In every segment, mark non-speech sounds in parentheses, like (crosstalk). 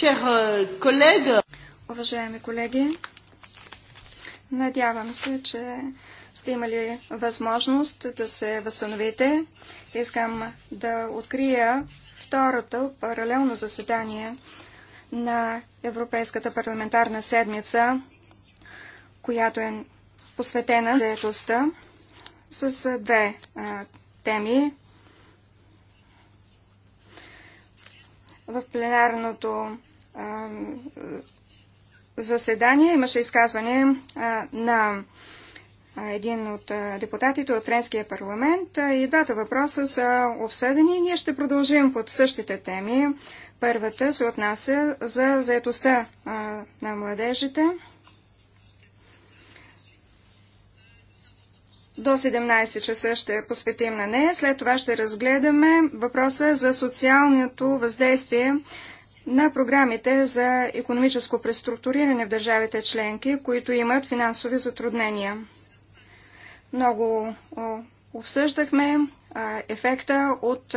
Euh, Уважаеми колеги, надявам се, че сте имали възможност да се възстановите. Искам да открия второто паралелно заседание на Европейската парламентарна седмица, която е посветена заедостта с две а, теми. В пленарното заседание имаше изказване на един от депутатите от Френския парламент и двата въпроса са обсъдени. Ние ще продължим под същите теми. Първата се отнася за заетостта на младежите. До 17 часа ще посветим на нея. След това ще разгледаме въпроса за социалното въздействие на програмите за економическо преструктуриране в държавите членки, които имат финансови затруднения. Много обсъждахме ефекта от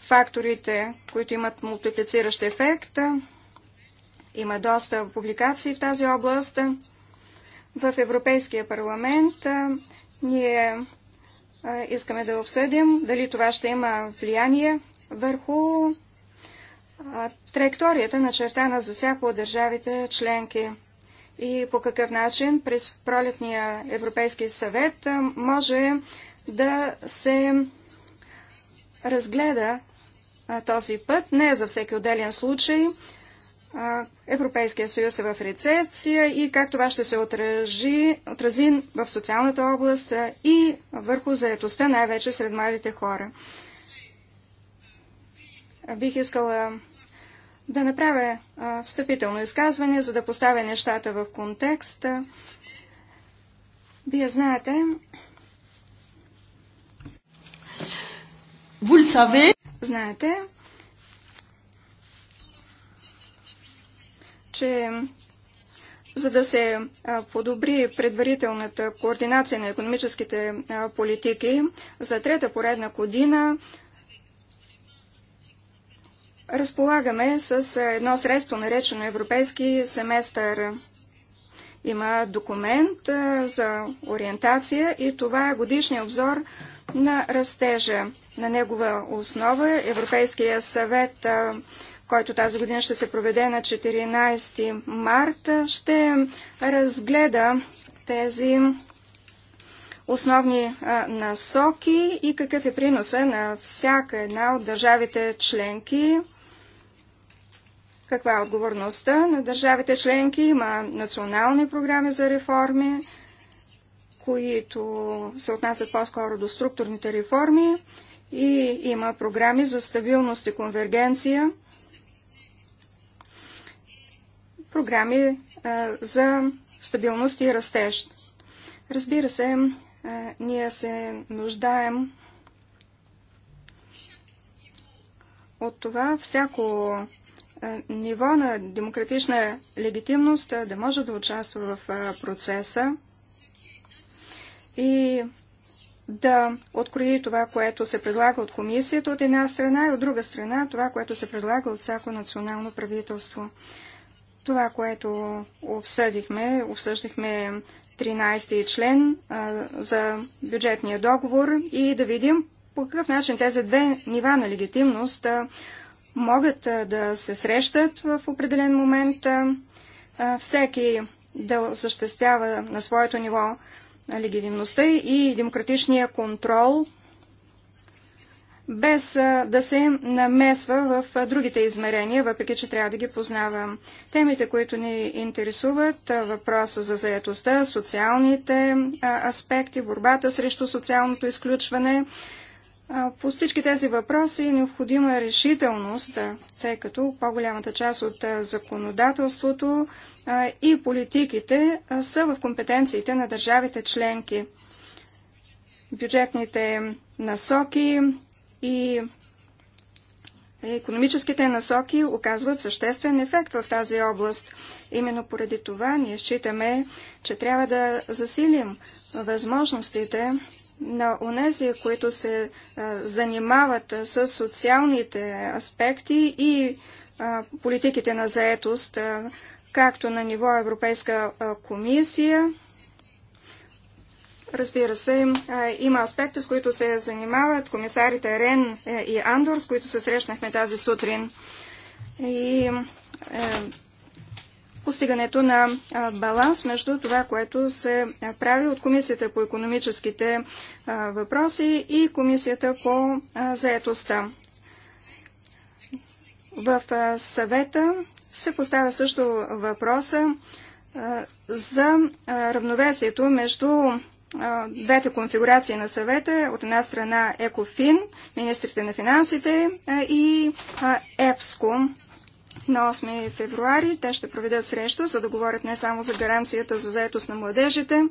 факторите, които имат мултиплициращ ефект. Има доста публикации в тази област. В Европейския парламент ние искаме да обсъдим дали това ще има влияние върху траекторията начертана за всяко от държавите членки и по какъв начин през пролетния Европейски съвет може да се разгледа този път, не за всеки отделен случай. Европейския съюз е в рецесия и как това ще се отражи, отрази в социалната област и върху заетостта, най-вече сред младите хора. Бих искала да направя а, встъпително изказване, за да поставя нещата в контекст. Вие знаете. Знаете, че за да се подобри предварителната координация на економическите политики за трета поредна година разполагаме с е, едно средство, наречено Европейски семестър. Има документ е, за ориентация и това е годишния обзор на растежа. На негова основа е Европейския съвет, който тази година ще се проведе на 14 марта, ще разгледа тези основни насоки и какъв е приноса на всяка една от държавите членки каква е отговорността на държавите членки? Има национални програми за реформи, които се отнасят по-скоро до структурните реформи и има програми за стабилност и конвергенция, програми а, за стабилност и растеж. Разбира се, а, ние се нуждаем от това всяко е, ниво на демократична легитимност е, да може да участва в е, процеса и да открои това, което се предлага от комисията от една страна и от друга страна това, което се предлага от всяко национално правителство. Това, което обсъдихме, обсъждахме 13 член а, за бюджетния договор и да видим по какъв начин тези две нива на легитимност а, могат да се срещат в определен момент, всеки да осъществява на своето ниво легитимността и демократичния контрол, без да се намесва в другите измерения, въпреки че трябва да ги познава. Темите, които ни интересуват, въпроса за заетостта, социалните аспекти, борбата срещу социалното изключване, по всички тези въпроси е необходима решителност, тъй като по-голямата част от законодателството и политиките са в компетенциите на държавите членки. Бюджетните насоки и економическите насоки оказват съществен ефект в тази област. Именно поради това ние считаме, че трябва да засилим възможностите на онези, които се занимават с социалните аспекти и политиките на заетост, както на ниво Европейска комисия. Разбира се, има аспекти, с които се занимават комисарите Рен е, и Андор, с които се срещнахме тази сутрин. И е, постигането на баланс между това, което се прави от Комисията по економическите въпроси и Комисията по заетостта. В съвета се поставя също въпроса за равновесието между двете конфигурации на съвета. От една страна ЕКОФИН, министрите на финансите и ЕПСКО, на 8 февруари. Те ще проведат среща, за да говорят не само за гаранцията за заетост на младежите.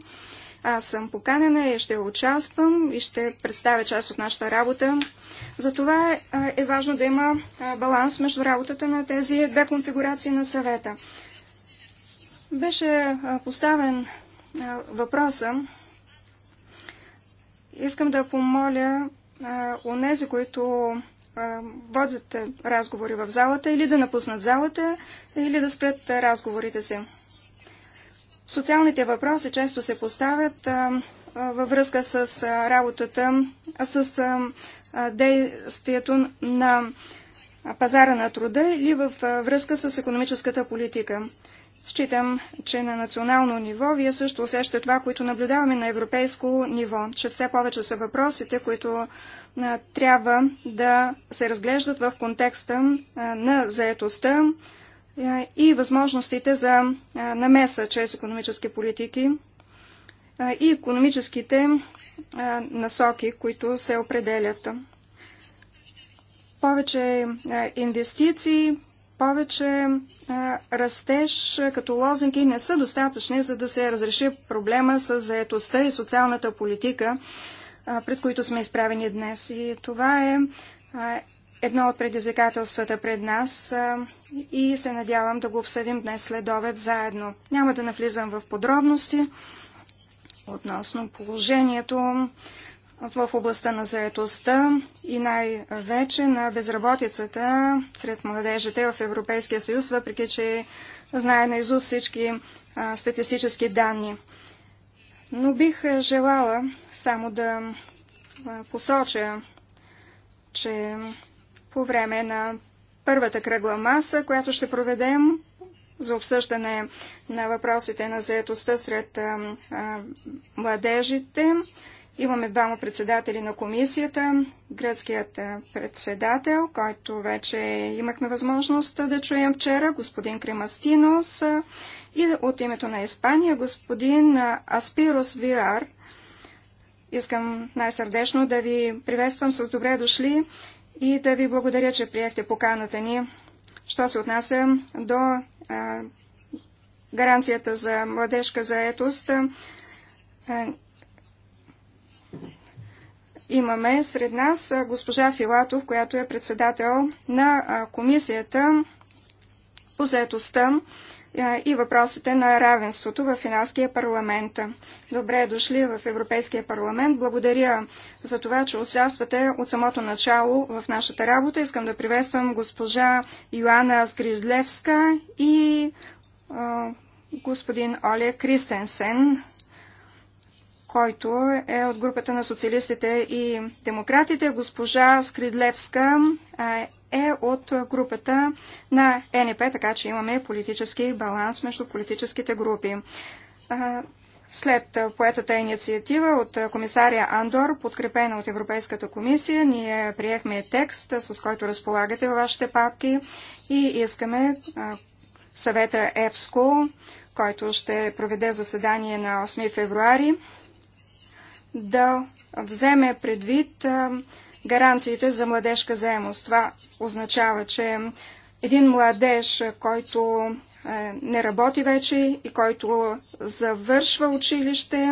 Аз съм поканена и ще участвам и ще представя част от нашата работа. Затова е важно да има баланс между работата на тези две конфигурации на съвета. Беше поставен въпроса. Искам да помоля нези, които водят разговори в залата или да напуснат залата, или да спрят разговорите си. Социалните въпроси често се поставят във връзка с работата, с действието на пазара на труда или във връзка с економическата политика. Считам, че на национално ниво вие също усещате това, което наблюдаваме на европейско ниво, че все повече са въпросите, които трябва да се разглеждат в контекста на заетостта и възможностите за намеса чрез економически политики и економическите насоки, които се определят. Повече инвестиции, повече растеж като лозинги не са достатъчни, за да се разреши проблема с заетостта и социалната политика пред които сме изправени днес. И това е едно от предизвикателствата пред нас и се надявам да го обсъдим днес след обед заедно. Няма да навлизам в подробности относно положението в областта на заетостта и най-вече на безработицата сред младежите в Европейския съюз, въпреки че знае наизуст всички статистически данни. Но бих е, желала само да е, посоча, че по време на първата кръгла маса, която ще проведем за обсъждане на въпросите на заетостта сред а, е, а, младежите, имаме двама председатели на комисията, гръцкият председател, който вече имахме възможност да чуем вчера, господин Кремастинос и от името на Испания господин Аспирос Виар. Искам най-сърдечно да ви приветствам с добре дошли и да ви благодаря, че приехте поканата ни. Що се отнася до гаранцията за младежка заетост, имаме сред нас госпожа Филатов, която е председател на комисията по заетостта и въпросите на равенството в финанския парламент. Добре дошли в Европейския парламент. Благодаря за това, че участвате от самото начало в нашата работа. Искам да приветствам госпожа Йоанна Сгридлевска и господин Оле Кристенсен който е от групата на социалистите и демократите. Госпожа Скридлевска е от групата на НП, така че имаме политически баланс между политическите групи. След поетата инициатива от комисаря Андор, подкрепена от Европейската комисия, ние приехме текст, с който разполагате във вашите папки и искаме съвета ЕПСКО, който ще проведе заседание на 8 февруари, да вземе предвид гаранциите за младежка заемост. Това означава, че един младеж, който е, не работи вече и който завършва училище,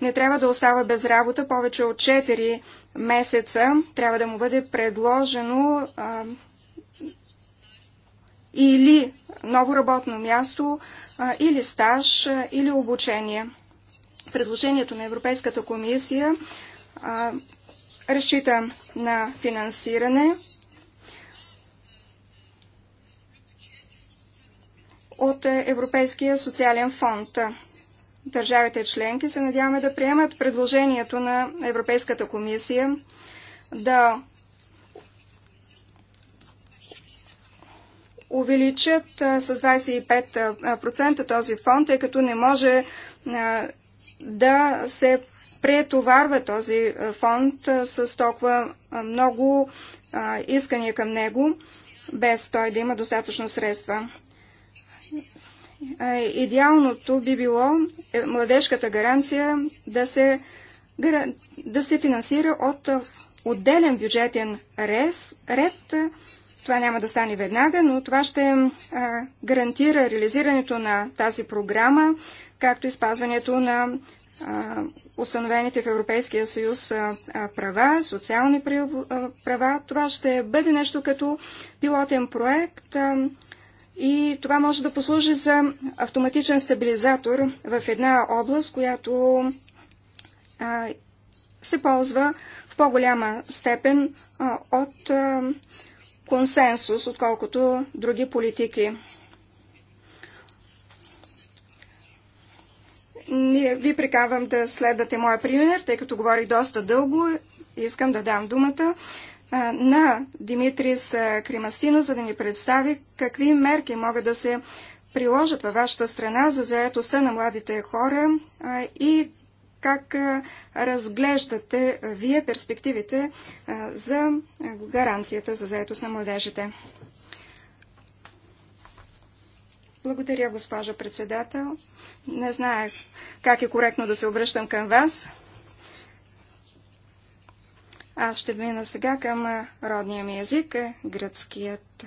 не трябва да остава без работа повече от 4 месеца. Трябва да му бъде предложено а, е, или ново работно място, а, е, или стаж, а, или обучение. Предложението на Европейската комисия разчита на финансиране от Европейския социален фонд. Държавите членки се надяваме да приемат предложението на Европейската комисия да увеличат с 25% този фонд, тъй като не може да се претоварва този фонд с толкова много искания към него, без той да има достатъчно средства идеалното би било е, младежката гаранция да се, да се финансира от отделен бюджетен рез, ред. Това няма да стане веднага, но това ще гарантира реализирането на тази програма, както и спазването на установените в Европейския съюз права, социални права. Това ще бъде нещо като пилотен проект, и това може да послужи за автоматичен стабилизатор в една област, която се ползва в по-голяма степен от консенсус, отколкото други политики. ви приканвам да следвате моя пример, тъй като говорих доста дълго. Искам да дам думата на Димитрис Кримастино, за да ни представи какви мерки могат да се приложат във вашата страна за заетостта на младите хора и как разглеждате вие перспективите за гаранцията за заетост на младежите. Благодаря, госпожа председател. Не знаех как е коректно да се обръщам към вас. Аз ще мина сега към родния ми език, гръцкият.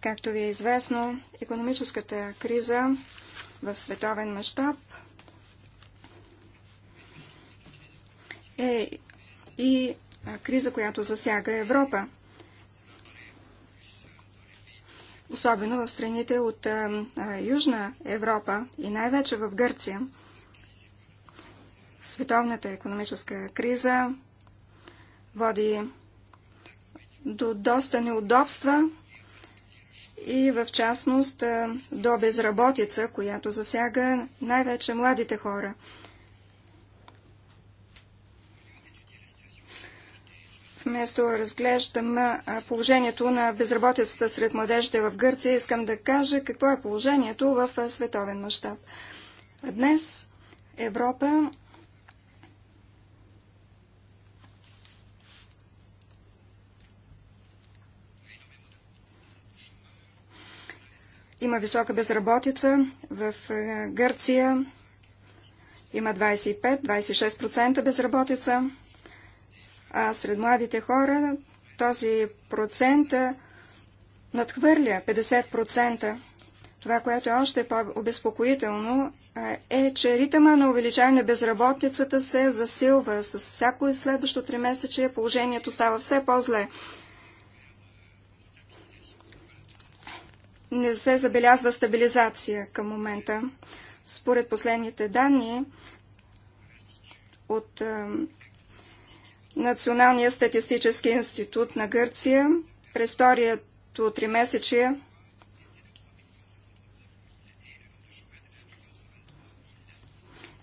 Както ви е известно, економическата криза в световен мащаб е и криза, която засяга Европа. Особено в страните от Южна Европа и най-вече в Гърция – Световната економическа криза води до доста неудобства и в частност до безработица, която засяга най-вече младите хора. Вместо разглеждам положението на безработицата сред младежите в Гърция, искам да кажа какво е положението в световен мащаб. Днес Европа Има висока безработица в е, Гърция. Има 25-26% безработица. А сред младите хора този процент е, надхвърля 50%. Това, което е още по-обезпокоително, е, е, че ритъма на увеличаване на безработицата се засилва. С всяко следващо тримесечие положението става все по-зле. не се забелязва стабилизация към момента. Според последните данни от е, Националния статистически институт на Гърция през вторието тримесечие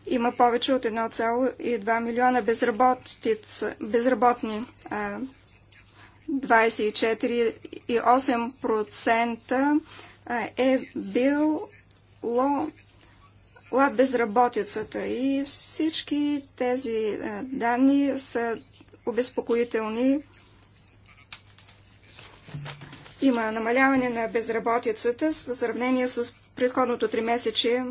има повече от 1,2 милиона безработни. Е, 24,8% е било безработицата. И всички тези данни са обезпокоителни. Има намаляване на безработицата в сравнение с предходното три месече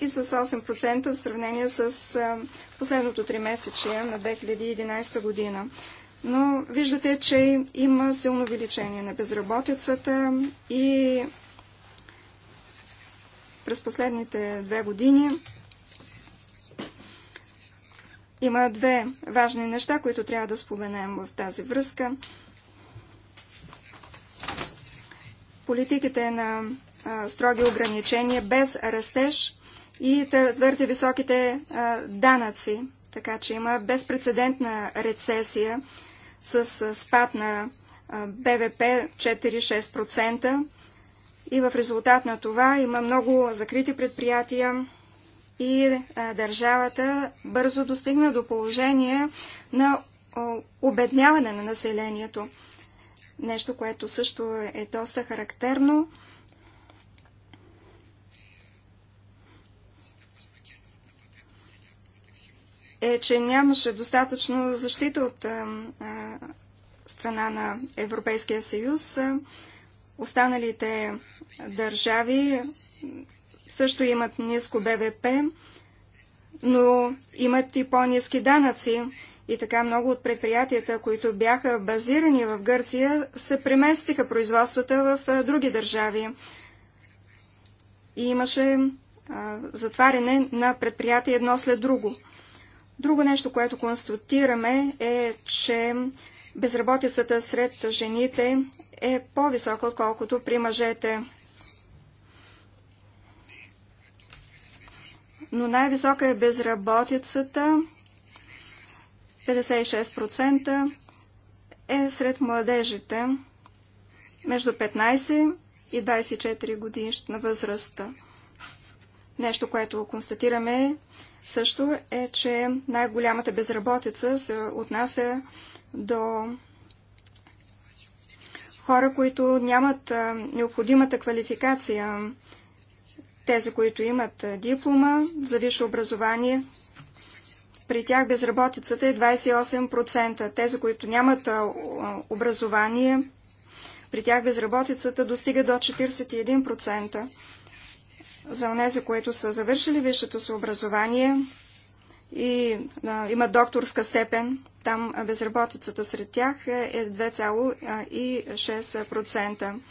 и с 8% в сравнение с последното три месече на 2011 година но виждате, че има силно увеличение на безработицата и през последните две години има две важни неща, които трябва да споменем в тази връзка. Политиките на строги ограничения без растеж и твърде високите данъци, така че има безпредседентна рецесия с спад на БВП 4-6% и в резултат на това има много закрити предприятия и държавата бързо достигна до положение на обедняване на населението. Нещо, което също е доста характерно е, че нямаше достатъчно защита от страна на Европейския съюз. Останалите държави също имат ниско БВП, но имат и по-низки данъци. И така много от предприятията, които бяха базирани в Гърция, се преместиха производствата в други държави. И имаше а, затваряне на предприятия едно след друго. Друго нещо, което констатираме е, че безработицата сред жените е по-висока, отколкото при мъжете. Но най-висока е безработицата 56% е сред младежите между 15 и 24 годишна възраст. Нещо, което констатираме е, също е, че най-голямата безработица се отнася до хора, които нямат необходимата квалификация. Тези, които имат диплома за висше образование, при тях безработицата е 28%. Тези, които нямат образование, при тях безработицата достига до 41% за онези, които са завършили висшето си образование и а, имат докторска степен. Там безработицата сред тях е 2,6%.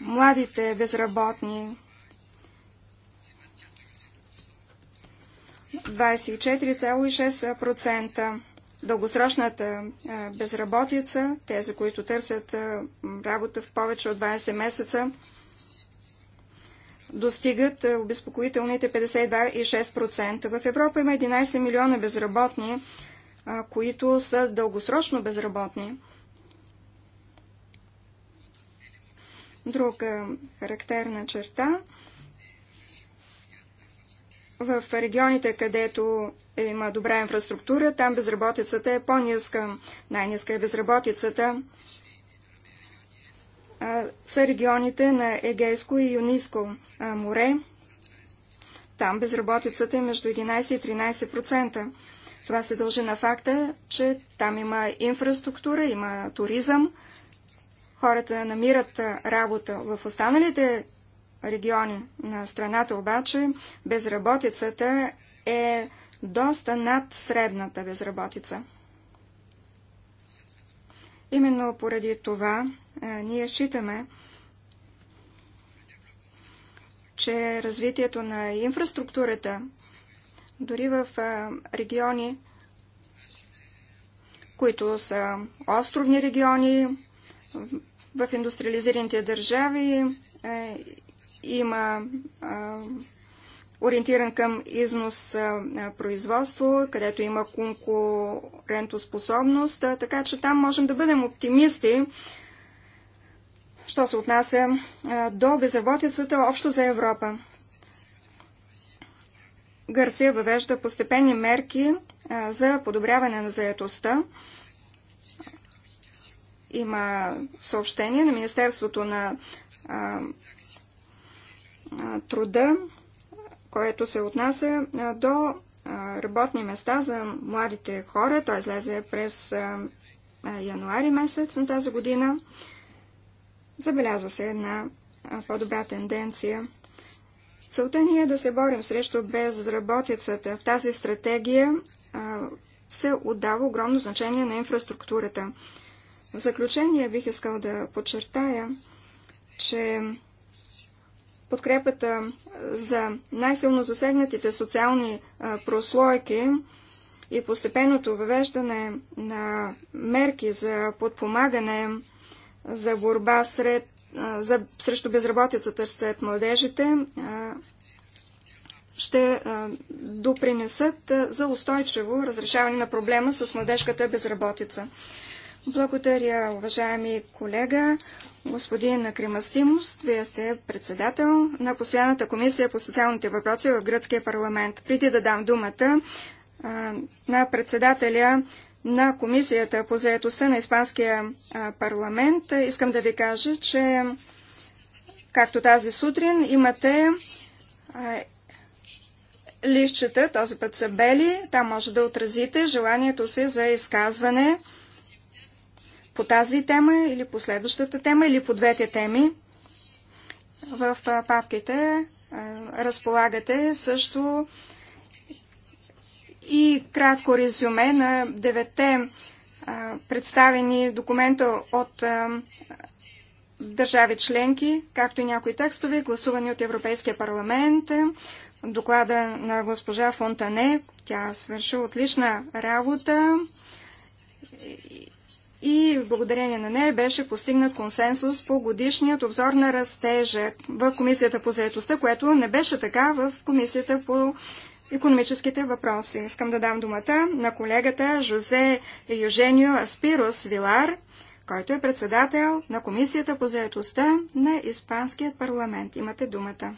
Младите безработни 24,6%. Дългосрочната безработица, тези, които търсят работа в повече от 20 месеца, достигат е, обезпокоителните 52,6%. В Европа има 11 милиона безработни, които са дългосрочно безработни. Друга характерна черта в регионите, където има добра инфраструктура, там безработицата е по-ниска. Най-ниска е безработицата са регионите на Егейско и Юниско море. Там безработицата е между 11 и 13%. Това се дължи на факта, че там има инфраструктура, има туризъм, хората намират работа. В останалите региони на страната обаче безработицата е доста над средната безработица. Именно поради това е, ние считаме, че развитието на инфраструктурата, дори в е, региони, които са островни региони, в индустриализираните държави е, има е, ориентиран към износ производство, където има конкурентоспособност, така че там можем да бъдем оптимисти. Що се отнася до безработицата общо за Европа. Гърция въвежда постепенни мерки за подобряване на заетостта. Има съобщение на Министерството на труда което се отнася до работни места за младите хора. Той излезе през януари месец на тази година. Забелязва се една по-добра тенденция. Целта ни е да се борим срещу безработицата. В тази стратегия се отдава огромно значение на инфраструктурата. В заключение бих искал да подчертая, че подкрепата за най-силно засегнатите социални прослойки и постепенното въвеждане на мерки за подпомагане за борба сред, за, срещу безработицата сред младежите ще допринесат за устойчиво разрешаване на проблема с младежката безработица. Благодаря, уважаеми колега. Господин Кримастимус, вие сте председател на Постоянната комисия по социалните въпроси в Гръцкия парламент. Преди да дам думата а, на председателя на Комисията по заедостта на Испанския парламент, искам да ви кажа, че както тази сутрин имате а, листчета, този път са бели, там може да отразите желанието си за изказване по тази тема или по следващата тема или по двете теми. В папките разполагате също и кратко резюме на девете представени документа от държави членки, както и някои текстове, гласувани от Европейския парламент, доклада на госпожа Фонтане. Тя свърши отлична работа и благодарение на нея беше постигнат консенсус по годишният обзор на растежа в Комисията по заедостта, което не беше така в Комисията по економическите въпроси. Искам да дам думата на колегата Жозе Юженио Аспирос Вилар, който е председател на Комисията по заедостта на Испанският парламент. Имате думата.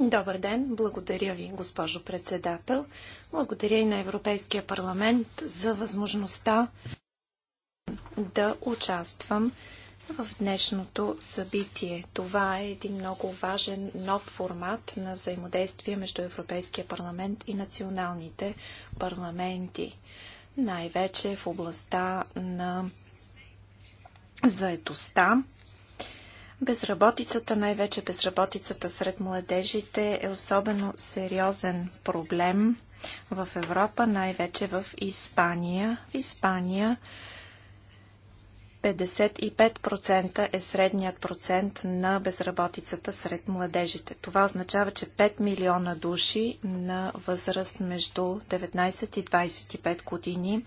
Добър ден! Благодаря ви, госпожо председател. Благодаря и на Европейския парламент за възможността да участвам в днешното събитие. Това е един много важен нов формат на взаимодействие между Европейския парламент и националните парламенти. Най-вече в областта на заетостта Безработицата, най-вече безработицата сред младежите е особено сериозен проблем в Европа, най-вече в Испания. В Испания 55% е средният процент на безработицата сред младежите. Това означава, че 5 милиона души на възраст между 19 и 25 години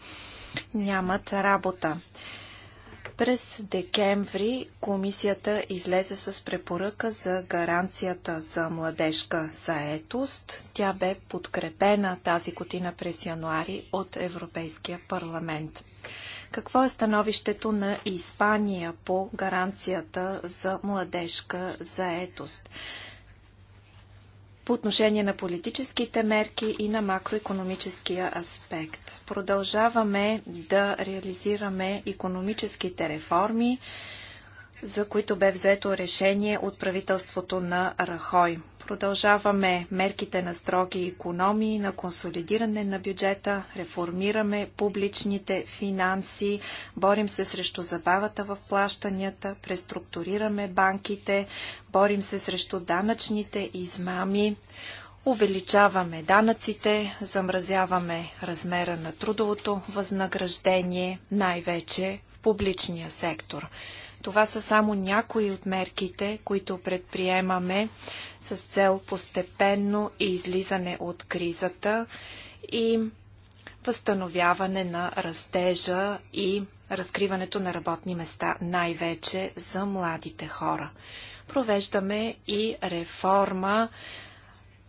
нямат работа. През декември комисията излезе с препоръка за гаранцията за младежка заетост. Тя бе подкрепена тази година през януари от Европейския парламент. Какво е становището на Испания по гаранцията за младежка заетост? по отношение на политическите мерки и на макроекономическия аспект. Продължаваме да реализираме економическите реформи, за които бе взето решение от правителството на Рахой. Продължаваме мерките на строги економии, на консолидиране на бюджета, реформираме публичните финанси, борим се срещу забавата в плащанията, преструктурираме банките, борим се срещу данъчните измами, увеличаваме данъците, замразяваме размера на трудовото възнаграждение, най-вече в публичния сектор. Това са само някои от мерките, които предприемаме с цел постепенно излизане от кризата и възстановяване на растежа и разкриването на работни места, най-вече за младите хора. Провеждаме и реформа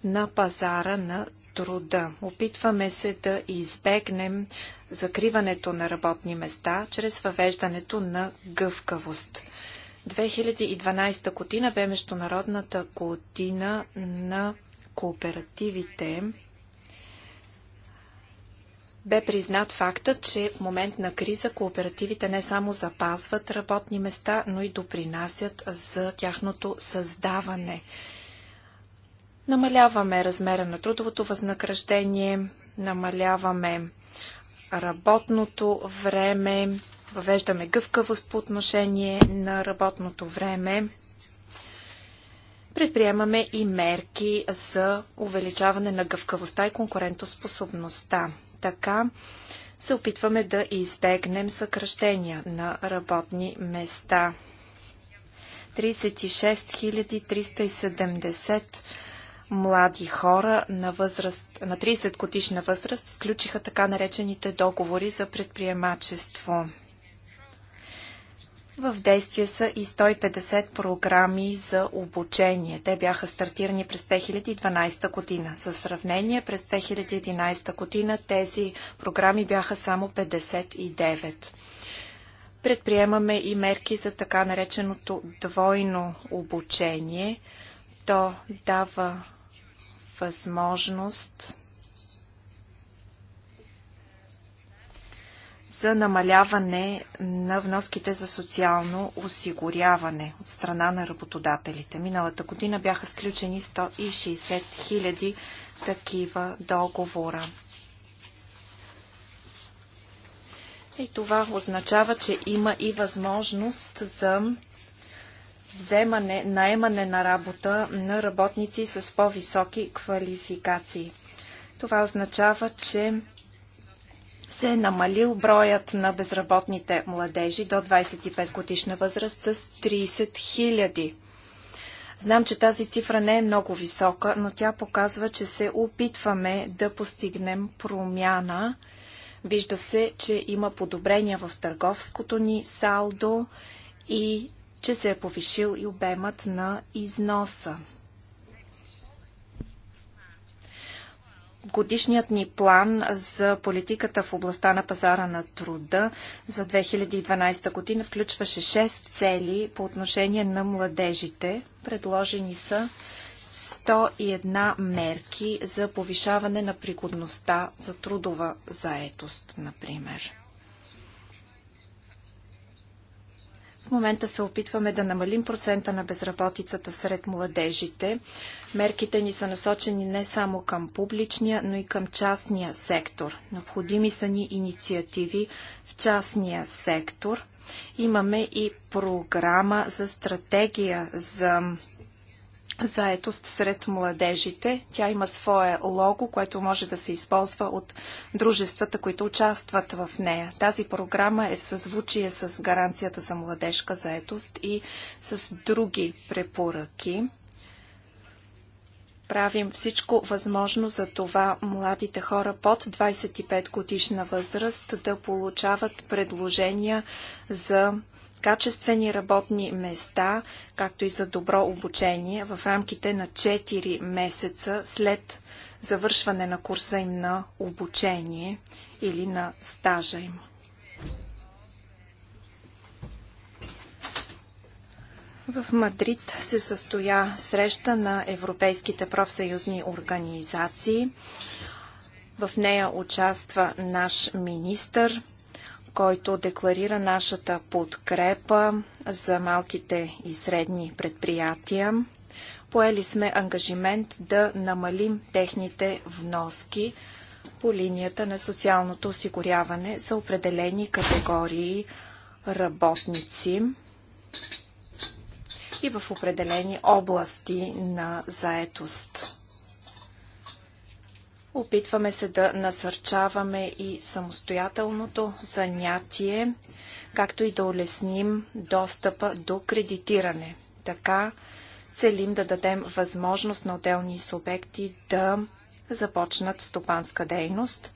на пазара на труда. Опитваме се да избегнем закриването на работни места чрез въвеждането на гъвкавост. 2012 година бе Международната година на кооперативите. Бе признат фактът, че в момент на криза кооперативите не само запазват работни места, но и допринасят за тяхното създаване. Намаляваме размера на трудовото възнаграждение, намаляваме работното време, въвеждаме гъвкавост по отношение на работното време, предприемаме и мерки за увеличаване на гъвкавостта и конкурентоспособността. Така се опитваме да избегнем съкръщения на работни места. 36 370 млади хора на, възраст, на 30 годишна възраст сключиха така наречените договори за предприемачество. В действие са и 150 програми за обучение. Те бяха стартирани през 2012 година. За сравнение, през 2011 година тези програми бяха само 59. Предприемаме и мерки за така нареченото двойно обучение. То дава възможност за намаляване на вноските за социално осигуряване от страна на работодателите. Миналата година бяха сключени 160 хиляди такива договора. И това означава, че има и възможност за вземане, наемане на работа на работници с по-високи квалификации. Това означава, че се е намалил броят на безработните младежи до 25 годишна възраст с 30 хиляди. Знам, че тази цифра не е много висока, но тя показва, че се опитваме да постигнем промяна. Вижда се, че има подобрения в търговското ни салдо и че се е повишил и обемът на износа. Годишният ни план за политиката в областта на пазара на труда за 2012 година включваше 6 цели по отношение на младежите. Предложени са 101 мерки за повишаване на пригодността за трудова заетост, например. момента се опитваме да намалим процента на безработицата сред младежите. Мерките ни са насочени не само към публичния, но и към частния сектор. Необходими са ни инициативи в частния сектор. Имаме и програма за стратегия за заетост сред младежите. Тя има свое лого, което може да се използва от дружествата, които участват в нея. Тази програма е в съзвучие с гаранцията за младежка заетост и с други препоръки. Правим всичко възможно за това младите хора под 25 годишна възраст да получават предложения за качествени работни места, както и за добро обучение в рамките на 4 месеца след завършване на курса им на обучение или на стажа им. В Мадрид се състоя среща на европейските профсъюзни организации. В нея участва наш министър, който декларира нашата подкрепа за малките и средни предприятия. Поели сме ангажимент да намалим техните вноски по линията на социалното осигуряване за определени категории работници и в определени области на заетост. Опитваме се да насърчаваме и самостоятелното занятие, както и да улесним достъпа до кредитиране. Така целим да дадем възможност на отделни субекти да започнат стопанска дейност.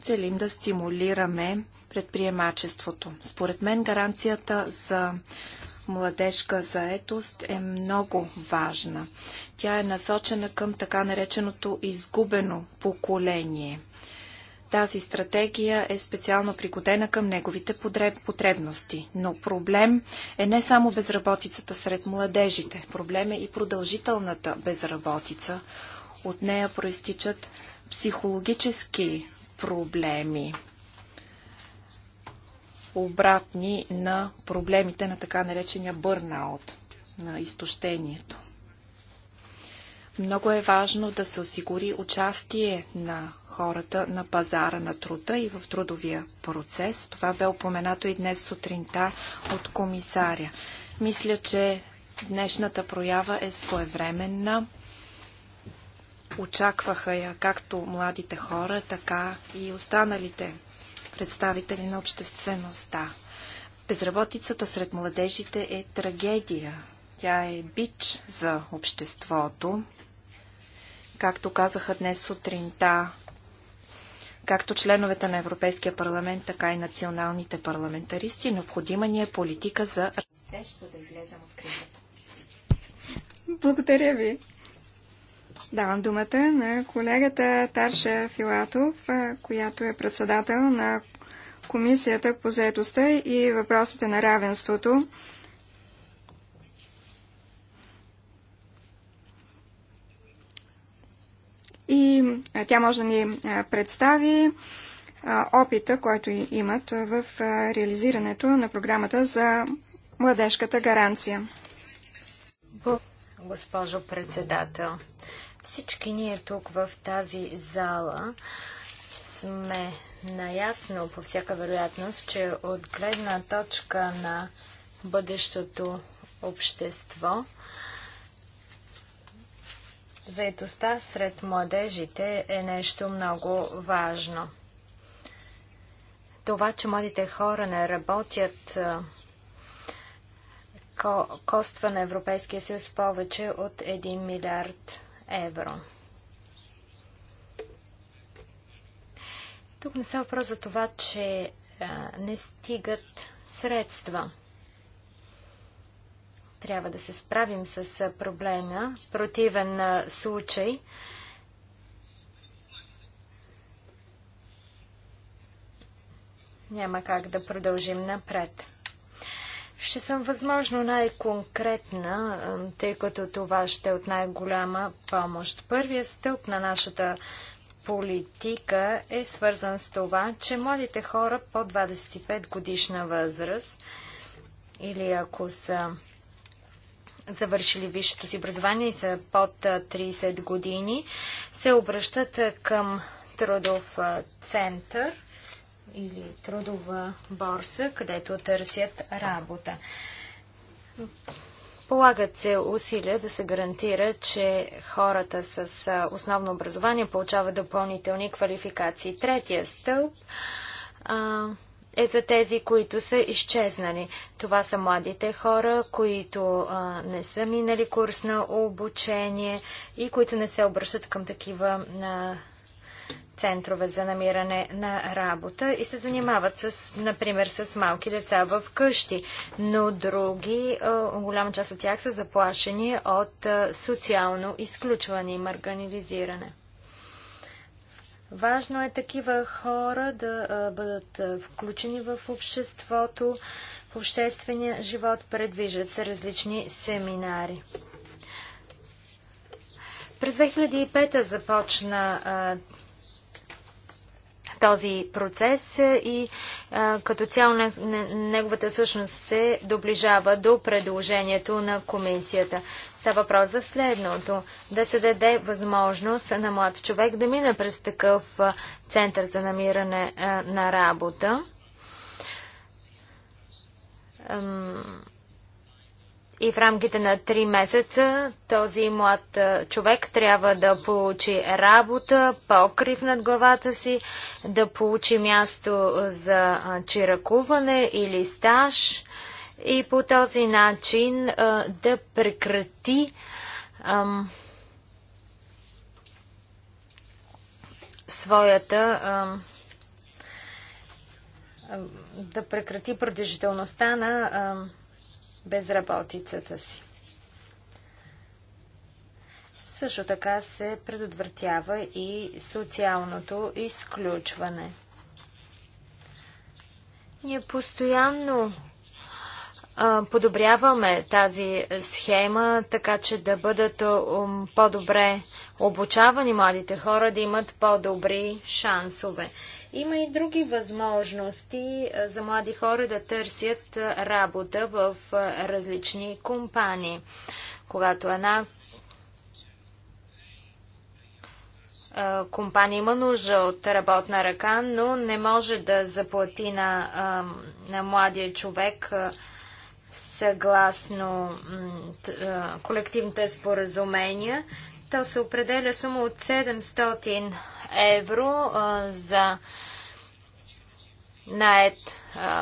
Целим да стимулираме предприемачеството. Според мен гаранцията за младежка заетост е много важна. Тя е насочена към така нареченото изгубено поколение. Тази стратегия е специално пригодена към неговите потребности. Но проблем е не само безработицата сред младежите. Проблем е и продължителната безработица. От нея проистичат психологически проблеми обратни на проблемите на така наречения бърнаут, на изтощението. Много е важно да се осигури участие на хората на пазара на труда и в трудовия процес. Това бе упоменато и днес сутринта от комисаря. Мисля, че днешната проява е своевременна. Очакваха я както младите хора, така и останалите представители на обществеността. Безработицата сред младежите е трагедия. Тя е бич за обществото. Както казаха днес сутринта, както членовете на Европейския парламент, така и националните парламентаристи, необходима ни е политика за растеж, за да излезем от кризата. Благодаря ви. Давам думата на колегата Тарша Филатов, която е председател на Комисията по заедостта и въпросите на равенството. И тя може да ни представи опита, който имат в реализирането на програмата за младежката гаранция. Госпожо председател, всички ние тук в тази зала сме наясно по всяка вероятност, че от гледна точка на бъдещото общество, заедостта сред младежите е нещо много важно. Това, че младите хора не работят коства на Европейския съюз повече от 1 милиард евро. Тук не става въпрос за това, че а, не стигат средства. Трябва да се справим с проблема. Противен а, случай. Няма как да продължим напред. Ще съм възможно най-конкретна, тъй като това ще е от най-голяма помощ. Първият стълб на нашата политика е свързан с това, че младите хора по 25 годишна възраст или ако са завършили висшето си образование и са под 30 години, се обръщат към трудов център – или трудова борса, където търсят работа. Полагат се усилия да се гарантира, че хората с основно образование получават допълнителни квалификации. Третия стълб а, е за тези, които са изчезнали. Това са младите хора, които а, не са минали курс на обучение и които не се обръщат към такива а, центрове за намиране на работа и се занимават с, например, с малки деца в къщи, но други, голяма част от тях са заплашени от социално изключване и марганизиране. Важно е такива хора да бъдат включени в обществото, в обществения живот, предвижат се различни семинари. През 2005 започна този процес е, и а, като цяло не, неговата същност се доближава до предложението на комисията. Става въпрос за следното. Да се даде възможност на млад човек да мине през такъв център за намиране а, на работа. И в рамките на 3 месеца този млад човек трябва да получи работа, покрив над главата си, да получи място за чиракуване или стаж и по този начин да прекрати ам, своята ам, да прекрати продължителността на ам, безработицата си. Също така се предотвратява и социалното изключване. Ние постоянно а, подобряваме тази схема, така че да бъдат по-добре обучавани младите хора, да имат по-добри шансове. Има и други възможности за млади хора да търсят работа в различни компании. Когато една компания има нужда от работна ръка, но не може да заплати на, на младия човек съгласно колективните споразумения. То се определя само от 700 евро за наед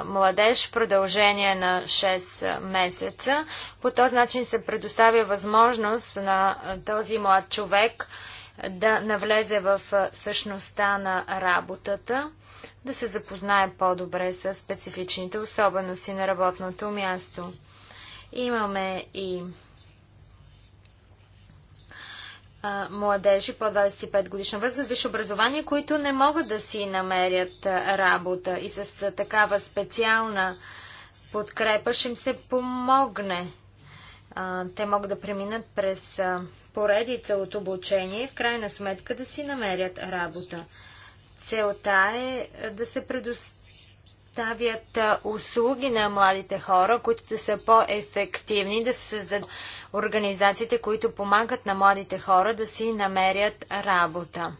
младеж в продължение на 6 месеца. По този начин се предоставя възможност на този млад човек да навлезе в същността на работата, да се запознае по-добре с специфичните особености на работното място. Имаме и младежи по 25 годишна възраст, висше образование, които не могат да си намерят работа и с такава специална подкрепа ще им се помогне. Те могат да преминат през поредица от обучение и в крайна сметка да си намерят работа. Целта е да се предостави предоставят услуги на младите хора, които да са по-ефективни, да се създадат организациите, които помагат на младите хора да си намерят работа.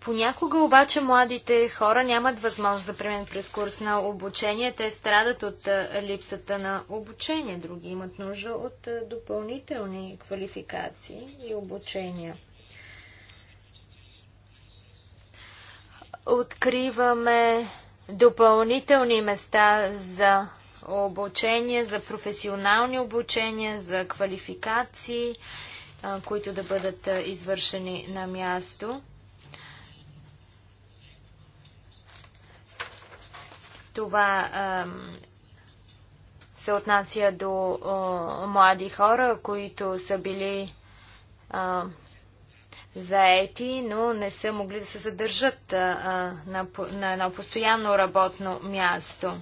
Понякога обаче младите хора нямат възможност да преминат през курс на обучение. Те страдат от липсата на обучение. Други имат нужда от допълнителни квалификации и обучения. Откриваме допълнителни места за обучение, за професионални обучения, за квалификации, които да бъдат извършени на място. Това се отнася до млади хора, които са били заети, но не са могли да се задържат а, на, на едно постоянно работно място.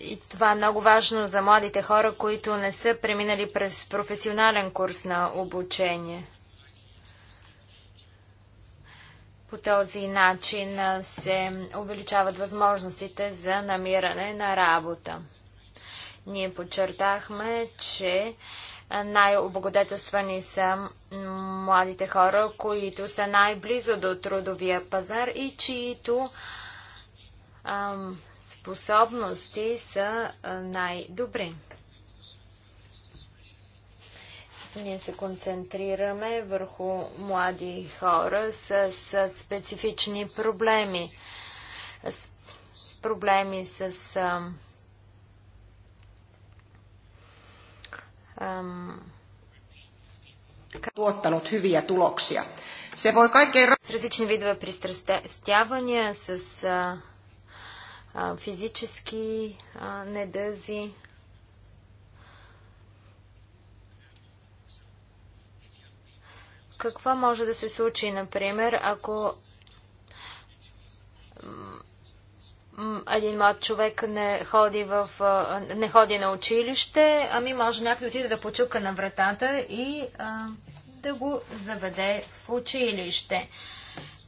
И това е много важно за младите хора, които не са преминали през професионален курс на обучение. По този начин се увеличават възможностите за намиране на работа. Ние подчертахме, че най-облагодетелствани са младите хора, които са най-близо до трудовия пазар и чието способности са най-добри. Ние се концентрираме върху млади хора с, с специфични проблеми. С проблеми с ам, ам, tuottanut hyviä tuloksia. Se voi kaikkein... С различни видове пристрастявания, с а, а, физически а, недъзи, Какво може да се случи, например, ако един млад човек не ходи, в, не ходи на училище, ами може някой отиде да почука на вратата и а, да го заведе в училище.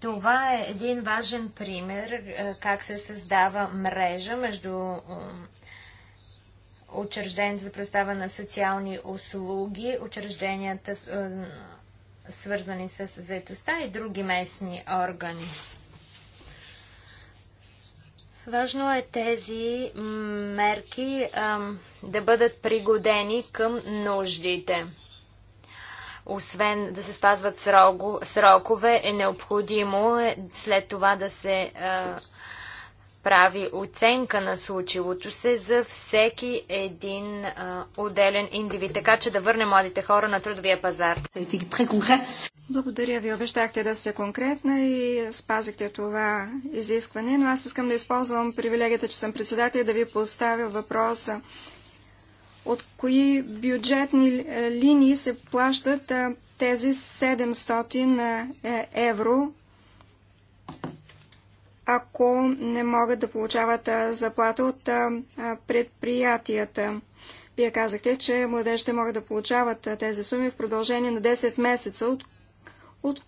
Това е един важен пример как се създава мрежа между учреждението за представа на социални услуги, учрежденията свързани с заетостта и други местни органи. Важно е тези мерки да бъдат пригодени към нуждите. Освен да се спазват срокове, е необходимо е след това да се а, прави оценка на случилото се за всеки един а, отделен индивид, така че да върне младите хора на трудовия пазар. Благодаря ви, обещахте да сте конкретна и спазихте това изискване, но аз искам да използвам привилегията, че съм председател и да ви поставя въпроса. От кои бюджетни е, линии се плащат тези 700 е, евро ако не могат да получават заплата от предприятията. Вие казахте, че младежите могат да получават тези суми в продължение на 10 месеца. От, от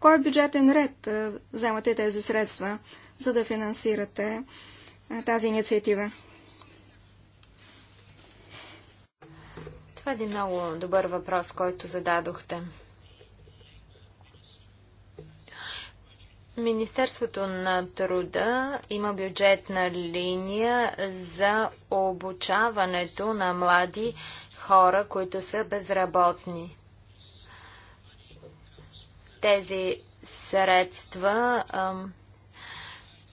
кой бюджетен ред вземате тези средства, за да финансирате тази инициатива? Това е един много добър въпрос, който зададохте. Министерството на труда има бюджетна линия за обучаването на млади хора, които са безработни. Тези средства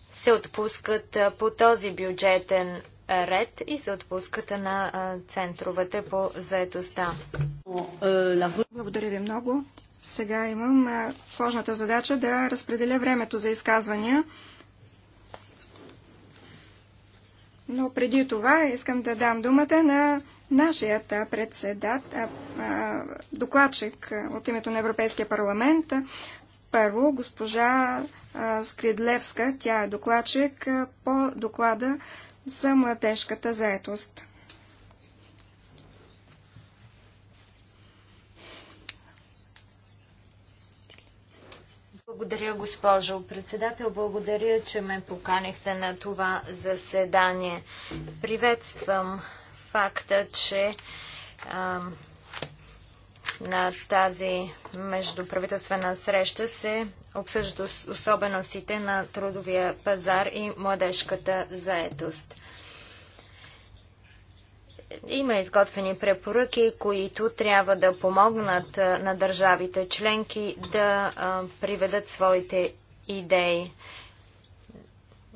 се отпускат по този бюджетен ред и се отпускат на центровете по заедостта. Благодаря ви много. Сега имам сложната задача да разпределя времето за изказвания. Но преди това искам да дам думата на нашият председат, докладчик от името на Европейския парламент. Първо, госпожа Скридлевска, тя е докладчик по доклада за младежката заетост. Благодаря, госпожо председател. Благодаря, че ме поканихте на това заседание. Приветствам факта, че а, на тази междуправителствена среща се обсъждат особеностите на трудовия пазар и младежката заетост. Има изготвени препоръки, които трябва да помогнат на държавите членки да приведат своите идеи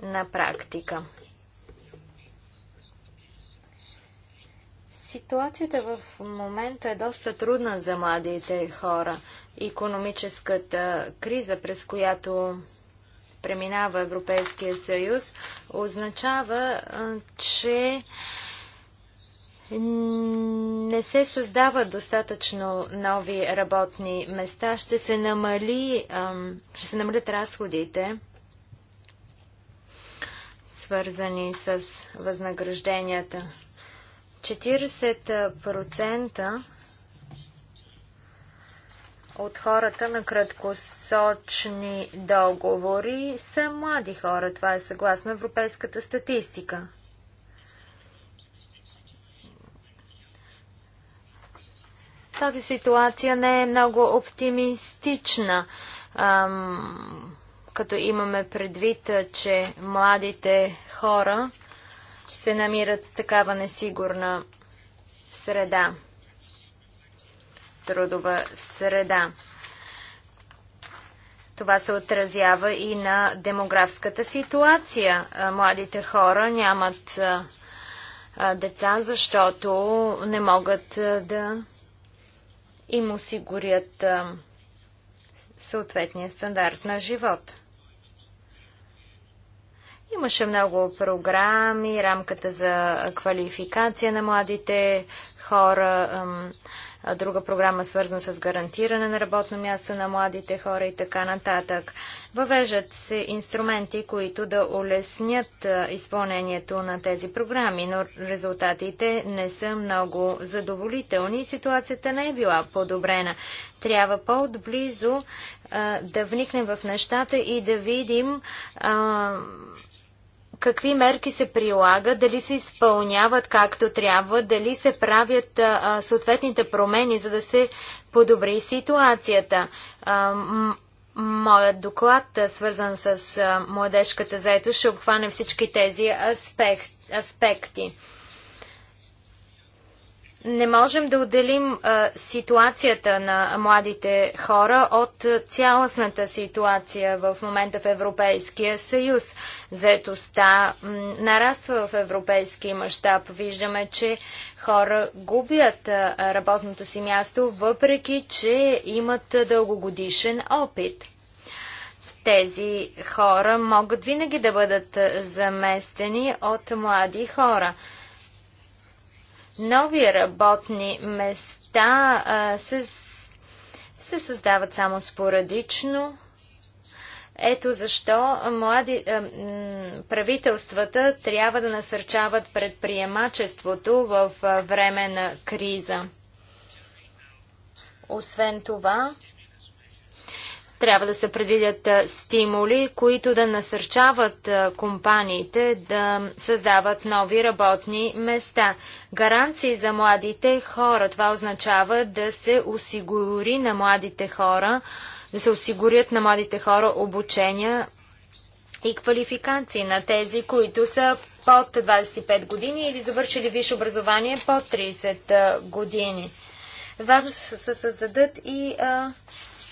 на практика. Ситуацията в момента е доста трудна за младите хора. Економическата криза, през която преминава Европейския съюз, означава, че не се създават достатъчно нови работни места, ще се, намали, ще се намалят разходите, свързани с възнагражденията. 40% от хората на краткосочни договори са млади хора. Това е съгласно европейската статистика. Тази ситуация не е много оптимистична, ам, като имаме предвид, че младите хора се намират в такава несигурна среда, трудова среда. Това се отразява и на демографската ситуация. Младите хора нямат деца, защото не могат да им осигурят съответния стандарт на живот. Имаше много програми, рамката за квалификация на младите хора, друга програма свързана с гарантиране на работно място на младите хора и така нататък. Въвеждат се инструменти, които да улеснят изпълнението на тези програми, но резултатите не са много задоволителни и ситуацията не е била подобрена. Трябва по-отблизо да вникнем в нещата и да видим а, какви мерки се прилага, дали се изпълняват както трябва, дали се правят а, съответните промени, за да се подобри ситуацията. А, моят доклад, свързан с а, младежката заето, ще обхване всички тези аспект, аспекти не можем да отделим а, ситуацията на младите хора от цялостната ситуация в момента в Европейския съюз. Заетостта нараства в европейски мащаб. Виждаме, че хора губят а, работното си място, въпреки, че имат дългогодишен опит. Тези хора могат винаги да бъдат заместени от млади хора нови работни места се, се създават само спорадично. Ето защо млади, правителствата трябва да насърчават предприемачеството в време на криза. Освен това, трябва да се предвидят стимули, които да насърчават компаниите да създават нови работни места. Гаранции за младите хора. Това означава да се осигури на младите хора, да се осигурят на младите хора обучения и квалификации на тези, които са под 25 години или завършили висше образование под 30 години. Важно е се създадат и а,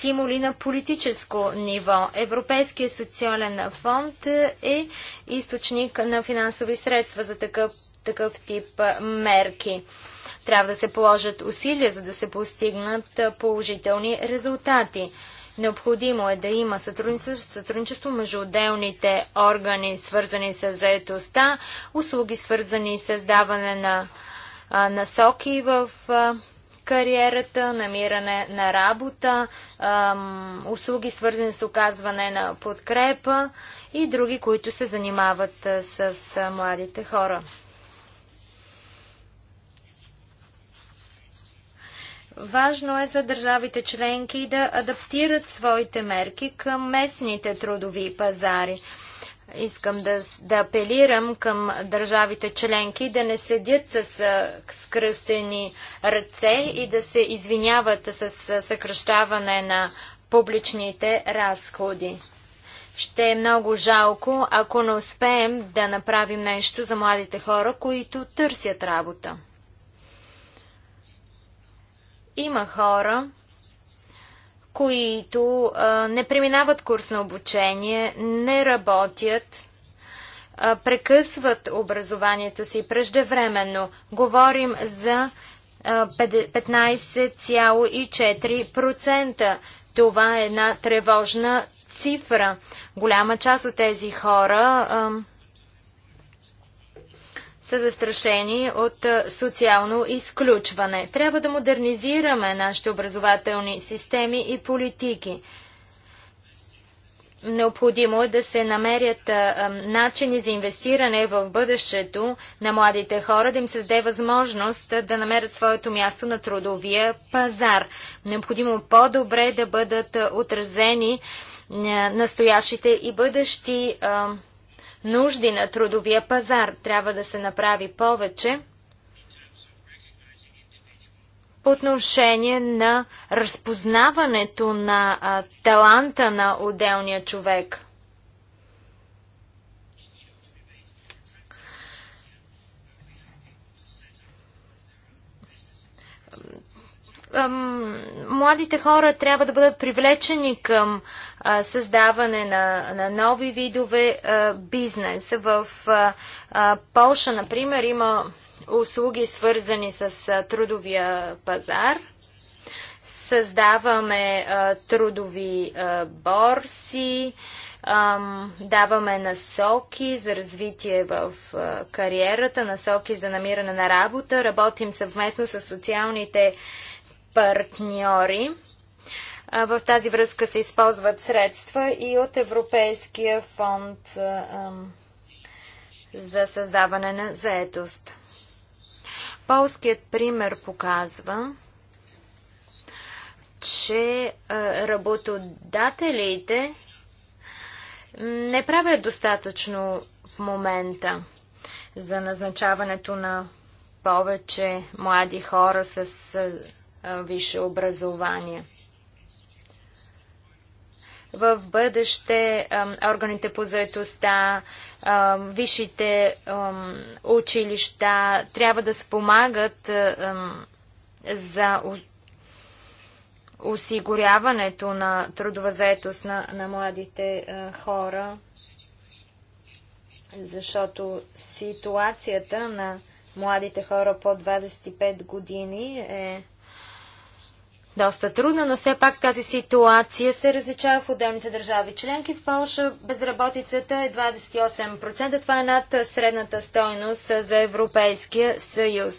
стимули на политическо ниво. Европейския социален фонд е източник на финансови средства за такъв, такъв тип мерки. Трябва да се положат усилия, за да се постигнат положителни резултати. Необходимо е да има сътрудничество, сътрудничество между отделните органи, свързани с заетостта, услуги, свързани с даване на а, насоки в а, кариерата, намиране на работа, услуги свързани с оказване на подкрепа и други, които се занимават с младите хора. Важно е за държавите членки да адаптират своите мерки към местните трудови пазари. Искам да, да апелирам към държавите членки да не седят с скръстени ръце и да се извиняват с съкръщаване на публичните разходи. Ще е много жалко, ако не успеем да направим нещо за младите хора, които търсят работа. Има хора, които а, не преминават курс на обучение, не работят, а, прекъсват образованието си преждевременно. Говорим за 15,4%. Това е една тревожна цифра. Голяма част от тези хора а, са застрашени от социално изключване. Трябва да модернизираме нашите образователни системи и политики. Необходимо е да се намерят начини за инвестиране в бъдещето на младите хора, да им създаде възможност да намерят своето място на трудовия пазар. Необходимо е по-добре да бъдат отразени настоящите и бъдещи нужди на трудовия пазар. Трябва да се направи повече по отношение на разпознаването на а, таланта на отделния човек. младите хора трябва да бъдат привлечени към създаване на, на нови видове бизнес. В Полша, например, има услуги свързани с трудовия пазар. Създаваме трудови борси, даваме насоки за развитие в кариерата, насоки за намиране на работа, работим съвместно с социалните партньори. В тази връзка се използват средства и от Европейския фонд за създаване на заетост. Полският пример показва, че работодателите не правят достатъчно в момента за назначаването на повече млади хора с висше образование в бъдеще органите по заедостта, висшите училища трябва да спомагат за осигуряването на трудова заетост на младите хора, защото ситуацията на младите хора по 25 години е доста трудна, но все пак тази ситуация се различава в отделните държави членки. В Польша безработицата е 28%, това е над средната стойност за Европейския съюз.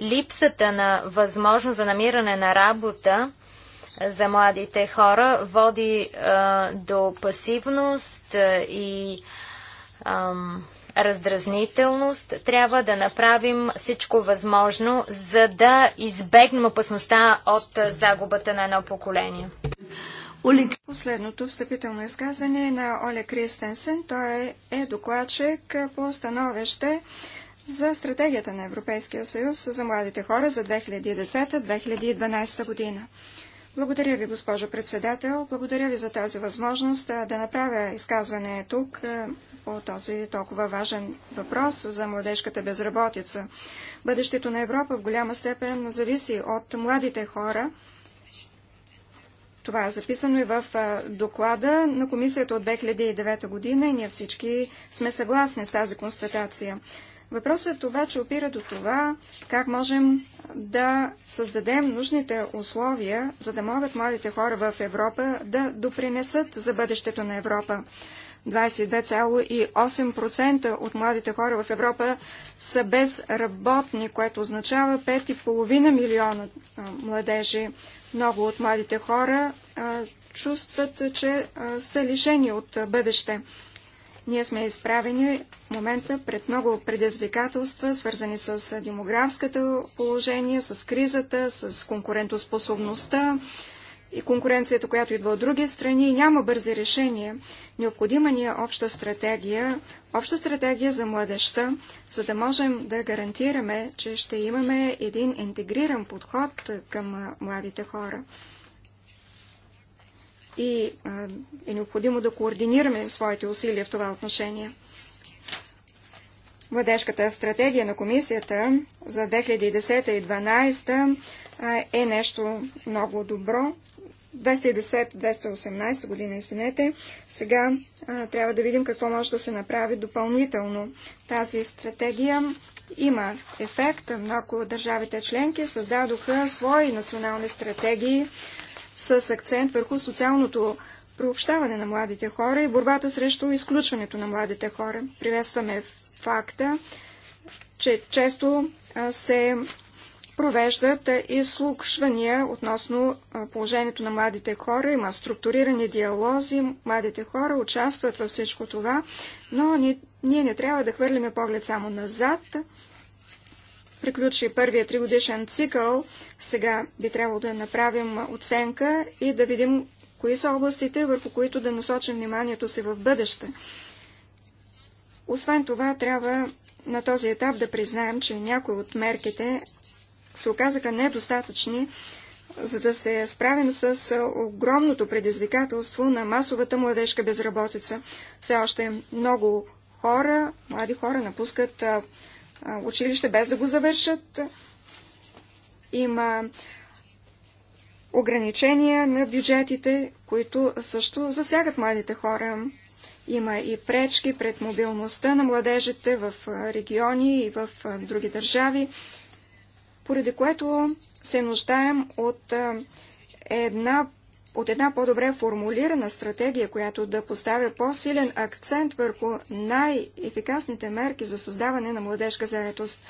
Липсата на възможност за намиране на работа за младите хора води а, до пасивност и а, раздразнителност. Трябва да направим всичко възможно, за да избегнем опасността от загубата на едно поколение. Последното встъпително изказване е на Оле Кристенсен. Той е докладчик по становище за стратегията на Европейския съюз за младите хора за 2010-2012 година. Благодаря ви, госпожо председател. Благодаря ви за тази възможност да направя изказване тук по този толкова важен въпрос за младежката безработица. Бъдещето на Европа в голяма степен зависи от младите хора. Това е записано и в доклада на комисията от 2009 година и ние всички сме съгласни с тази констатация. Въпросът е обаче опира до това, как можем да създадем нужните условия, за да могат младите хора в Европа да допринесат за бъдещето на Европа. 22,8% от младите хора в Европа са безработни, което означава 5,5 милиона младежи. Много от младите хора чувстват, че са лишени от бъдеще. Ние сме изправени в момента пред много предизвикателства, свързани с демографското положение, с кризата, с конкурентоспособността, и конкуренцията, която идва от други страни, няма бързи решения. Необходима ни е обща стратегия, обща стратегия за младеща, за да можем да гарантираме, че ще имаме един интегриран подход към младите хора. И е необходимо да координираме своите усилия в това отношение. Младежката стратегия на комисията за 2010 и 2012 е нещо много добро. 210-218 година, извинете. Сега а, трябва да видим какво може да се направи допълнително. Тази стратегия има ефект. Много държавите членки създадоха свои национални стратегии с акцент върху социалното прообщаване на младите хора и борбата срещу изключването на младите хора. Приветстваме факта, че често се провеждат изслушвания относно положението на младите хора. Има структурирани диалози, младите хора участват във всичко това, но ние не трябва да хвърляме поглед само назад. Приключи първия тригодишен цикъл. Сега би трябвало да направим оценка и да видим кои са областите, върху които да насочим вниманието си в бъдеще. Освен това, трябва на този етап да признаем, че някои от мерките, се оказаха недостатъчни, за да се справим с огромното предизвикателство на масовата младежка безработица. Все още много хора, млади хора напускат училище без да го завършат. Има ограничения на бюджетите, които също засягат младите хора. Има и пречки пред мобилността на младежите в региони и в други държави поради което се нуждаем от една от една по-добре формулирана стратегия, която да поставя по-силен акцент върху най-ефикасните мерки за създаване на младежка заетост.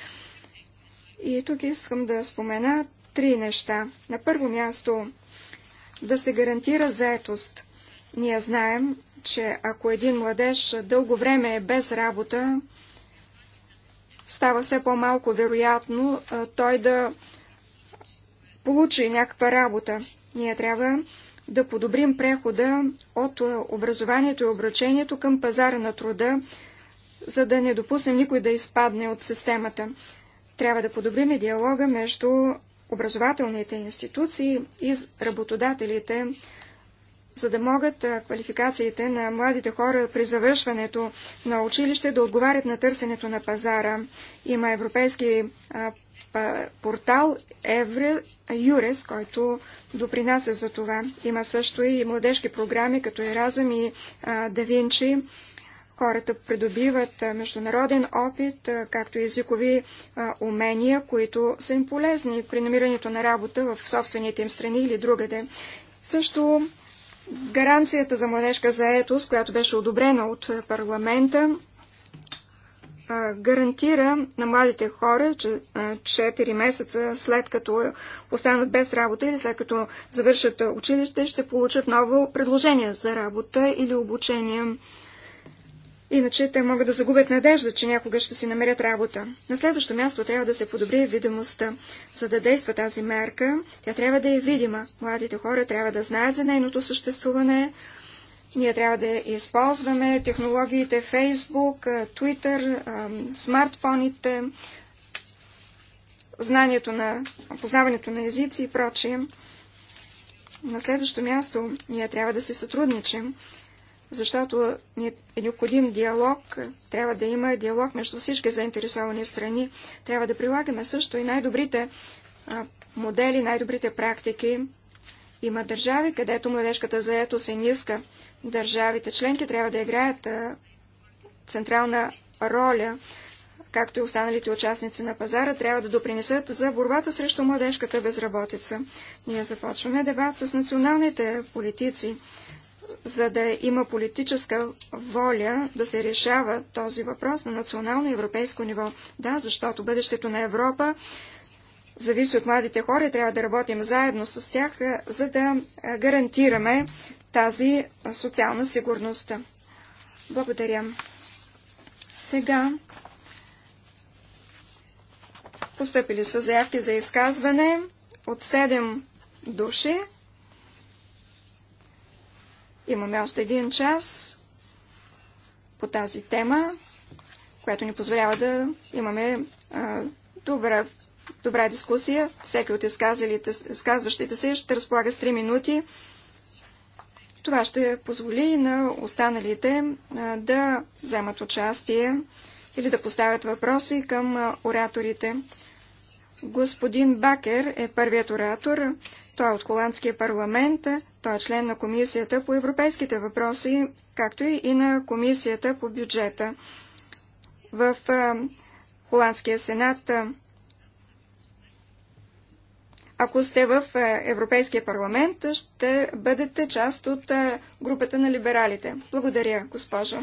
И тук искам да спомена три неща. На първо място да се гарантира заетост. Ние знаем, че ако един младеж дълго време е без работа, става все по-малко вероятно той да получи някаква работа. Ние трябва да подобрим прехода от образованието и обръчението към пазара на труда, за да не допуснем никой да изпадне от системата. Трябва да подобрим диалога между образователните институции и работодателите, за да могат квалификациите на младите хора при завършването на училище да отговарят на търсенето на пазара. Има европейски портал Еври Юрес, който допринася за това. Има също и младежки програми, като Еразъм и Давинчи. Хората придобиват международен опит, както и езикови умения, които са им полезни при намирането на работа в собствените им страни или другаде. Също Гаранцията за младежка заетост, която беше одобрена от е, парламента, гарантира на младите хора, че 4 месеца след като останат без работа или след като завършат училище, ще получат ново предложение за работа или обучение. Иначе те могат да загубят надежда, че някога ще си намерят работа. На следващо място трябва да се подобри видимостта. За да действа тази мерка, тя трябва да е видима. Младите хора трябва да знаят за нейното съществуване. Ние трябва да използваме технологиите Facebook, Twitter, смартфоните, знанието на, познаването на езици и прочие. На следващо място ние трябва да се сътрудничим защото е необходим диалог, трябва да има диалог между всички заинтересовани страни, трябва да прилагаме също и най-добрите модели, най-добрите практики. Има държави, където младежката заетост е ниска. Държавите членки трябва да играят централна роля, както и останалите участници на пазара, трябва да допринесат за борбата срещу младежката безработица. Ние започваме дебат с националните политици за да има политическа воля да се решава този въпрос на национално европейско ниво. Да, защото бъдещето на Европа зависи от младите хора и трябва да работим заедно с тях, за да гарантираме тази социална сигурност. Благодаря. Сега постъпили са заявки за изказване от 7 души. Имаме още един час по тази тема, която ни позволява да имаме а, добра, добра дискусия. Всеки от изказващите се ще разполага с 3 минути. Това ще позволи на останалите а, да вземат участие или да поставят въпроси към а, ораторите. Господин Бакер е първият оратор. Той е от Холандския парламент. Той е член на Комисията по европейските въпроси, както и на Комисията по бюджета. В Холандския сенат ако сте в Европейския парламент, ще бъдете част от групата на либералите. Благодаря, госпожо.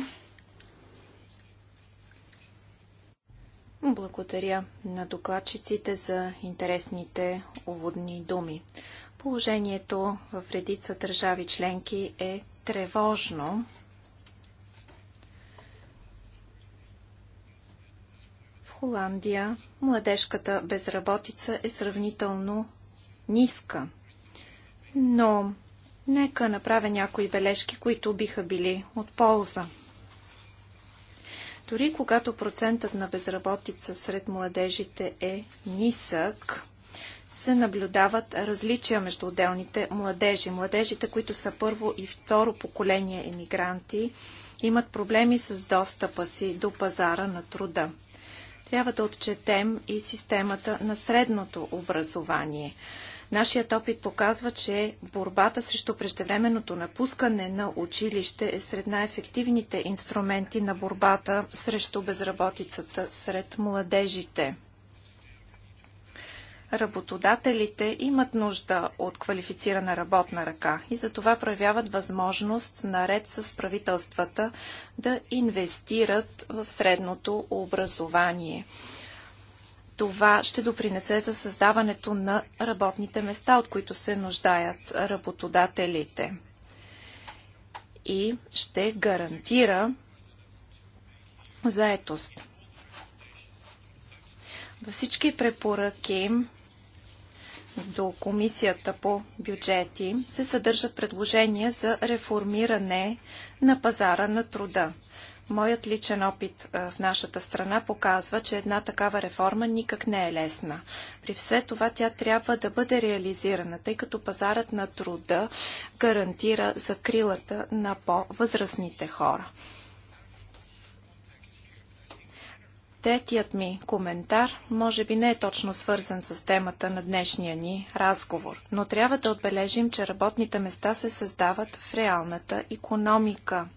Благодаря на докладчиците за интересните уводни думи. Положението в редица държави членки е тревожно. В Холандия младежката безработица е сравнително ниска. Но нека направя някои бележки, които биха били от полза дори когато процентът на безработица сред младежите е нисък, се наблюдават различия между отделните младежи. Младежите, които са първо и второ поколение емигранти, имат проблеми с достъпа си до пазара на труда. Трябва да отчетем и системата на средното образование. Нашият опит показва, че борбата срещу преждевременното напускане на училище е сред най-ефективните инструменти на борбата срещу безработицата сред младежите работодателите имат нужда от квалифицирана работна ръка и за това проявяват възможност наред с правителствата да инвестират в средното образование. Това ще допринесе за създаването на работните места, от които се нуждаят работодателите. И ще гарантира заетост. Във всички препоръки до Комисията по бюджети се съдържат предложения за реформиране на пазара на труда. Моят личен опит в нашата страна показва, че една такава реформа никак не е лесна. При все това тя трябва да бъде реализирана, тъй като пазарът на труда гарантира закрилата на по-възрастните хора. Третият ми коментар може би не е точно свързан с темата на днешния ни разговор, но трябва да отбележим, че работните места се създават в реалната економика –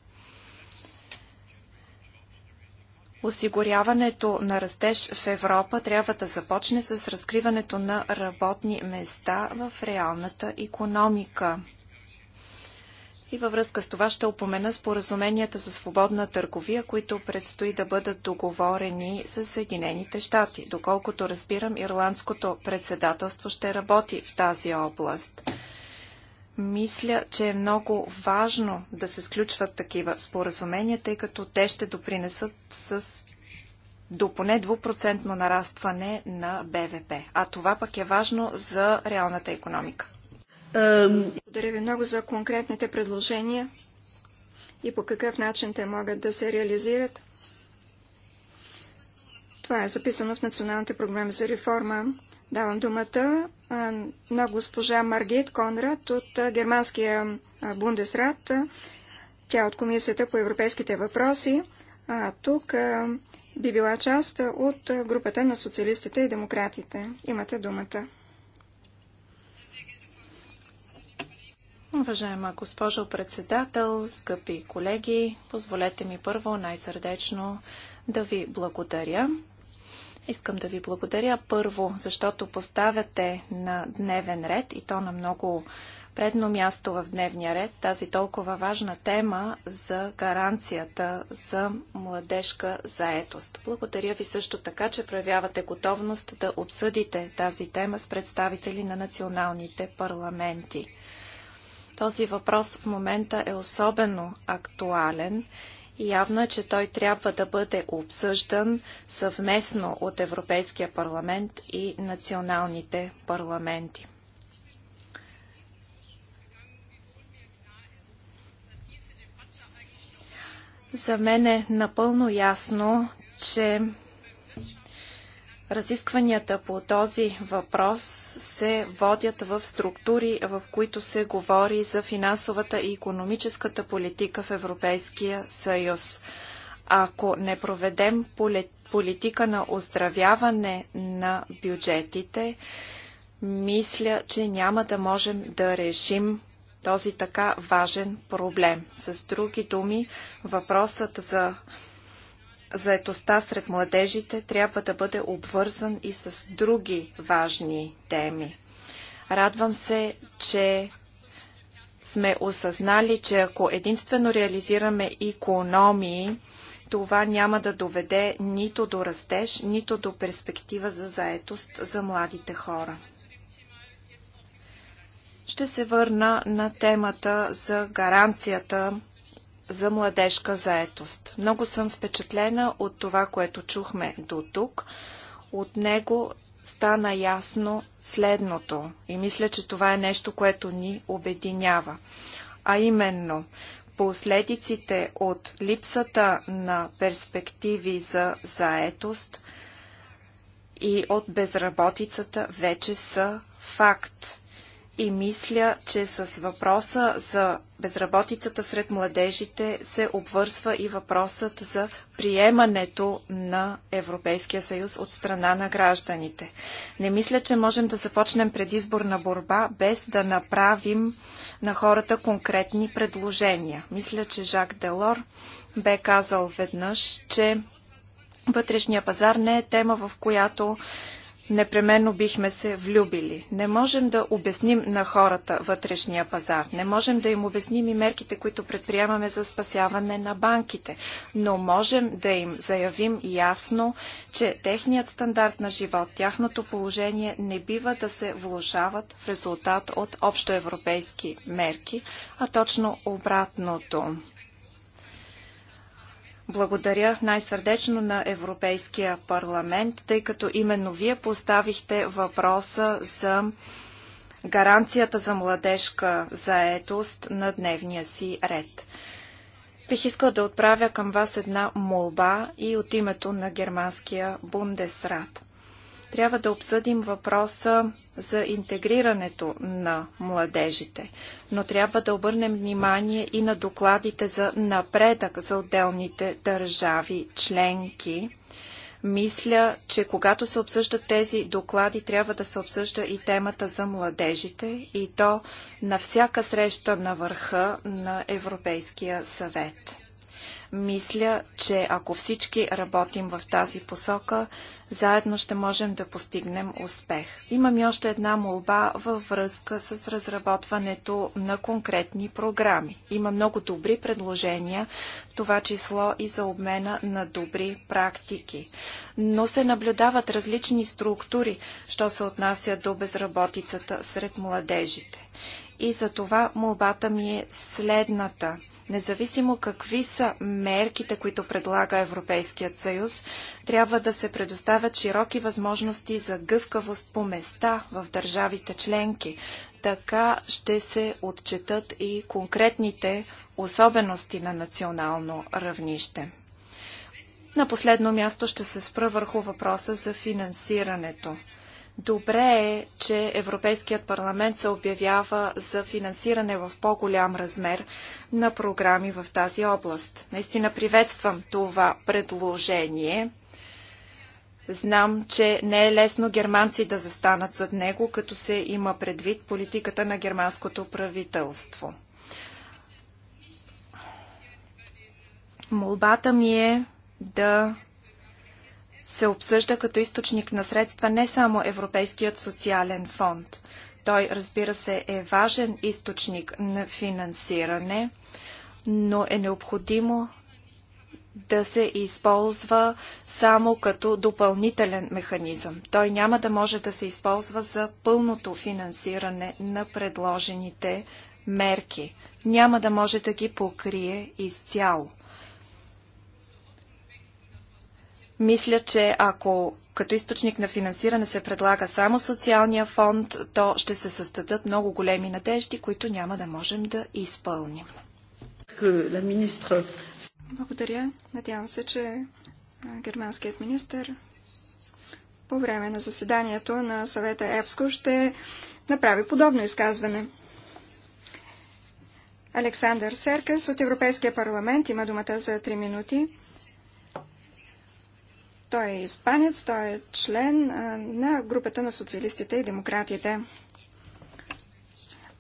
Осигуряването на растеж в Европа трябва да започне с разкриването на работни места в реалната економика. И във връзка с това ще упомена споразуменията за свободна търговия, които предстои да бъдат договорени с Съединените щати. Доколкото разбирам, ирландското председателство ще работи в тази област. Мисля, че е много важно да се сключват такива споразумения, тъй като те ще допринесат с до поне 2% нарастване на БВП. А това пък е важно за реалната економика. Благодаря ви много за конкретните предложения и по какъв начин те могат да се реализират. Това е записано в националните програми за реформа. Давам думата на госпожа Маргит Конрад от германския Бундесрат. Тя е от Комисията по европейските въпроси. А тук би била част от групата на социалистите и демократите. Имате думата. Уважаема госпожо председател, скъпи колеги, позволете ми първо най-сърдечно да ви благодаря Искам да ви благодаря първо, защото поставяте на дневен ред и то на много предно място в дневния ред тази толкова важна тема за гаранцията за младежка заетост. Благодаря ви също така, че проявявате готовност да обсъдите тази тема с представители на националните парламенти. Този въпрос в момента е особено актуален Явно е, че той трябва да бъде обсъждан съвместно от Европейския парламент и националните парламенти. За мен е напълно ясно, че Разискванията по този въпрос се водят в структури, в които се говори за финансовата и економическата политика в Европейския съюз. Ако не проведем политика на оздравяване на бюджетите, мисля, че няма да можем да решим този така важен проблем. С други думи, въпросът за заетостта сред младежите трябва да бъде обвързан и с други важни теми. Радвам се, че сме осъзнали, че ако единствено реализираме икономии, това няма да доведе нито до растеж, нито до перспектива за заетост за младите хора. Ще се върна на темата за гаранцията за младежка заетост. Много съм впечатлена от това, което чухме до тук. От него стана ясно следното и мисля, че това е нещо, което ни обединява. А именно, последиците от липсата на перспективи за заетост и от безработицата вече са факт и мисля, че с въпроса за безработицата сред младежите се обвързва и въпросът за приемането на Европейския съюз от страна на гражданите. Не мисля, че можем да започнем предизборна борба без да направим на хората конкретни предложения. Мисля, че Жак Делор бе казал веднъж, че вътрешния пазар не е тема, в която непременно бихме се влюбили. Не можем да обясним на хората вътрешния пазар. Не можем да им обясним и мерките, които предприемаме за спасяване на банките. Но можем да им заявим ясно, че техният стандарт на живот, тяхното положение не бива да се влушават в резултат от общоевропейски мерки, а точно обратното. Благодаря най-сърдечно на Европейския парламент, тъй като именно вие поставихте въпроса за гаранцията за младежка заетост на дневния си ред. Бих искал да отправя към вас една молба и от името на германския Бундесрат трябва да обсъдим въпроса за интегрирането на младежите, но трябва да обърнем внимание и на докладите за напредък за отделните държави членки. Мисля, че когато се обсъждат тези доклади, трябва да се обсъжда и темата за младежите и то на всяка среща на върха на Европейския съвет. Мисля, че ако всички работим в тази посока, заедно ще можем да постигнем успех. Имам и още една молба във връзка с разработването на конкретни програми. Има много добри предложения, това число и за обмена на добри практики. Но се наблюдават различни структури, що се отнася до безработицата сред младежите. И за това молбата ми е следната – Независимо какви са мерките, които предлага Европейският съюз, трябва да се предоставят широки възможности за гъвкавост по места в държавите членки. Така ще се отчетат и конкретните особености на национално равнище. На последно място ще се спра върху въпроса за финансирането. Добре е, че Европейският парламент се обявява за финансиране в по-голям размер на програми в тази област. Наистина приветствам това предложение. Знам, че не е лесно германци да застанат зад него, като се има предвид политиката на германското правителство. Молбата ми е да се обсъжда като източник на средства не само Европейският социален фонд. Той, разбира се, е важен източник на финансиране, но е необходимо да се използва само като допълнителен механизъм. Той няма да може да се използва за пълното финансиране на предложените мерки. Няма да може да ги покрие изцяло. Мисля, че ако като източник на финансиране се предлага само социалния фонд, то ще се създадат много големи надежди, които няма да можем да изпълним. Благодаря. Надявам се, че германският министр по време на заседанието на съвета ЕПСКО ще направи подобно изказване. Александър Серкес от Европейския парламент има думата за 3 минути. Той е испанец, той е член на групата на социалистите и демократите.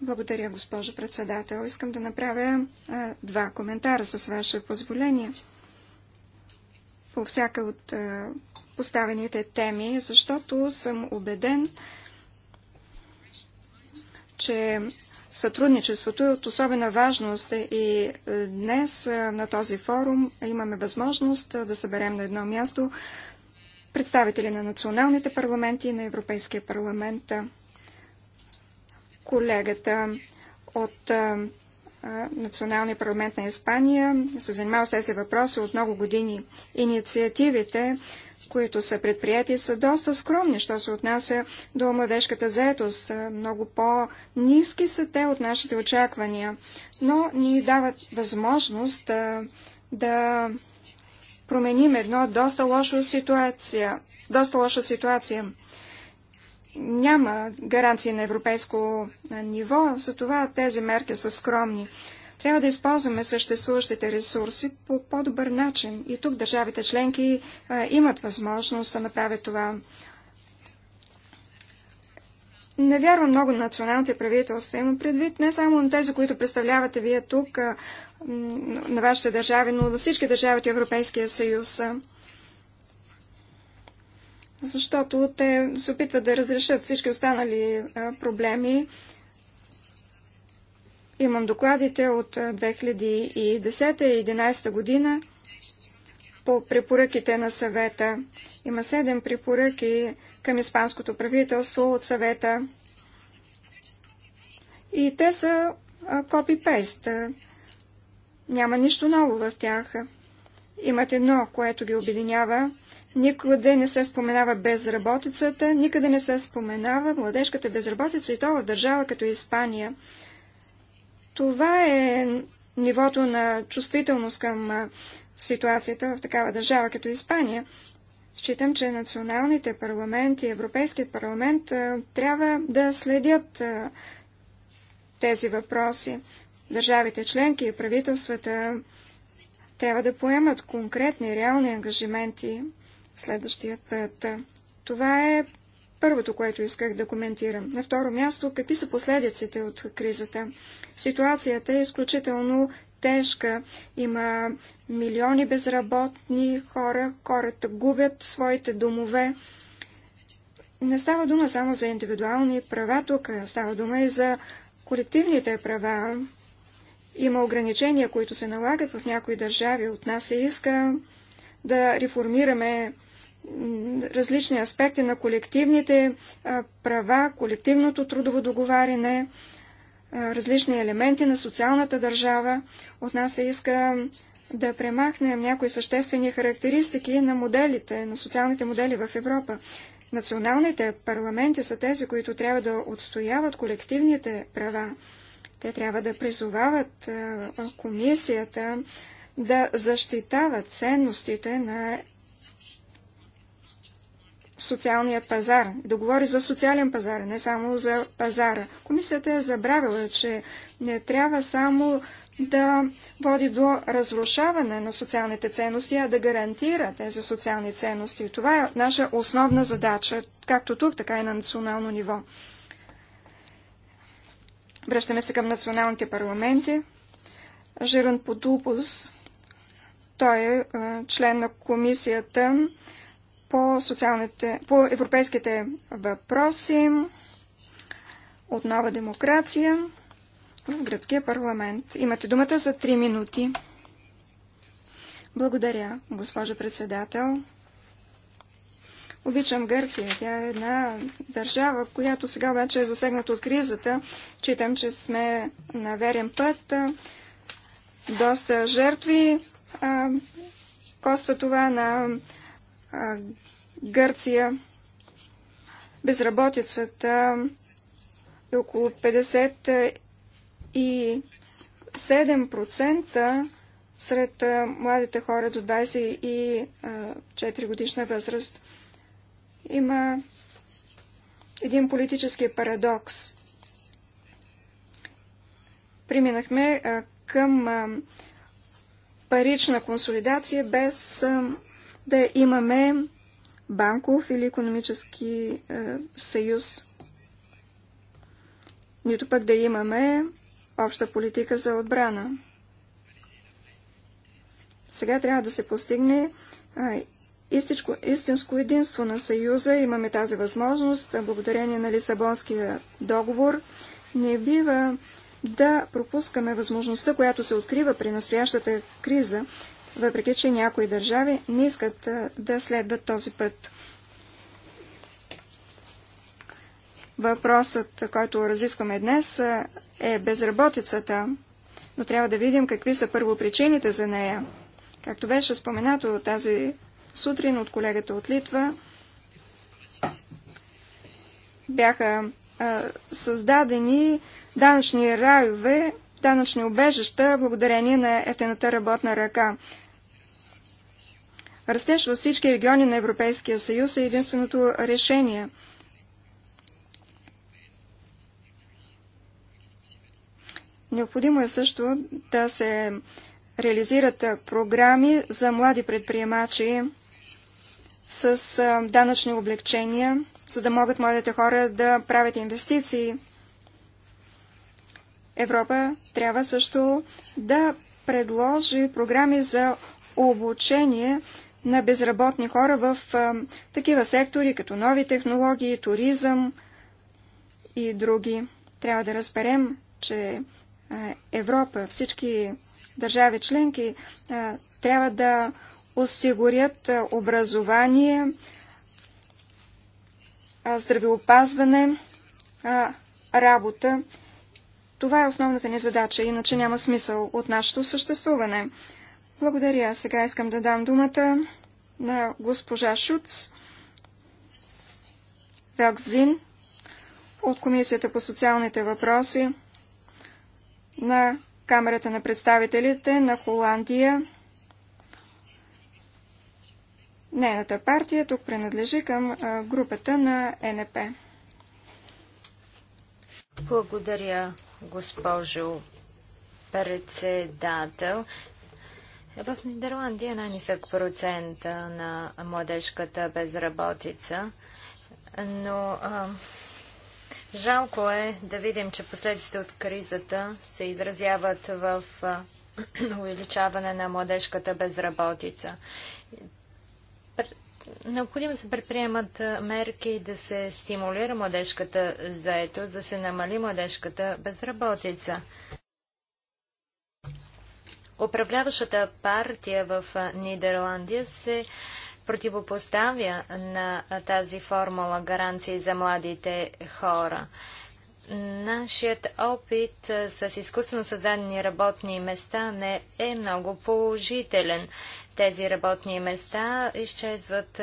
Благодаря, госпожо председател. Искам да направя два коментара с ваше позволение по всяка от поставените теми, защото съм убеден, че Сътрудничеството е от особена важност и е, днес е, на този форум имаме възможност е, да съберем на едно място представители на националните парламенти и на Европейския парламент. Колегата от Националния парламент на Испания се занимава с тези въпроси от много години. Инициативите които са предприяти, са доста скромни, що се отнася до младежката заетост. Е, много по-низки са те от нашите очаквания, но ни дават възможност е, да променим едно доста лошо ситуация. Доста лоша ситуация. Няма гаранции на европейско е, ниво, затова тези мерки са скромни. Трябва да използваме съществуващите ресурси по по-добър начин. И тук държавите членки а, имат възможност да направят това. Не вярвам много на националните правителства. Имам предвид не само на тези, които представлявате вие тук, а, на вашите държави, но на всички държави от Европейския съюз. защото те се опитват да разрешат всички останали а, проблеми Имам докладите от 2010-2011 и година по препоръките на съвета. Има седем препоръки към испанското правителство от съвета. И те са копипейст. Няма нищо ново в тях. Имат едно, което ги обединява. Никъде не се споменава безработицата, никъде не се споменава младежката безработица и то в държава като Испания. Това е нивото на чувствителност към ситуацията в такава държава като Испания. Считам, че националните парламенти и Европейският парламент трябва да следят тези въпроси. Държавите членки и правителствата трябва да поемат конкретни, реални ангажименти следващия път. Това е първото, което исках да коментирам. На второ място, какви са последиците от кризата? Ситуацията е изключително тежка. Има милиони безработни хора, хората губят своите домове. Не става дума само за индивидуални права тук, става дума и за колективните права. Има ограничения, които се налагат в някои държави. От нас се иска да реформираме различни аспекти на колективните права, колективното трудово договаряне, различни елементи на социалната държава. От нас се иска да премахнем някои съществени характеристики на моделите, на социалните модели в Европа. Националните парламенти са тези, които трябва да отстояват колективните права. Те трябва да призовават комисията да защитава ценностите на Социалния пазар, да говори за социален пазар, не само за пазара. Комисията е забравила, че не трябва само да води до разрушаване на социалните ценности, а да гарантира тези социални ценности. И това е наша основна задача, както тук, така и на национално ниво. Връщаме се към националните парламенти. Жиран Подупус, той е, е член на комисията по, социалните, по европейските въпроси, отнова демокрация в гръцкия парламент. Имате думата за 3 минути. Благодаря, госпожо председател. Обичам Гърция. Тя е една държава, която сега вече е засегната от кризата. Читам, че сме на верен път. Доста жертви а, коства това на Гърция. Безработицата е около 57% сред младите хора до 24 годишна възраст. Има един политически парадокс. Приминахме към парична консолидация без да имаме банков или економически е, съюз. Нито пък да имаме обща политика за отбрана. Сега трябва да се постигне е, истичко, истинско единство на Съюза. Имаме тази възможност, благодарение на Лисабонския договор. Не бива да пропускаме възможността, която се открива при настоящата криза, въпреки че някои държави не искат да следват този път. Въпросът, който разискваме днес, е безработицата, но трябва да видим какви са първопричините за нея. Както беше споменато тази сутрин от колегата от Литва, бяха а, създадени данъчни райове данъчни обежища благодарение на ефтената работна ръка. Растеж във всички региони на Европейския съюз е единственото решение. Необходимо е също да се реализират програми за млади предприемачи с данъчни облегчения, за да могат младите хора да правят инвестиции Европа трябва също да предложи програми за обучение на безработни хора в а, такива сектори, като нови технологии, туризъм и други. Трябва да разберем, че а, Европа, всички държави членки а, трябва да осигурят образование, здравеопазване, работа това е основната ни задача, иначе няма смисъл от нашето съществуване. Благодаря. Сега искам да дам думата на госпожа Шуц Велкзин от Комисията по социалните въпроси на Камерата на представителите на Холандия. Нейната партия тук принадлежи към групата на НП. Благодаря, госпожо председател. В Нидерландия най-нисък процент на младежката безработица, но а, жалко е да видим, че последствията от кризата се изразяват в а, (clears throat) увеличаване на младежката безработица. Необходимо се предприемат мерки да се стимулира младежката заетост, да се намали младежката безработица. Управляващата партия в Нидерландия се противопоставя на тази формула гаранции за младите хора. Нашият опит с изкуствено създадени работни места не е много положителен. Тези работни места изчезват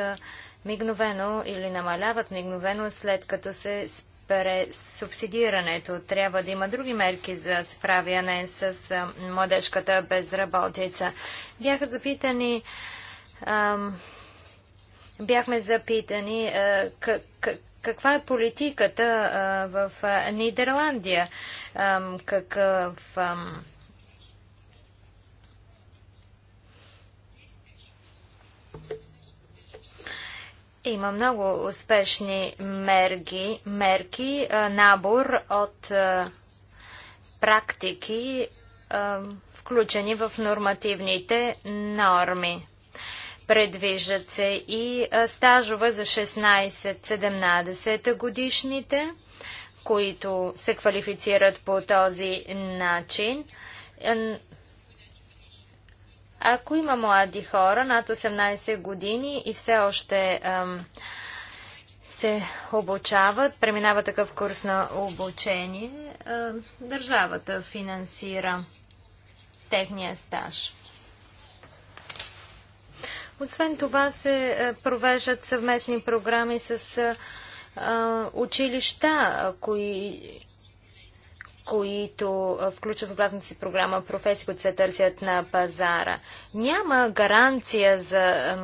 мигновено или намаляват мигновено след като се спре субсидирането. Трябва да има други мерки за справяне с младежката безработица. Бяха запитани Бяхме запитани каква е политиката в Нидерландия? Какъв Има много успешни мерки, мерки набор от практики, включени в нормативните норми. Предвиждат се и стажове за 16-17 годишните, които се квалифицират по този начин. Ако има млади хора над 18 години и все още се обучават, преминава такъв курс на обучение, държавата финансира техния стаж. Освен това се е, провеждат съвместни програми с е, е, училища, кои, които включват в образната си програма професии, които се търсят на пазара. Няма гаранция за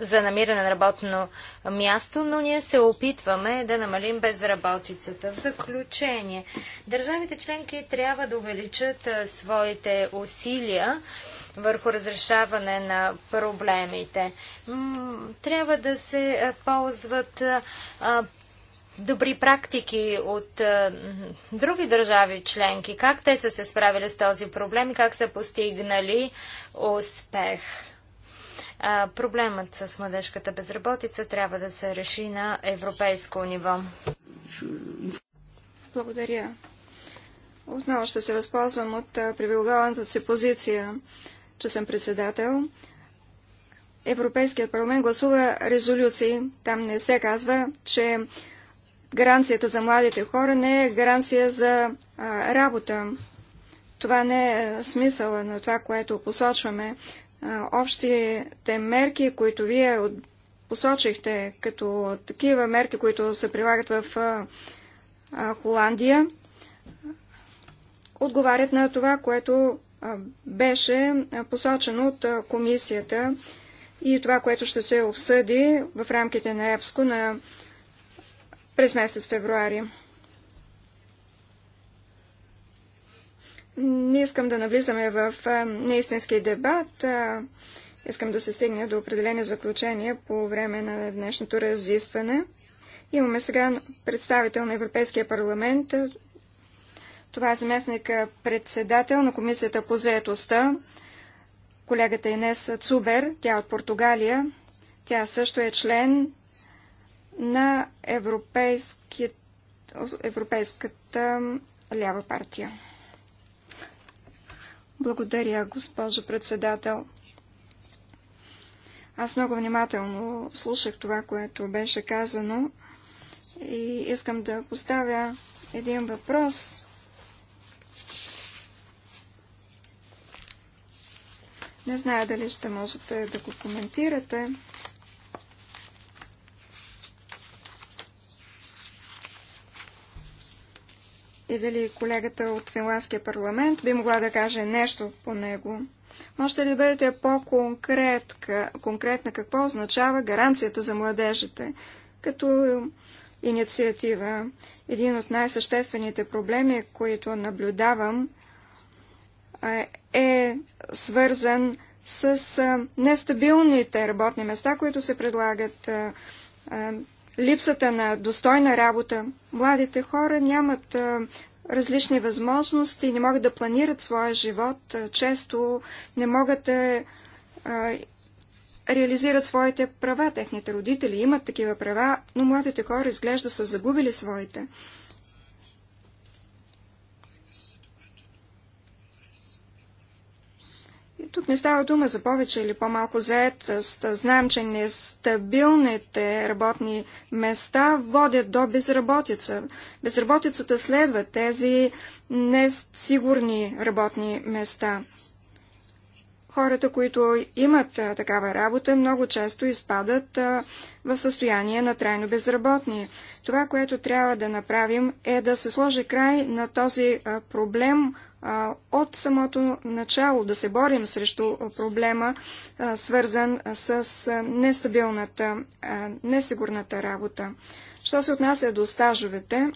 за намиране на работно място, но ние се опитваме да намалим безработицата. В заключение, държавите членки трябва да увеличат своите усилия върху разрешаване на проблемите. Трябва да се ползват добри практики от други държави членки. Как те са се справили с този проблем и как са постигнали успех? проблемът с младежката безработица трябва да се реши на европейско ниво. Благодаря. Отново ще се възползвам от привилегованата си позиция, че съм председател. Европейският парламент гласува резолюции. Там не се казва, че гаранцията за младите хора не е гаранция за работа. Това не е смисъла на това, което посочваме общите мерки, които вие посочихте като такива мерки, които се прилагат в Холандия, отговарят на това, което беше посочено от комисията и това, което ще се обсъди в рамките на ЕПСКО на през месец февруари. Не искам да навлизаме в неистински дебат. Искам да се стигне до определени заключения по време на днешното разискване. Имаме сега представител на Европейския парламент. Това е заместник председател на Комисията по заетостта, колегата Инес Цубер, тя е от Португалия. Тя също е член на Европейски... Европейската лява партия. Благодаря, госпожо председател. Аз много внимателно слушах това, което беше казано и искам да поставя един въпрос. Не зная дали ще можете да го коментирате. и дали колегата от Финландския парламент би могла да каже нещо по него. Можете ли бъдете по-конкретна какво означава гаранцията за младежите като инициатива? Един от най-съществените проблеми, които наблюдавам, е свързан с нестабилните работни места, които се предлагат липсата на достойна работа. Младите хора нямат различни възможности не могат да планират своя живот. Често не могат да реализират своите права. Техните родители имат такива права, но младите хора изглежда са загубили своите. Тук не става дума за повече или по-малко заетост. Знам, че нестабилните работни места водят до безработица. Безработицата следва тези несигурни работни места. Хората, които имат такава работа, много често изпадат в състояние на трайно безработни. Това, което трябва да направим, е да се сложи край на този проблем – от самото начало да се борим срещу проблема, свързан с нестабилната, несигурната работа. Що се отнася до стажовете,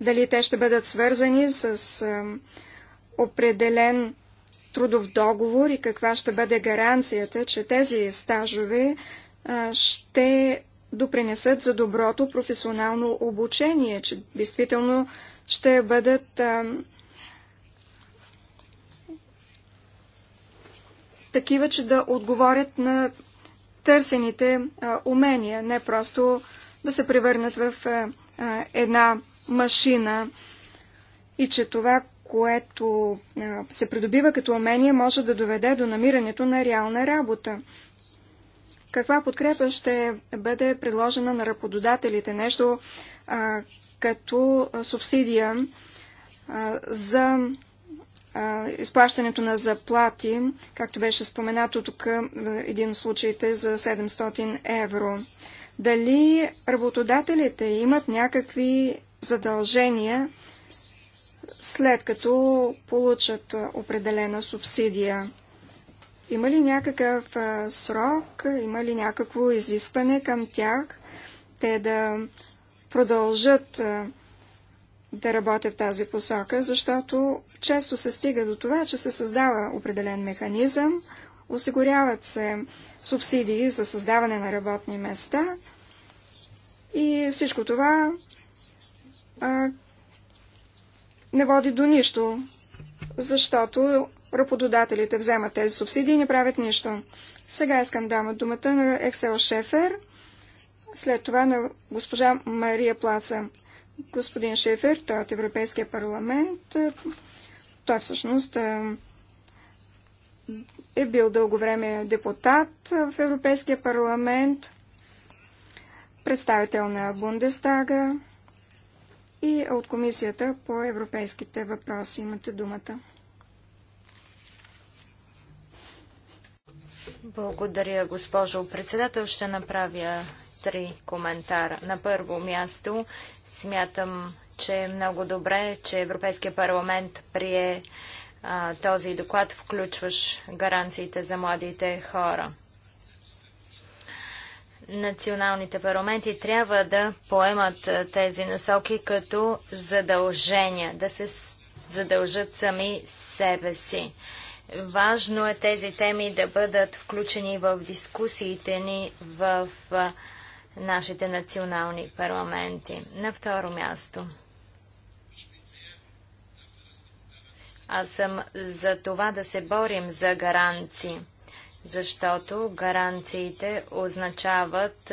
дали те ще бъдат свързани с определен трудов договор и каква ще бъде гаранцията, че тези стажове ще допринесат за доброто професионално обучение, че действително ще бъдат а, такива, че да отговорят на търсените а, умения, не просто да се превърнат в а, една машина и че това, което а, се придобива като умение, може да доведе до намирането на реална работа. Каква подкрепа ще бъде предложена на работодателите? Нещо а, като субсидия а, за а, изплащането на заплати, както беше споменато тук в един от случаите за 700 евро. Дали работодателите имат някакви задължения след като получат определена субсидия? Има ли някакъв а, срок, има ли някакво изискване към тях, те да продължат а, да работят в тази посока, защото често се стига до това, че се създава определен механизъм, осигуряват се субсидии за създаване на работни места и всичко това а, не води до нищо, защото работодателите вземат тези субсидии и не правят нищо. Сега искам да дам думата на Ексел Шефер, след това на госпожа Мария Плаца. Господин Шефер, той е от Европейския парламент. Той всъщност е, е бил дълго време депутат в Европейския парламент, представител на Бундестага и е от Комисията по европейските въпроси. Имате думата. Благодаря, госпожо председател. Ще направя три коментара. На първо място смятам, че е много добре, че Европейския парламент прие а, този доклад, включваш гаранциите за младите хора. Националните парламенти трябва да поемат тези насоки като задължения, да се задължат сами себе си. Важно е тези теми да бъдат включени в дискусиите ни в нашите национални парламенти. На второ място. Аз съм за това да се борим за гаранции, защото гаранциите означават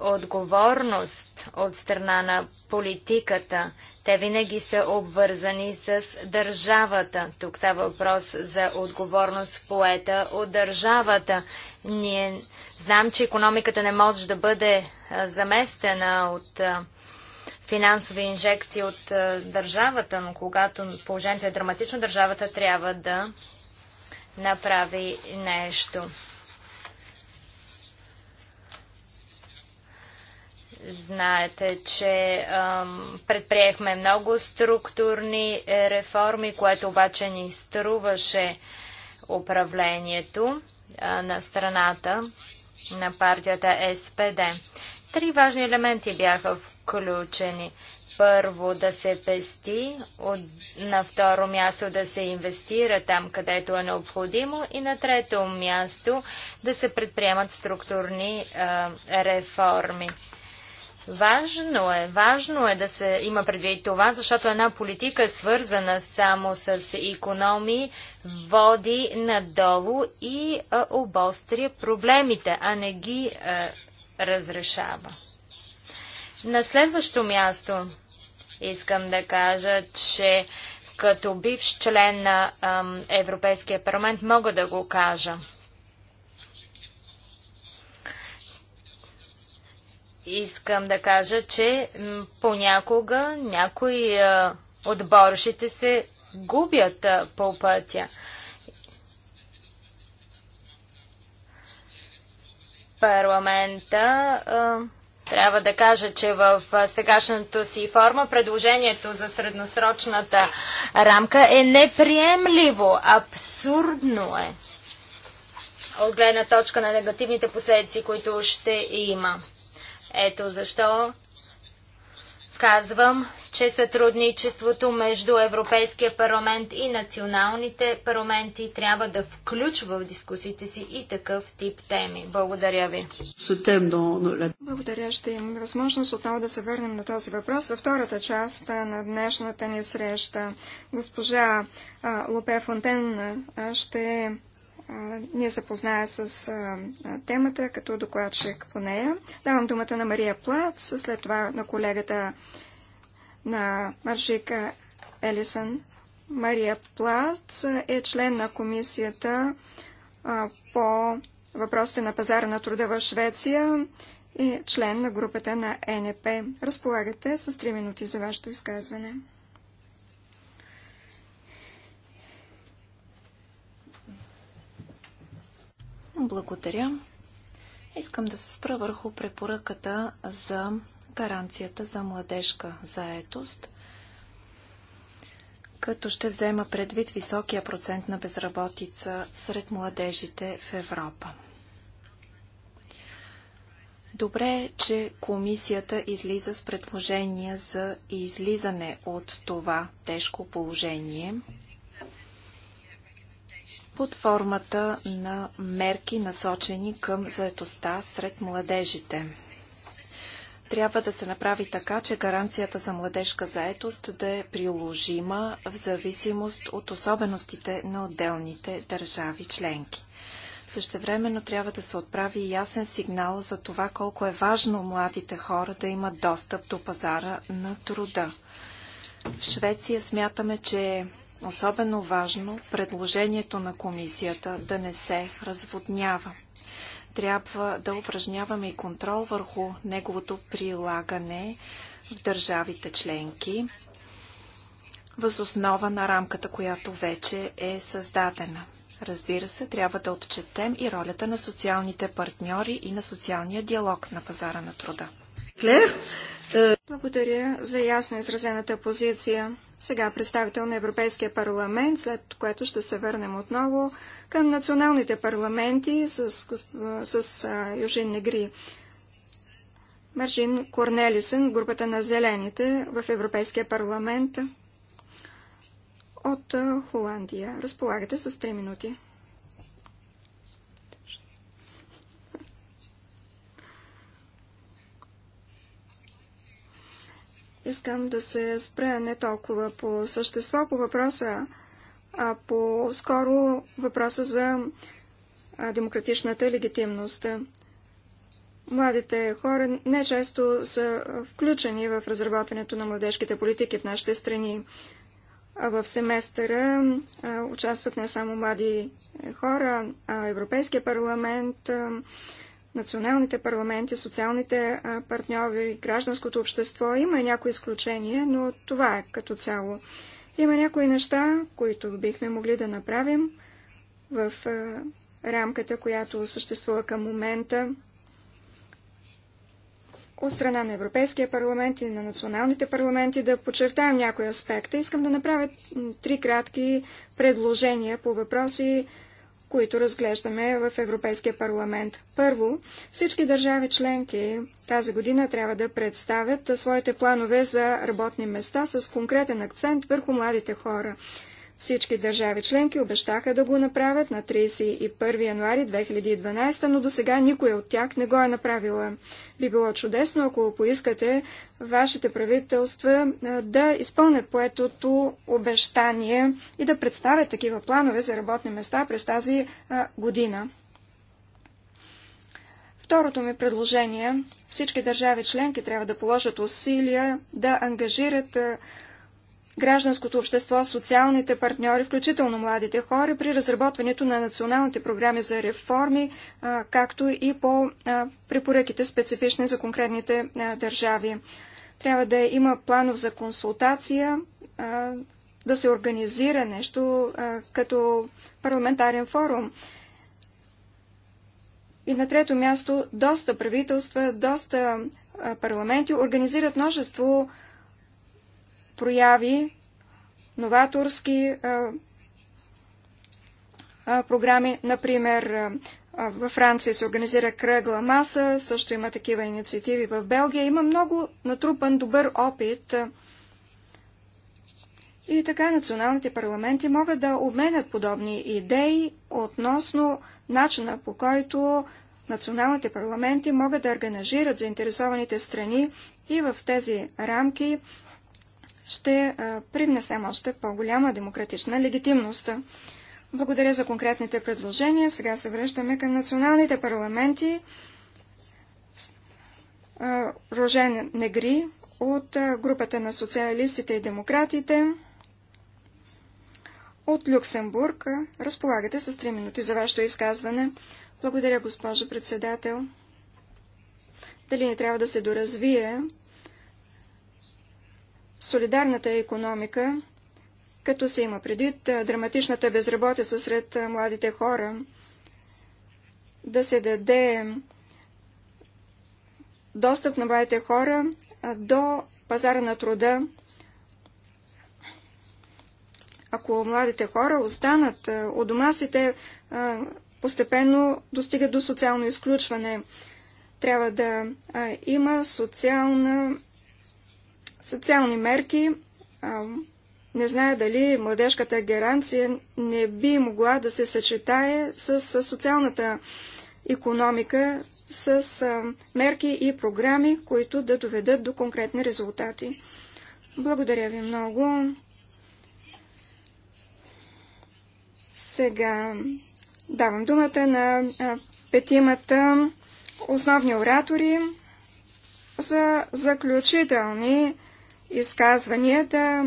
отговорност от страна на политиката. Те винаги са обвързани с държавата. Тук става въпрос за отговорност поета от държавата. Ние знам, че економиката не може да бъде заместена от финансови инжекции от държавата, но когато положението е драматично, държавата трябва да направи нещо. Знаете, че ам, предприехме много структурни е, реформи, което обаче ни струваше управлението а, на страната на партията СПД. Три важни елементи бяха включени. Първо да се пести, от, на второ място да се инвестира там, където е необходимо и на трето място да се предприемат структурни а, реформи. Важно е, важно е да се има предвид това, защото една политика свързана само с економии води надолу и а, обостря проблемите, а не ги а, разрешава. На следващо място искам да кажа, че като бивш член на а, Европейския парламент мога да го кажа – искам да кажа, че понякога някои отборщите се губят по пътя. Парламента трябва да кажа, че в сегашната си форма предложението за средносрочната рамка е неприемливо, абсурдно е от гледна точка на негативните последици, които ще има. Ето защо казвам, че сътрудничеството между Европейския парламент и националните парламенти трябва да включва в дискусите си и такъв тип теми. Благодаря ви. Благодаря. Ще имам възможност отново да се върнем на този въпрос във втората част на днешната ни среща. Госпожа Лопе Фонтен ще ни запознае с темата като докладчик по нея. Давам думата на Мария Плац, след това на колегата на Маржика Елисън. Мария Плац е член на комисията по въпросите на пазара на труда в Швеция и член на групата на НП. Разполагате с 3 минути за вашето изказване. Благодаря. Искам да се спра върху препоръката за гаранцията за младежка заетост, като ще взема предвид високия процент на безработица сред младежите в Европа. Добре е, че комисията излиза с предложения за излизане от това тежко положение – под формата на мерки насочени към заетостта сред младежите. Трябва да се направи така, че гаранцията за младежка заетост да е приложима в зависимост от особеностите на отделните държави членки. Същевременно трябва да се отправи ясен сигнал за това колко е важно младите хора да имат достъп до пазара на труда. В Швеция смятаме, че е особено важно предложението на комисията да не се разводнява. Трябва да упражняваме и контрол върху неговото прилагане в държавите членки, възоснова на рамката, която вече е създадена. Разбира се, трябва да отчетем и ролята на социалните партньори и на социалния диалог на пазара на труда. Клер, е, благодаря за ясно изразената позиция. Сега представител на Европейския парламент, след което ще се върнем отново към националните парламенти с, с, с Южин Негри. Маржин Корнелисен, групата на зелените в Европейския парламент от Холандия. Разполагате с 3 минути. Искам да се спре не толкова по същество по въпроса, а по скоро въпроса за демократичната легитимност. Младите хора не често са включени в разработването на младежките политики в нашите страни. В семестъра участват не само млади хора, а Европейския парламент, националните парламенти, социалните партньори, гражданското общество. Има и някои изключения, но това е като цяло. Има някои неща, които бихме могли да направим в рамката, която съществува към момента от страна на Европейския парламент и на националните парламенти да подчертаем някои аспекта. Искам да направя три кратки предложения по въпроси, които разглеждаме в Европейския парламент. Първо, всички държави членки тази година трябва да представят своите планове за работни места с конкретен акцент върху младите хора. Всички държави членки обещаха да го направят на 31 януари 2012, но до сега никой от тях не го е направила. Би било чудесно, ако поискате вашите правителства да изпълнят поетото обещание и да представят такива планове за работни места през тази година. Второто ми предложение – всички държави членки трябва да положат усилия да ангажират гражданското общество, социалните партньори, включително младите хора, при разработването на националните програми за реформи, както и по препоръките специфични за конкретните държави. Трябва да има планов за консултация, да се организира нещо като парламентарен форум. И на трето място, доста правителства, доста парламенти организират множество прояви, новаторски а, а, програми. Например, а, във Франция се организира кръгла маса, също има такива инициативи в Белгия. Има много натрупан добър опит. И така националните парламенти могат да обменят подобни идеи относно начина по който националните парламенти могат да органажират заинтересованите страни и в тези рамки ще привнесем още по-голяма демократична легитимност. Благодаря за конкретните предложения. Сега се връщаме към националните парламенти. Рожен Негри от групата на социалистите и демократите от Люксембург. Разполагате с 3 минути за вашето изказване. Благодаря, госпожо председател. Дали не трябва да се доразвие солидарната економика, като се има предвид драматичната безработица сред младите хора, да се даде достъп на младите хора до пазара на труда. Ако младите хора останат у дома си, те постепенно достигат до социално изключване. Трябва да има социална Социални мерки. Не зная дали младежката гаранция не би могла да се съчетае с социалната економика, с мерки и програми, които да доведат до конкретни резултати. Благодаря ви много. Сега давам думата на петимата основни оратори за заключителни изказвания да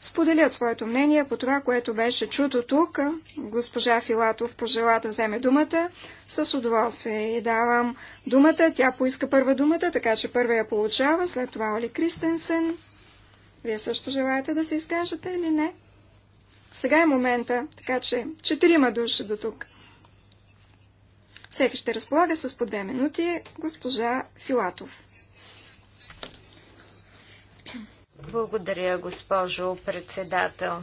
споделят своето мнение по това, което беше чуто тук. Госпожа Филатов пожела да вземе думата. С удоволствие и давам думата. Тя поиска първа думата, така че първа я получава. След това Оли Кристенсен. Вие също желаете да се изкажете или не? Сега е момента, така че четирима души до тук. Всеки ще разполага с по две минути госпожа Филатов. Благодаря, госпожо председател.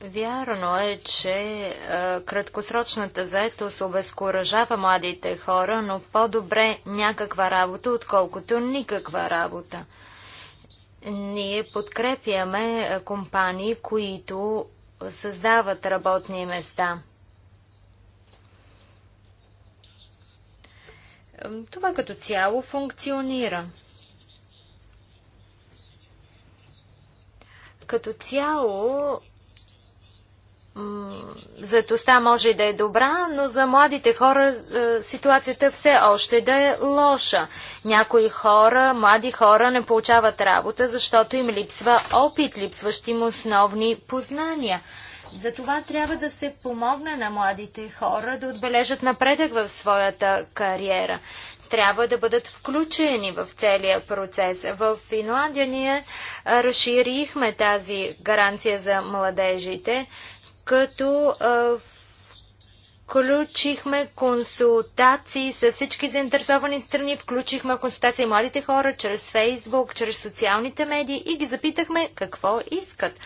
Вярно е, че е, краткосрочната заетост обезкуражава младите хора, но по-добре някаква работа, отколкото никаква работа. Ние подкрепяме е, компании, които създават работни места. Това като цяло функционира. Като цяло заедостта може да е добра, но за младите хора е, ситуацията все още да е лоша. Някои хора, млади хора не получават работа, защото им липсва опит, липсващи им основни познания – затова трябва да се помогне на младите хора да отбележат напредък в своята кариера. Трябва да бъдат включени в целия процес. В Финландия ние разширихме тази гаранция за младежите, като включихме консултации с всички заинтересовани страни, включихме консултации младите хора чрез Фейсбук, чрез социалните медии и ги запитахме какво искат.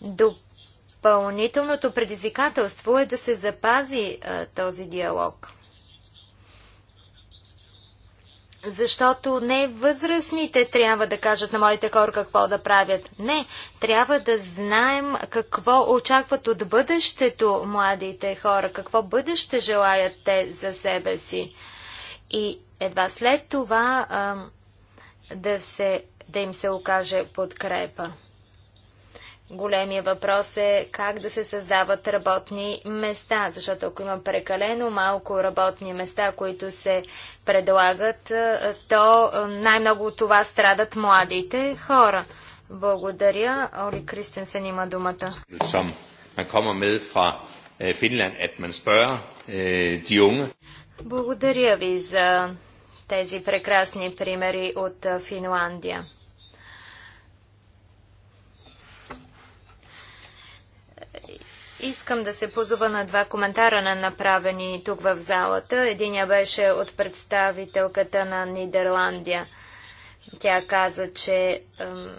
Доп Допълнителното предизвикателство е да се запази а, този диалог. Защото не възрастните трябва да кажат на моите хора какво да правят. Не, трябва да знаем какво очакват от бъдещето младите хора, какво бъдеще желаят те за себе си. И едва след това а, да, се, да им се окаже подкрепа. Големия въпрос е как да се създават работни места, защото ако има прекалено малко работни места, които се предлагат, то най-много от това страдат младите хора. Благодаря. Оли Кристенсен има думата. Е, е, Благодаря ви за тези прекрасни примери от Финландия. Искам да се позова на два коментара на направени тук в залата. Единя беше от представителката на Нидерландия. Тя каза, че ем,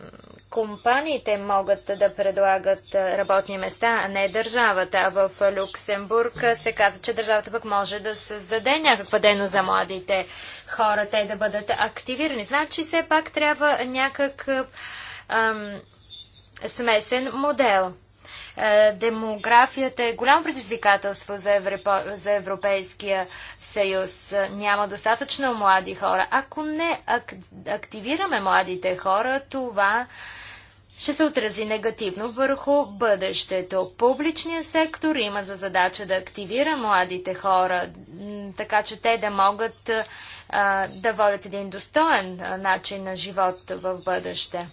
компаниите могат да предлагат е, работни места, а не държавата. А в Люксембург е, се каза, че държавата пък може да създаде някаква дейност за младите хора, те да бъдат активирани. Значи все пак трябва някакъв ем, смесен модел. Е, демографията е голямо предизвикателство за, Европ... за Европейския съюз. Няма достатъчно млади хора. Ако не ак... активираме младите хора, това ще се отрази негативно върху бъдещето. Публичният сектор има за задача да активира младите хора, така че те да могат а, да водят един достоен начин на живот в бъдеще.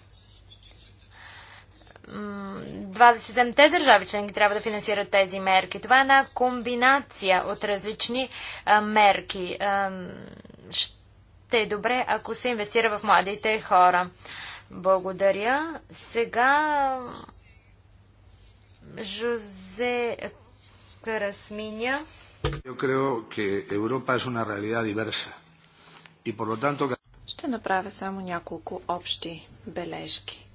27-те държави членки трябва да финансират тези мерки. Това е една комбинация от различни а, мерки. А, ще е добре, ако се инвестира в младите хора. Благодаря. Сега Жозе Карасминя. Yo creo que Europa es una realidad diversa и por lo tanto... Ще направя само няколко общи бележки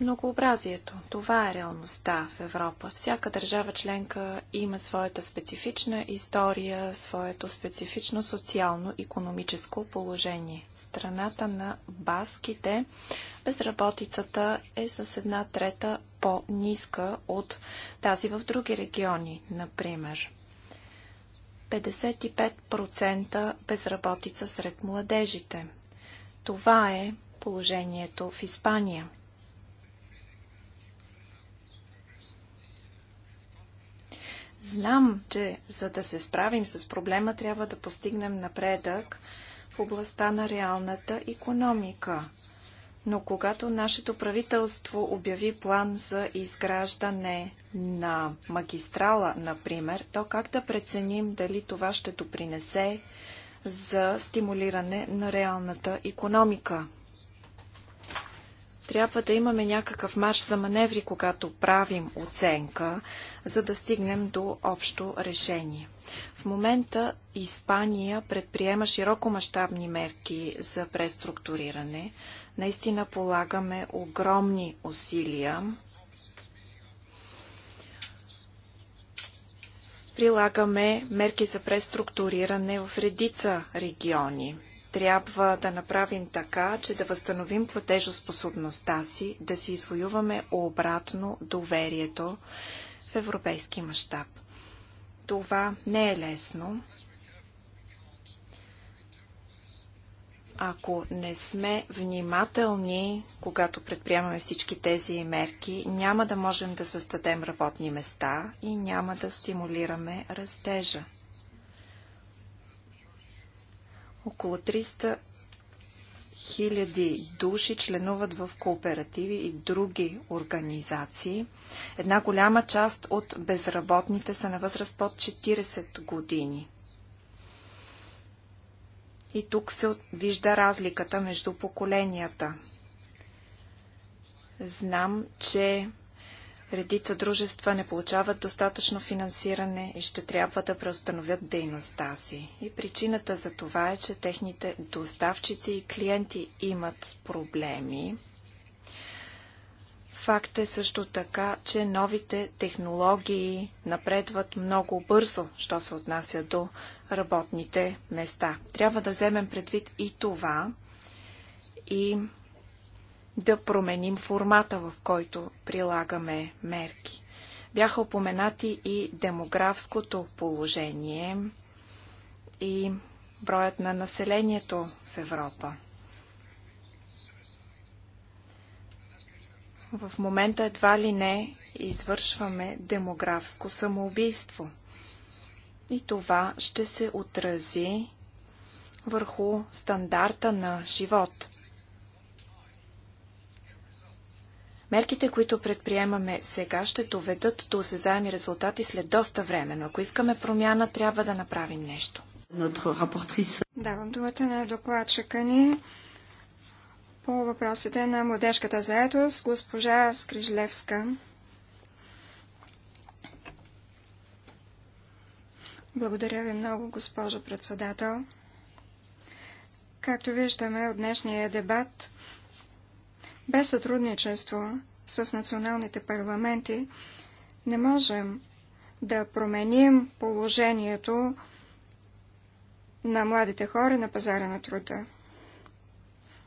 многообразието. Това е реалността в Европа. Всяка държава членка има своята специфична история, своето специфично социално-економическо положение. В страната на баските безработицата е с една трета по-ниска от тази в други региони, например. 55% безработица сред младежите. Това е положението в Испания – Знам, че за да се справим с проблема, трябва да постигнем напредък в областта на реалната економика. Но когато нашето правителство обяви план за изграждане на магистрала, например, то как да преценим дали това ще допринесе за стимулиране на реалната економика? Трябва да имаме някакъв марш за маневри, когато правим оценка, за да стигнем до общо решение. В момента Испания предприема широко мащабни мерки за преструктуриране. Наистина полагаме огромни усилия. Прилагаме мерки за преструктуриране в редица региони трябва да направим така, че да възстановим платежоспособността си, да си извоюваме обратно доверието в европейски мащаб. Това не е лесно. Ако не сме внимателни, когато предприемаме всички тези мерки, няма да можем да създадем работни места и няма да стимулираме растежа. Около 300 хиляди души членуват в кооперативи и други организации. Една голяма част от безработните са на възраст под 40 години. И тук се вижда разликата между поколенията. Знам, че Редица дружества не получават достатъчно финансиране и ще трябва да преустановят дейността си. И причината за това е, че техните доставчици и клиенти имат проблеми. Факт е също така, че новите технологии напредват много бързо, що се отнася до работните места. Трябва да вземем предвид и това и да променим формата, в който прилагаме мерки. Бяха упоменати и демографското положение и броят на населението в Европа. В момента едва ли не извършваме демографско самоубийство. И това ще се отрази върху стандарта на живот – Мерките, които предприемаме сега, ще доведат до осезаеми резултати след доста време, но ако искаме промяна, трябва да направим нещо. Давам думата на докладчика ни по въпросите на младежката заедост, госпожа Скрижлевска. Благодаря ви много, госпожо председател. Както виждаме от днешния дебат, без сътрудничество с националните парламенти не можем да променим положението на младите хора на пазара на труда.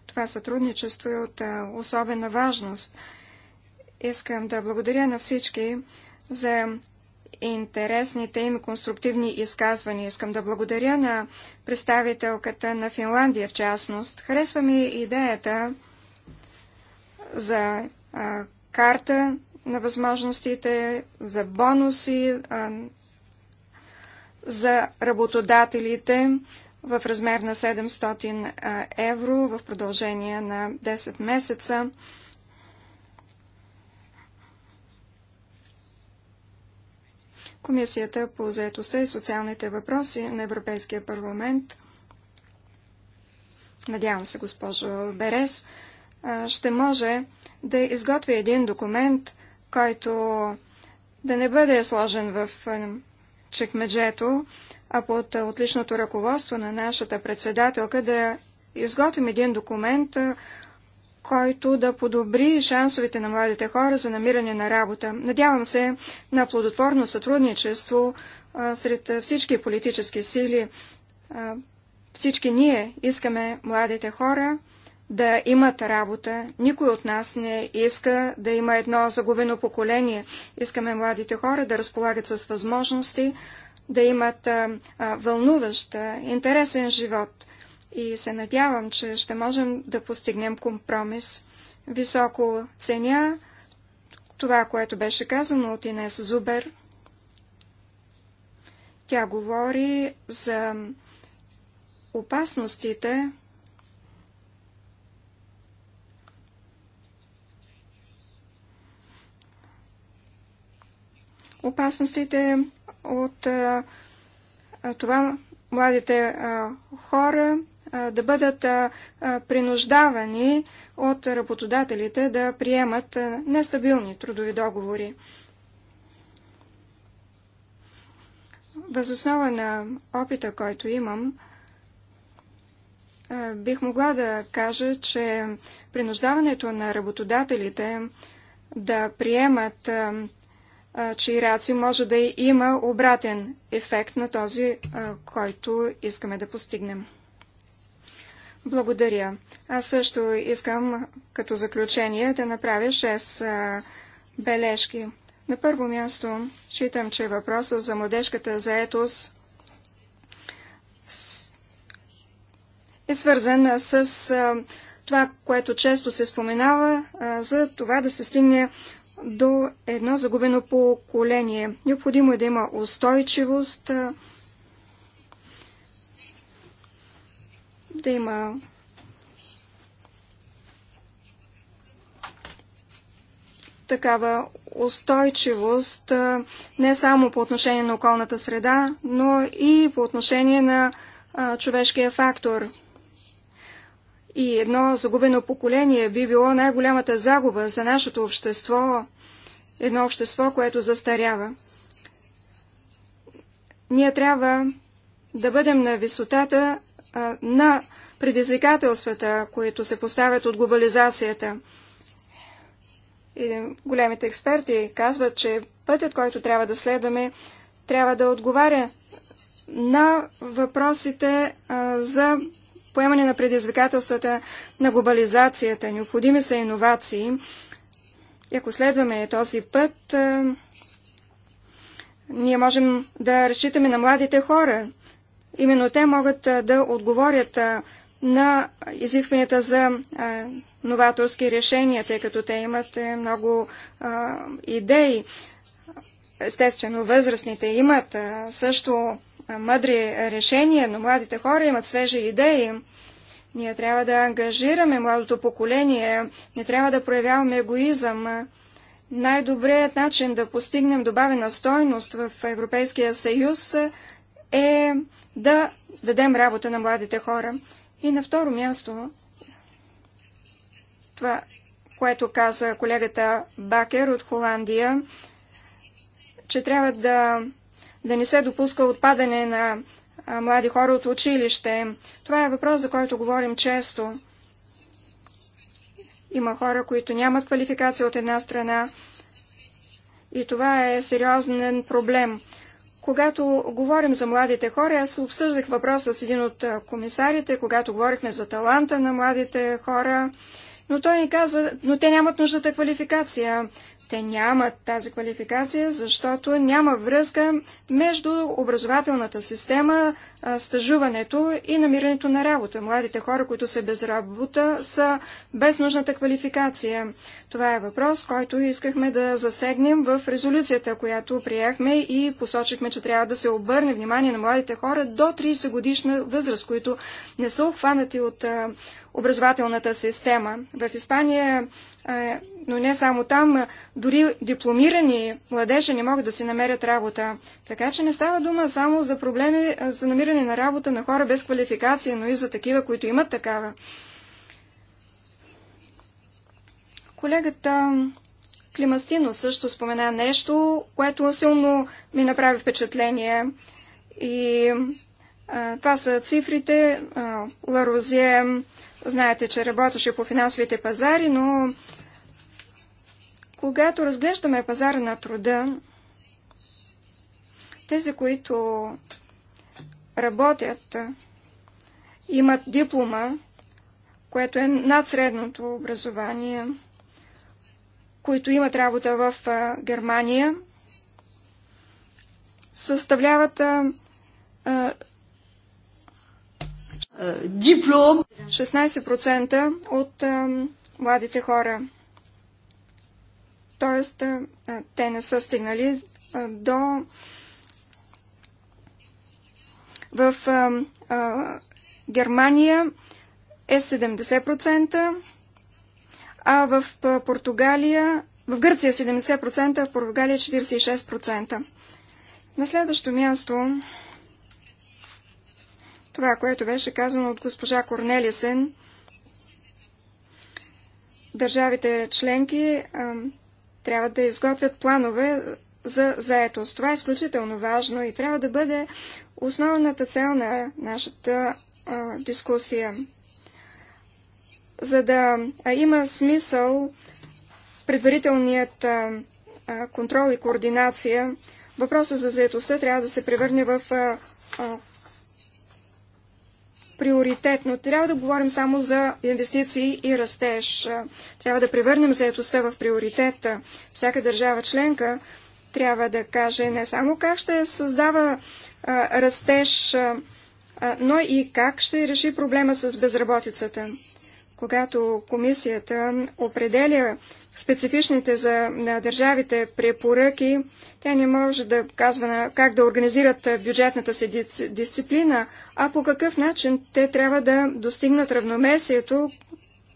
Това сътрудничество е от особена важност. Искам да благодаря на всички за интересните им конструктивни изказвания. Искам да благодаря на представителката на Финландия в частност. Харесва ми идеята за а, карта на възможностите, за бонуси, а, за работодателите в размер на 700 евро в продължение на 10 месеца. Комисията по заетостта и социалните въпроси на Европейския парламент. Надявам се, госпожо Берес, ще може да изготви един документ, който да не бъде сложен в чекмеджето, а под отличното ръководство на нашата председателка да изготвим един документ, който да подобри шансовете на младите хора за намиране на работа. Надявам се на плодотворно сътрудничество сред всички политически сили. всички ние искаме младите хора да имат работа. Никой от нас не иска да има едно загубено поколение. Искаме младите хора да разполагат с възможности, да имат а, а, вълнуващ, а, интересен живот. И се надявам, че ще можем да постигнем компромис. Високо ценя това, което беше казано от Инес Зубер. Тя говори за опасностите, опасностите от това младите хора да бъдат принуждавани от работодателите да приемат нестабилни трудови договори. Възоснова на опита, който имам, бих могла да кажа, че принуждаването на работодателите да приемат че раци може да има обратен ефект на този, който искаме да постигнем. Благодаря. Аз също искам като заключение да направя 6 бележки. На първо място, считам, че въпросът за младежката заетост е свързан с това, което често се споменава, за това да се стигне до едно загубено поколение. Необходимо е да има устойчивост, да има такава устойчивост не само по отношение на околната среда, но и по отношение на човешкия фактор – и едно загубено поколение би било най-голямата загуба за нашето общество, едно общество, което застарява. Ние трябва да бъдем на висотата а, на предизвикателствата, които се поставят от глобализацията. И големите експерти казват, че пътят, който трябва да следваме, трябва да отговаря на въпросите а, за поемане на предизвикателствата на глобализацията. Необходими са иновации. И ако следваме този път, ние можем да разчитаме на младите хора. Именно те могат да отговорят на изискванията за новаторски решения, тъй като те имат е, много идеи. Естествено, възрастните имат също мъдри решения, но младите хора имат свежи идеи. Ние трябва да ангажираме младото поколение, не трябва да проявяваме егоизъм. Най-добрият начин да постигнем добавена стойност в Европейския съюз е да дадем работа на младите хора. И на второ място, това, което каза колегата Бакер от Холандия, че трябва да да не се допуска отпадане на млади хора от училище. Това е въпрос, за който говорим често. Има хора, които нямат квалификация от една страна и това е сериозен проблем. Когато говорим за младите хора, аз обсъждах въпроса с един от комисарите, когато говорихме за таланта на младите хора, но той ни каза, но те нямат нуждата квалификация. Те нямат тази квалификация, защото няма връзка между образователната система, стажуването и намирането на работа. Младите хора, които са без работа, са без нужната квалификация. Това е въпрос, който искахме да засегнем в резолюцията, която приехме и посочихме, че трябва да се обърне внимание на младите хора до 30 годишна възраст, които не са обхванати от образователната система. В Испания но не само там, дори дипломирани младежи не могат да си намерят работа. Така че не става дума само за проблеми за намиране на работа на хора без квалификация, но и за такива, които имат такава. Колегата Климастино също спомена нещо, което силно ми направи впечатление. И а, това са цифрите. А, знаете, че работеше по финансовите пазари, но когато разглеждаме пазара на труда, тези, които работят, имат диплома, което е над средното образование, които имат работа в Германия, съставляват диплом 16% от младите хора. Тоест, те не са стигнали до в Германия е 70%, е а в Португалия, в Гърция 70%, а в Португалия 46%. На следващо място, това, което беше казано от госпожа Корнелисен, държавите членки трябва да изготвят планове за заетост. Това е изключително важно и трябва да бъде основната цел на нашата а, дискусия. За да а, има смисъл предварителният а, контрол и координация, въпросът за заетостта трябва да се превърне в приоритетно. Трябва да говорим само за инвестиции и растеж. Трябва да превърнем заедостта в приоритета. Всяка държава членка трябва да каже не само как ще създава а, растеж, а, но и как ще реши проблема с безработицата. Когато комисията определя специфичните за на държавите препоръки, тя не може да казва на, как да организират бюджетната си дисциплина, а по какъв начин те трябва да достигнат равномесието,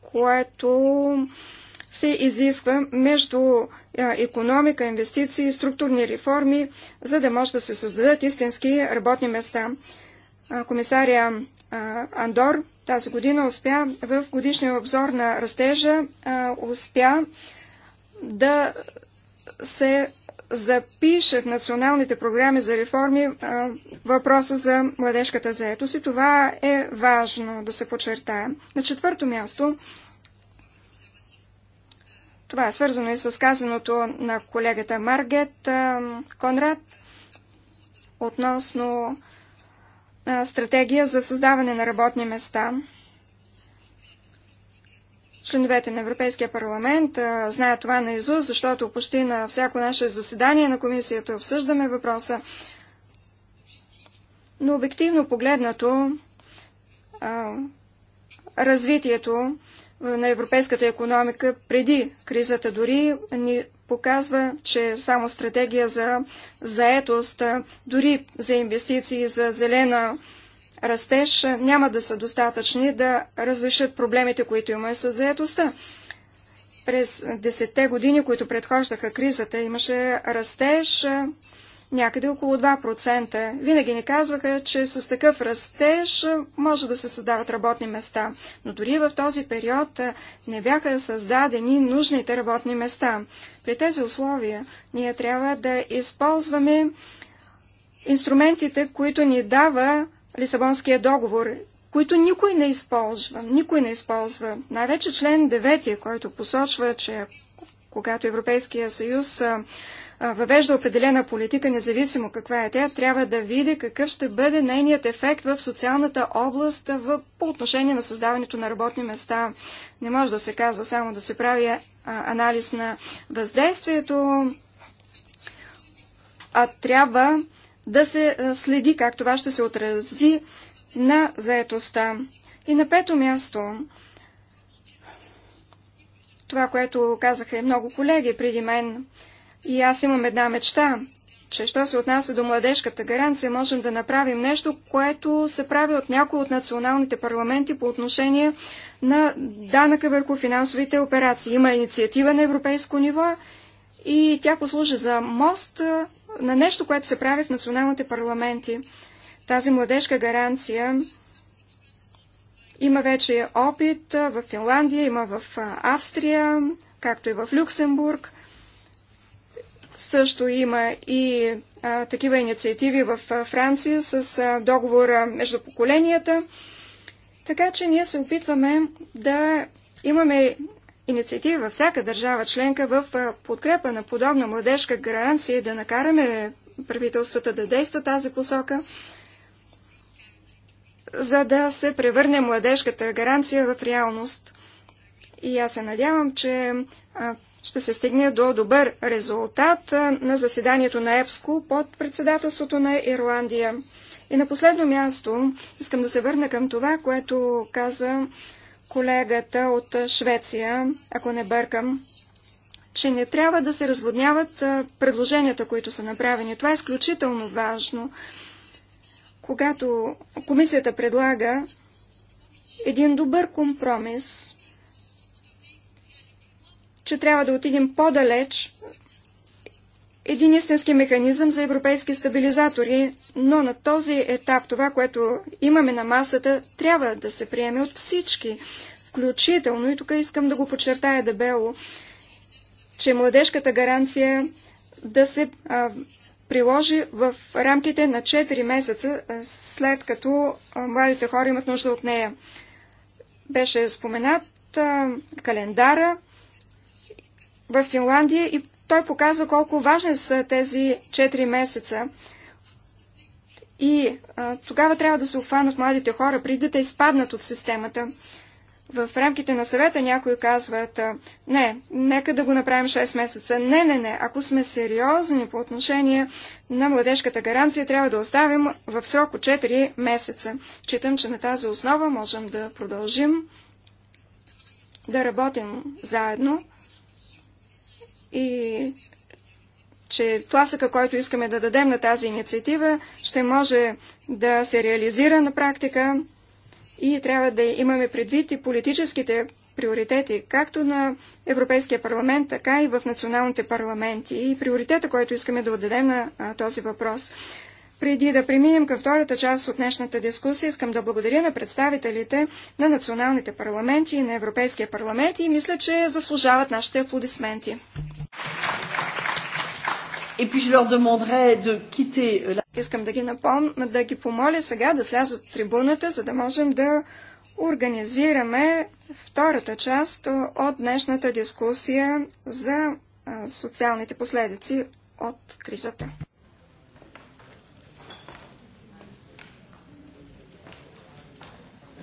което се изисква между економика, инвестиции, структурни реформи, за да може да се създадат истински работни места. Комисария Андор тази година успя в годишния обзор на растежа успя да се запише в националните програми за реформи а, въпроса за младежката заетост и това е важно да се подчертая. На четвърто място, това е свързано и с казаното на колегата Маргет а, Конрад относно а, стратегия за създаване на работни места – Членовете на Европейския парламент а, знаят това на Изус, защото почти на всяко наше заседание на комисията обсъждаме въпроса. Но обективно погледнато, а, развитието на европейската економика преди кризата дори ни показва, че само стратегия за заетост, дори за инвестиции, за зелена растеж няма да са достатъчни да разрешат проблемите, които имаме с заедостта. През десетте години, които предхождаха кризата, имаше растеж някъде около 2%. Винаги ни казваха, че с такъв растеж може да се създават работни места. Но дори в този период не бяха създадени нужните работни места. При тези условия ние трябва да използваме инструментите, които ни дава Лисабонския договор, които никой не използва. Никой не използва. Най-вече член 9, който посочва, че когато Европейския съюз въвежда определена политика, независимо каква е тя, трябва да види какъв ще бъде нейният ефект в социалната област в, по отношение на създаването на работни места. Не може да се казва само да се прави а, анализ на въздействието, а трябва да се следи как това ще се отрази на заетостта. И на пето място, това, което казаха и много колеги преди мен, и аз имам една мечта, че що се отнася до младежката гаранция, можем да направим нещо, което се прави от някои от националните парламенти по отношение на данъка върху финансовите операции. Има инициатива на европейско ниво и тя послужи за мост на нещо, което се прави в националните парламенти. Тази младежка гаранция има вече опит в Финландия, има в Австрия, както и в Люксембург. Също има и а, такива инициативи в Франция с а, договора между поколенията. Така че ние се опитваме да имаме Инициатива във всяка държава членка в подкрепа на подобна младежка гаранция да накараме правителствата да действат тази посока, за да се превърне младежката гаранция в реалност. И аз се надявам, че ще се стигне до добър резултат на заседанието на ЕПСКО под председателството на Ирландия. И на последно място искам да се върна към това, което каза колегата от Швеция, ако не бъркам, че не трябва да се разводняват предложенията, които са направени. Това е изключително важно. Когато комисията предлага един добър компромис, че трябва да отидем по-далеч, един истински механизъм за европейски стабилизатори, но на този етап това, което имаме на масата, трябва да се приеме от всички, включително, и тук искам да го подчертая дебело, че младежката гаранция да се а, приложи в рамките на 4 месеца, след като а, младите хора имат нужда от нея. Беше споменат а, календара в Финландия и той показва колко важни са тези 4 месеца. И а, тогава трябва да се обхванат младите хора, преди да те изпаднат от системата. В рамките на съвета някои казват, не, нека да го направим 6 месеца. Не, не, не. Ако сме сериозни по отношение на младежката гаранция, трябва да оставим в срок от 4 месеца. Читам, че на тази основа можем да продължим да работим заедно и че тласъка, който искаме да дадем на тази инициатива, ще може да се реализира на практика и трябва да имаме предвид и политическите приоритети, както на Европейския парламент, така и в националните парламенти и приоритета, който искаме да отдадем на този въпрос. Преди да преминем към втората част от днешната дискусия, искам да благодаря на представителите на националните парламенти и на Европейския парламент и мисля, че заслужават нашите аплодисменти. Euh, искам да ги, напомня да ги помоля сега да слязат от трибуната, за да можем да организираме втората част от днешната дискусия за социалните последици от кризата.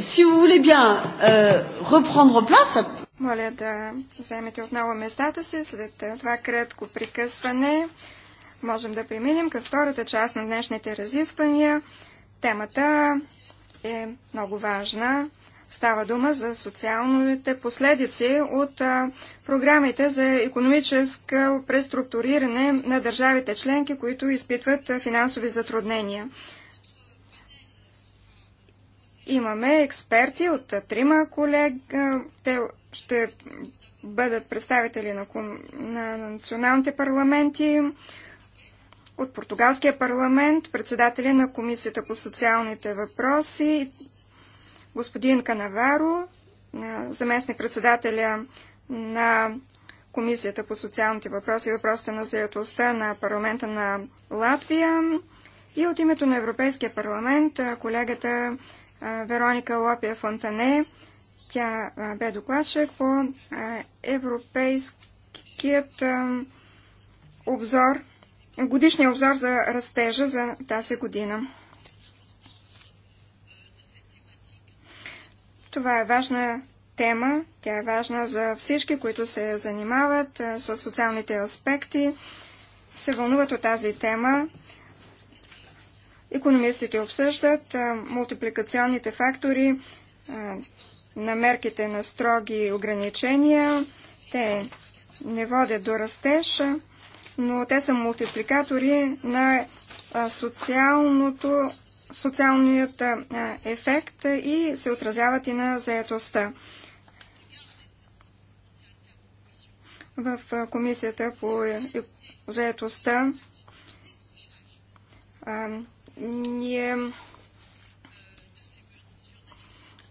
си ви воле бя репрендро пласа. Моля да вземете отново местата си след е, това кратко прекъсване. Можем да преминем към втората част на днешните разисквания. Темата е много важна. Става дума за социалните последици от е, програмите за економическо преструктуриране на държавите членки, които изпитват е, финансови затруднения. Имаме експерти от трима колега. Те ще бъдат представители на, ком... на националните парламенти, от португалския парламент, председатели на Комисията по социалните въпроси, господин Канаваро, заместник председателя на Комисията по социалните въпроси и въпросите на заедостта на парламента на Латвия и от името на Европейския парламент колегата Вероника Лопия Фонтане. Тя бе докладчик по европейският обзор, годишния обзор за растежа за тази година. Това е важна тема, тя е важна за всички, които се занимават с социалните аспекти, се вълнуват от тази тема. Економистите обсъждат мултипликационните фактори на мерките на строги ограничения. Те не водят до растеж, но те са мултипликатори на социалното, социалният ефект и се отразяват и на заетостта. В комисията по е, заетостта ние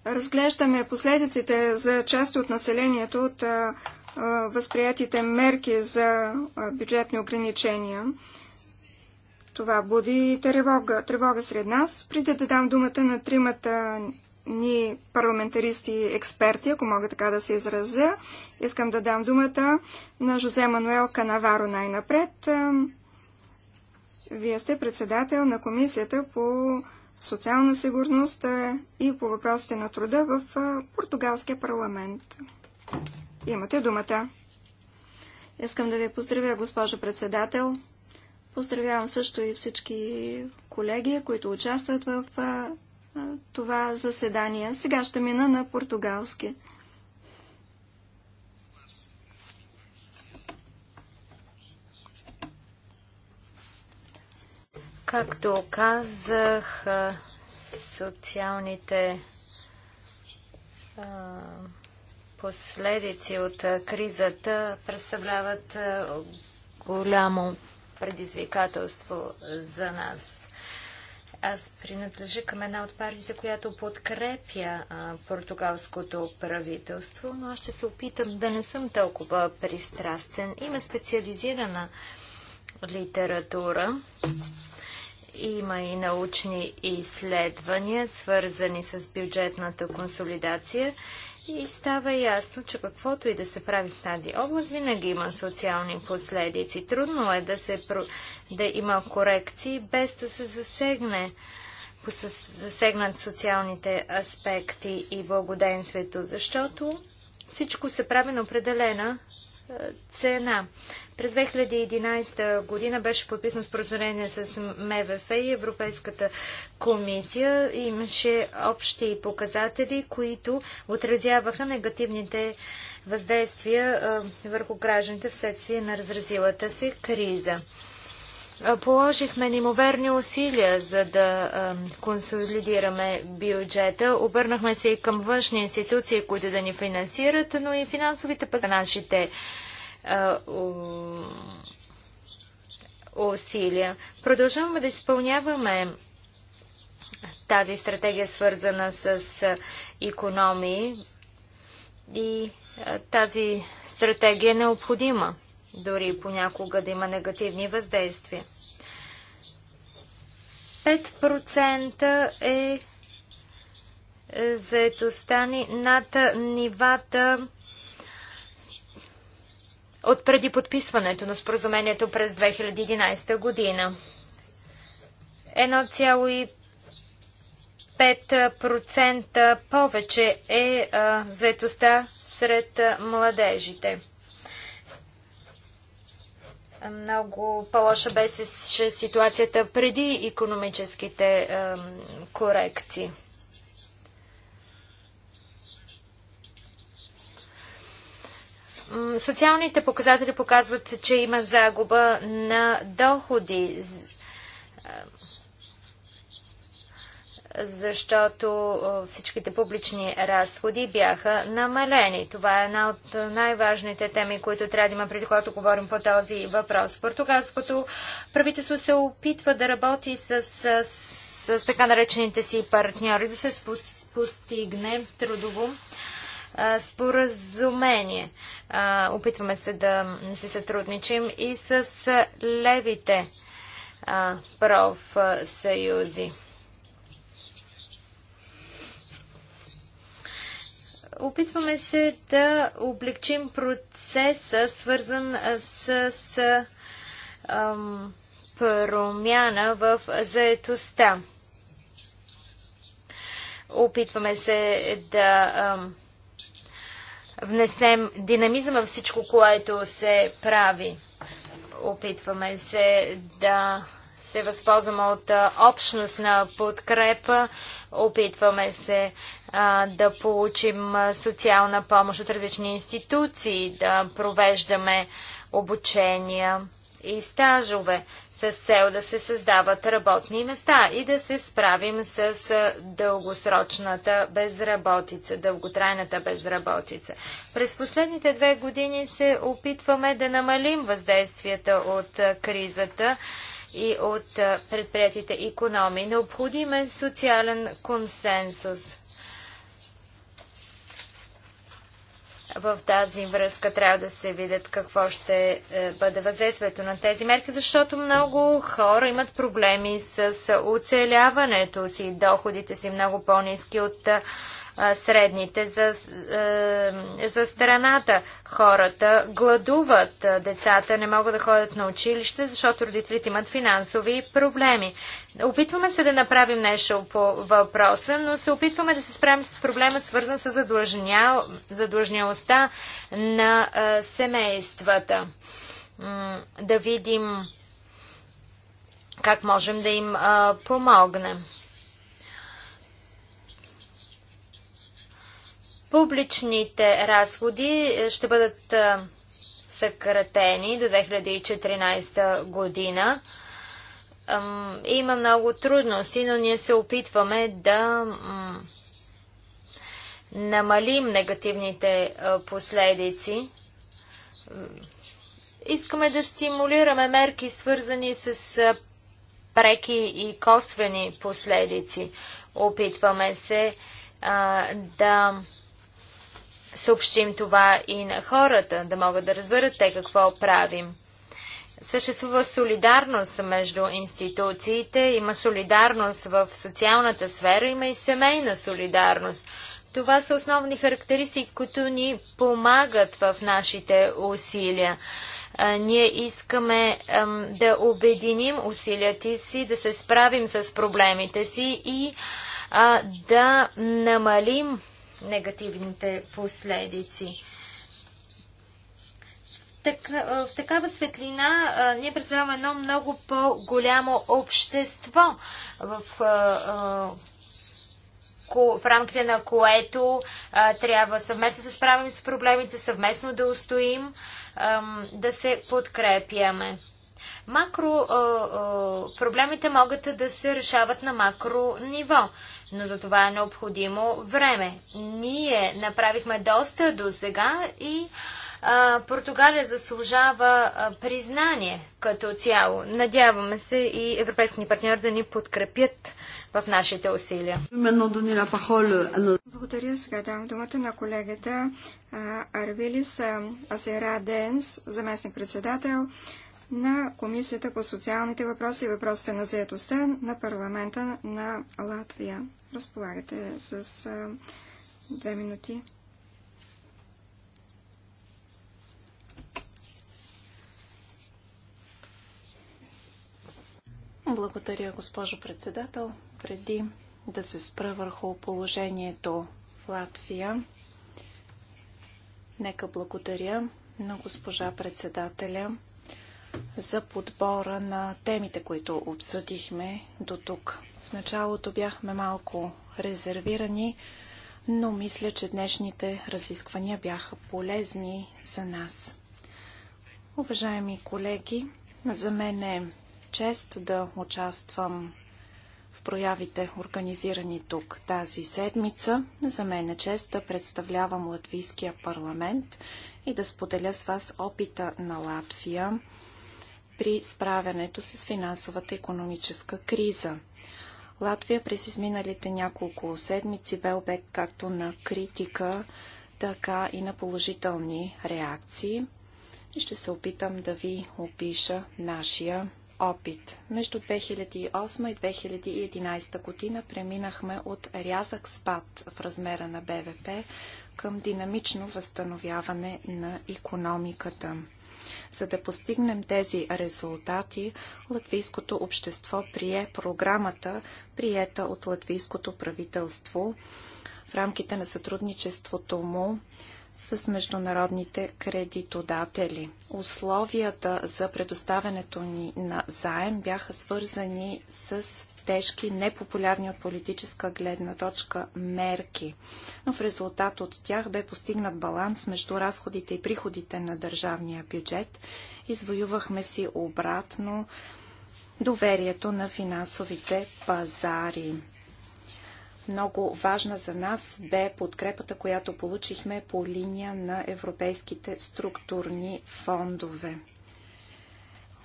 разглеждаме последиците за части от населението от възприятите мерки за бюджетни ограничения. Това буди тревога, тревога сред нас. Преди да дам думата на тримата ни парламентаристи и експерти, ако мога така да се изразя, искам да дам думата на Жозе Мануел Канаваро най-напред. Вие сте председател на Комисията по социална сигурност и по въпросите на труда в португалския парламент. Имате думата. Искам да ви поздравя, госпожо председател. Поздравявам също и всички колеги, които участват в това заседание. Сега ще мина на португалски. Както казах, социалните последици от кризата представляват голямо предизвикателство за нас. Аз принадлежа към една от партиите, която подкрепя португалското правителство, но аз ще се опитам да не съм толкова пристрастен. Има специализирана литература. Има и научни изследвания, свързани с бюджетната консолидация. И става ясно, че каквото и да се прави в тази област, винаги има социални последици. Трудно е да, се, да има корекции, без да се засегне засегнат социалните аспекти и благоденствието, защото всичко се прави на определена цена. През 2011 година беше подписано споразумение с МВФ и Европейската комисия. Имаше общи показатели, които отразяваха негативните въздействия върху гражданите вследствие на разразилата се криза. Положихме неимоверни усилия, за да консолидираме бюджета. Обърнахме се и към външни институции, които да ни финансират, но и финансовите пазари нашите усилия. Продължаваме да изпълняваме тази стратегия, свързана с економии и тази стратегия е необходима дори понякога да има негативни въздействия. 5% е, е заетостта ни над нивата от преди подписването на споразумението през 2011 година. 1,5% повече е заетостта сред младежите. Много по-лоша беше ситуацията преди економическите е, корекции. Социалните показатели показват, че има загуба на доходи защото всичките публични разходи бяха намалени. Това е една от най-важните теми, които трябва да има преди, когато говорим по този въпрос. Португалското правителство се опитва да работи с, с, с така наречените си партньори, да се постигне трудово споразумение. Опитваме се да се сътрудничим и с левите профсъюзи. Опитваме се да облегчим процеса, свързан с, с ам, промяна в заетостта. Опитваме се да ам, внесем динамизъм във всичко, което се прави. Опитваме се да се възползваме от общностна подкрепа. Опитваме се а, да получим социална помощ от различни институции, да провеждаме обучения и стажове с цел да се създават работни места и да се справим с дългосрочната безработица, дълготрайната безработица. През последните две години се опитваме да намалим въздействията от кризата и от предприятите економии. Необходим е социален консенсус. В тази връзка трябва да се видят какво ще е, бъде въздействието на тези мерки, защото много хора имат проблеми с оцеляването си. Доходите си много по-низки от е, средните за, за страната. Хората гладуват, децата не могат да ходят на училище, защото родителите имат финансови проблеми. Опитваме се да направим нещо по въпроса, но се опитваме да се справим с проблема, свързан с задлъжня, задлъжнялостта на семействата. Да видим как можем да им помогнем. Публичните разходи е, ще бъдат е, съкратени до 2014 година. Има много трудности, но ние се опитваме да намалим негативните е, последици. Искаме да стимулираме мерки, свързани с преки и косвени последици. Опитваме се да съобщим това и на хората, да могат да разберат те какво правим. Съществува солидарност между институциите, има солидарност в социалната сфера, има и семейна солидарност. Това са основни характеристики, които ни помагат в нашите усилия. ние искаме да обединим усилията си, да се справим с проблемите си и а, да намалим негативните последици. в такава светлина ние представяме едно много по-голямо общество, в, в рамките на което трябва съвместно да се справим с проблемите, съвместно да устоим, да се подкрепяме. Макро проблемите могат да се решават на макро ниво но за това е необходимо време. Ние направихме доста до сега и а, Португалия заслужава а, признание като цяло. Надяваме се и европейски партньори да ни подкрепят в нашите усилия. Благодаря. Сега давам думата на колегата Арвилис Асера Денс, заместник-председател на Комисията по социалните въпроси и въпросите на заедостта на парламента на Латвия. Разполагате с а, две минути. Благодаря, госпожо председател. Преди да се спра върху положението в Латвия, нека благодаря на госпожа председателя за подбора на темите, които обсъдихме до тук началото бяхме малко резервирани, но мисля, че днешните разисквания бяха полезни за нас. Уважаеми колеги, за мен е чест да участвам в проявите, организирани тук тази седмица. За мен е чест да представлявам Латвийския парламент и да споделя с вас опита на Латвия при справянето с финансовата економическа криза. Латвия през изминалите няколко седмици бе обект както на критика, така и на положителни реакции. И ще се опитам да ви опиша нашия опит. Между 2008 и 2011 година преминахме от рязък спад в размера на БВП към динамично възстановяване на економиката. За да постигнем тези резултати, латвийското общество прие програмата, приета от латвийското правителство в рамките на сътрудничеството му с международните кредитодатели. Условията за предоставянето ни на заем бяха свързани с тежки, непопулярни от политическа гледна точка мерки. Но в резултат от тях бе постигнат баланс между разходите и приходите на държавния бюджет. Извоювахме си обратно доверието на финансовите пазари. Много важна за нас бе подкрепата, която получихме по линия на европейските структурни фондове.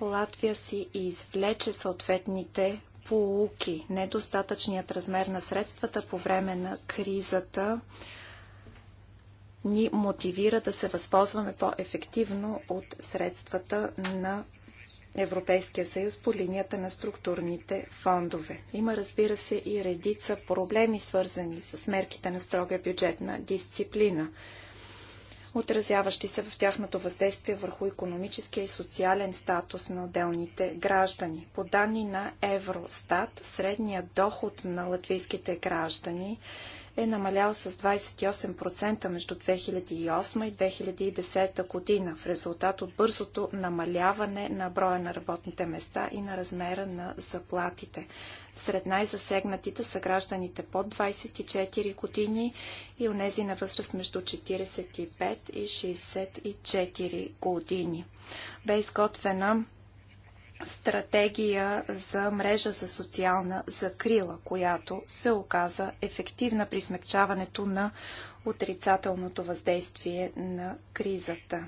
Латвия си извлече съответните полуки. Недостатъчният размер на средствата по време на кризата ни мотивира да се възползваме по-ефективно от средствата на Европейския съюз по линията на структурните фондове. Има, разбира се, и редица проблеми, свързани с мерките на строга бюджетна дисциплина, отразяващи се в тяхното въздействие върху економическия и социален статус на отделните граждани. По данни на Евростат, средният доход на латвийските граждани е намалял с 28% между 2008 и 2010 година в резултат от бързото намаляване на броя на работните места и на размера на заплатите. Сред най-засегнатите са гражданите под 24 години и унези на възраст между 45 и 64 години. Бе изготвена стратегия за мрежа за социална закрила, която се оказа ефективна при смягчаването на отрицателното въздействие на кризата.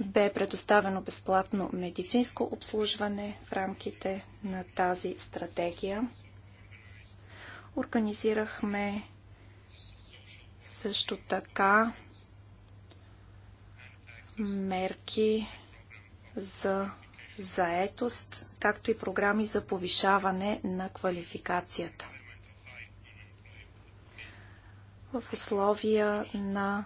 Бе предоставено безплатно медицинско обслужване в рамките на тази стратегия. Организирахме също така мерки за заетост, както и програми за повишаване на квалификацията. В условия на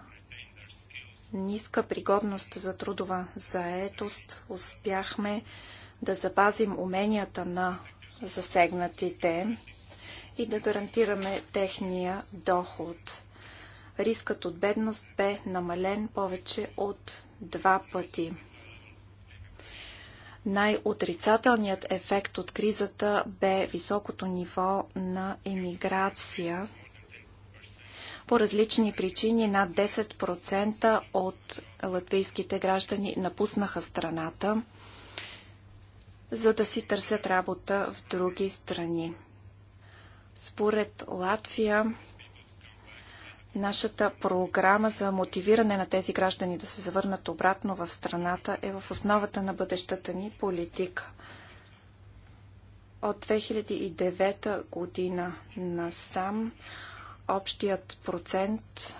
ниска пригодност за трудова заетост успяхме да запазим уменията на засегнатите и да гарантираме техния доход. Рискът от бедност бе намален повече от два пъти. Най-отрицателният ефект от кризата бе високото ниво на емиграция. По различни причини над 10% от латвийските граждани напуснаха страната, за да си търсят работа в други страни. Според Латвия Нашата програма за мотивиране на тези граждани да се завърнат обратно в страната е в основата на бъдещата ни политика. От 2009 година насам общият процент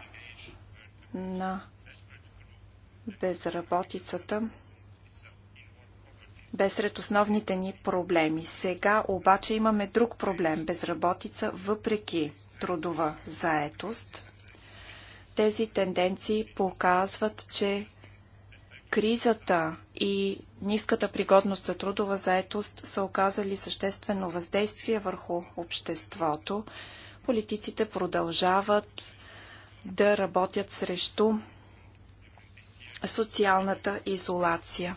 на безработицата бе сред основните ни проблеми. Сега обаче имаме друг проблем – безработица въпреки трудова заетост. Тези тенденции показват, че кризата и ниската пригодност за трудова заетост са оказали съществено въздействие върху обществото. Политиците продължават да работят срещу социалната изолация.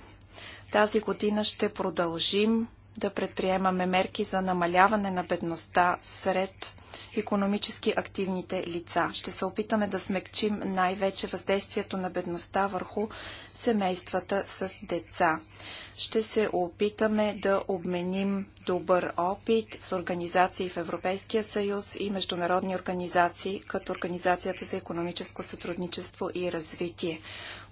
Тази година ще продължим да предприемаме мерки за намаляване на бедността сред економически активните лица. Ще се опитаме да смекчим най-вече въздействието на бедността върху семействата с деца. Ще се опитаме да обменим добър опит с организации в Европейския съюз и международни организации, като Организацията за економическо сътрудничество и развитие.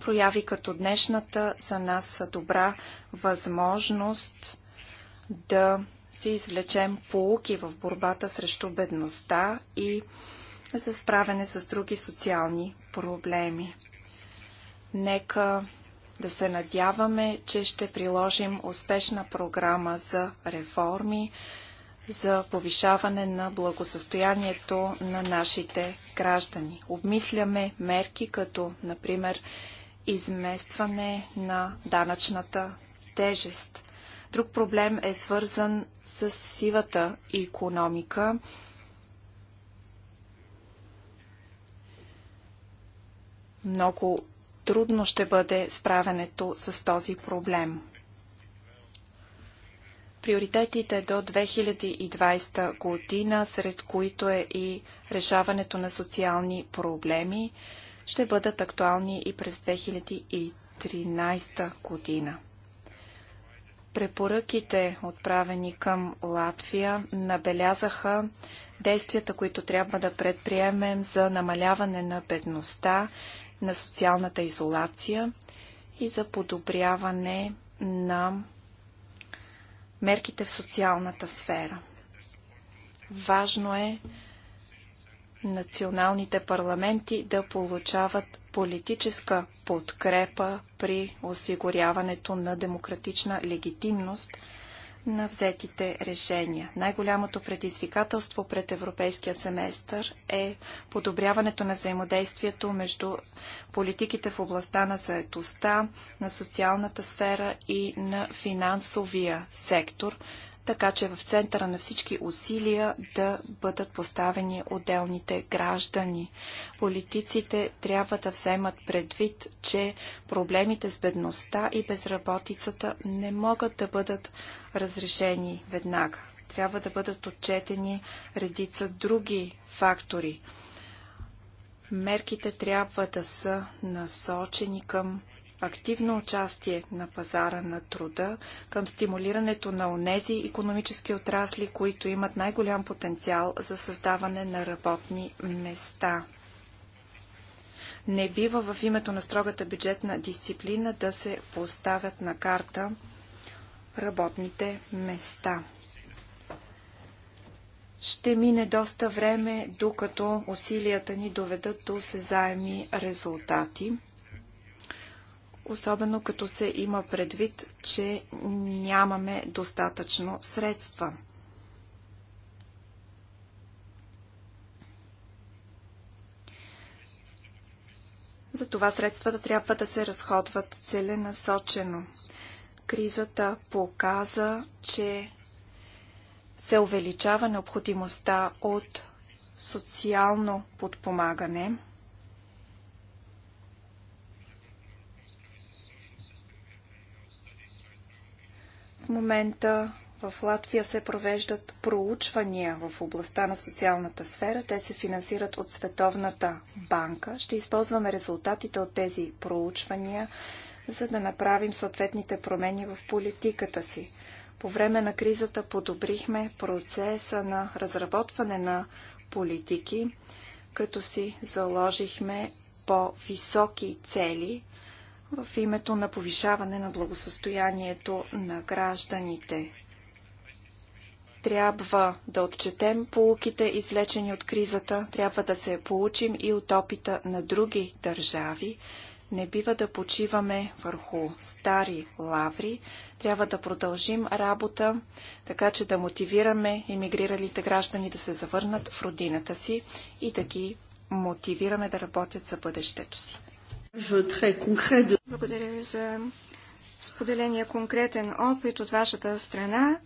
Прояви като днешната за нас са добра възможност да си извлечем полуки в борбата срещу бедността и за справяне с други социални проблеми. Нека да се надяваме, че ще приложим успешна програма за реформи, за повишаване на благосъстоянието на нашите граждани. Обмисляме мерки като, например, изместване на данъчната тежест – Друг проблем е свързан с сивата економика. Много трудно ще бъде справянето с този проблем. Приоритетите до 2020 година, сред които е и решаването на социални проблеми, ще бъдат актуални и през 2013 година. Препоръките, отправени към Латвия, набелязаха действията, които трябва да предприемем за намаляване на бедността, на социалната изолация и за подобряване на мерките в социалната сфера. Важно е националните парламенти да получават политическа подкрепа при осигуряването на демократична легитимност на взетите решения. Най-голямото предизвикателство пред европейския семестър е подобряването на взаимодействието между политиките в областта на заетостта, на социалната сфера и на финансовия сектор, така че е в центъра на всички усилия да бъдат поставени отделните граждани. Политиците трябва да вземат предвид, че проблемите с бедността и безработицата не могат да бъдат разрешени веднага. Трябва да бъдат отчетени редица други фактори. Мерките трябва да са насочени към активно участие на пазара на труда към стимулирането на онези економически отрасли, които имат най-голям потенциал за създаване на работни места. Не бива в името на строгата бюджетна дисциплина да се поставят на карта работните места ще мине доста време, докато усилията ни доведат до осезаеми резултати особено като се има предвид, че нямаме достатъчно средства. Затова средствата трябва да се разходват целенасочено. Кризата показа, че се увеличава необходимостта от социално подпомагане – В момента в Латвия се провеждат проучвания в областта на социалната сфера. Те се финансират от Световната банка. Ще използваме резултатите от тези проучвания, за да направим съответните промени в политиката си. По време на кризата подобрихме процеса на разработване на политики, като си заложихме по-високи цели в името на повишаване на благосъстоянието на гражданите. Трябва да отчетем полуките, извлечени от кризата, трябва да се получим и от опита на други държави. Не бива да почиваме върху стари лаври, трябва да продължим работа, така че да мотивираме емигриралите граждани да се завърнат в родината си и да ги мотивираме да работят за бъдещето си. Благодаря ви за споделения конкретен опит от вашата страна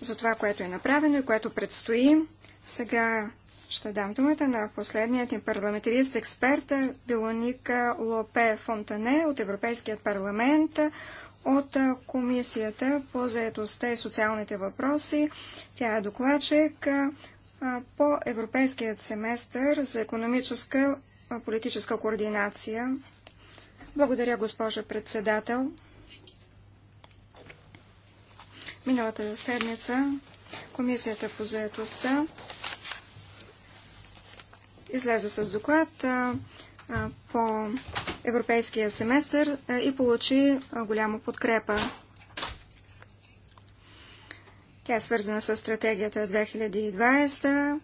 за това, което е направено и което предстои. Сега ще дам думата на последният парламентарист експерт Белоника Лопе Фонтане от Европейският парламент, от Комисията по заедостта и социалните въпроси. Тя е докладчик по Европейският семестър за економическа политическа координация. Благодаря, госпожа председател. Миналата седмица Комисията по заедостта излезе с доклад по европейския семестър и получи голяма подкрепа тя е свързана с стратегията 2020,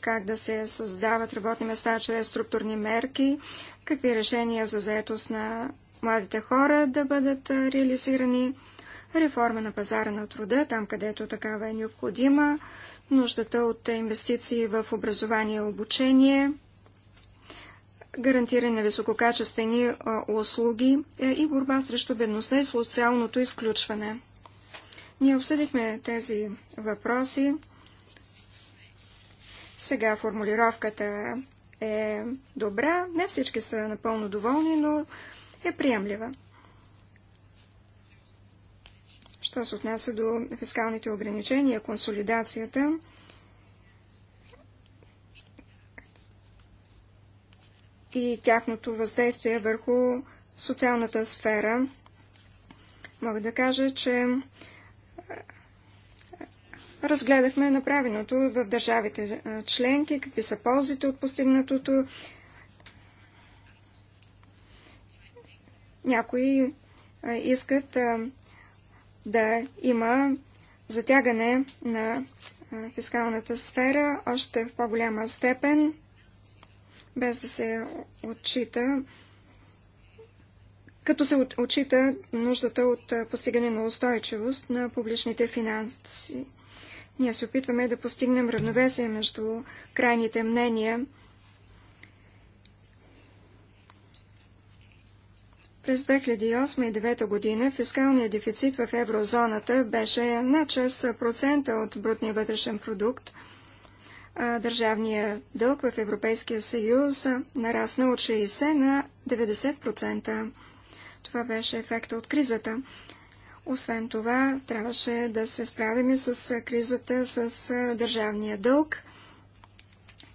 как да се създават работни места чрез структурни мерки, какви решения за заетост на младите хора да бъдат реализирани, реформа на пазара на труда, там където такава е необходима, нуждата от инвестиции в образование и обучение, гарантиране на висококачествени услуги е, и борба срещу бедността и социалното изключване. Ние обсъдихме тези въпроси. Сега формулировката е добра. Не всички са напълно доволни, но е приемлива. Що се отнася до фискалните ограничения, консолидацията, и тяхното въздействие върху социалната сфера. Мога да кажа, че Разгледахме направеното в държавите членки, какви са ползите от постигнатото. Някои искат да има затягане на фискалната сфера още в по-голяма степен, без да се отчита, като се отчита нуждата от постигане на устойчивост на публичните финанси. Ние се опитваме да постигнем равновесие между крайните мнения. През 2008 и 2009 година фискалният дефицит в еврозоната беше на 6% от брутния вътрешен продукт. Държавният дълг в Европейския съюз нарасна от 60 на 90%. Това беше ефекта от кризата. Освен това, трябваше да се справим с кризата с държавния дълг.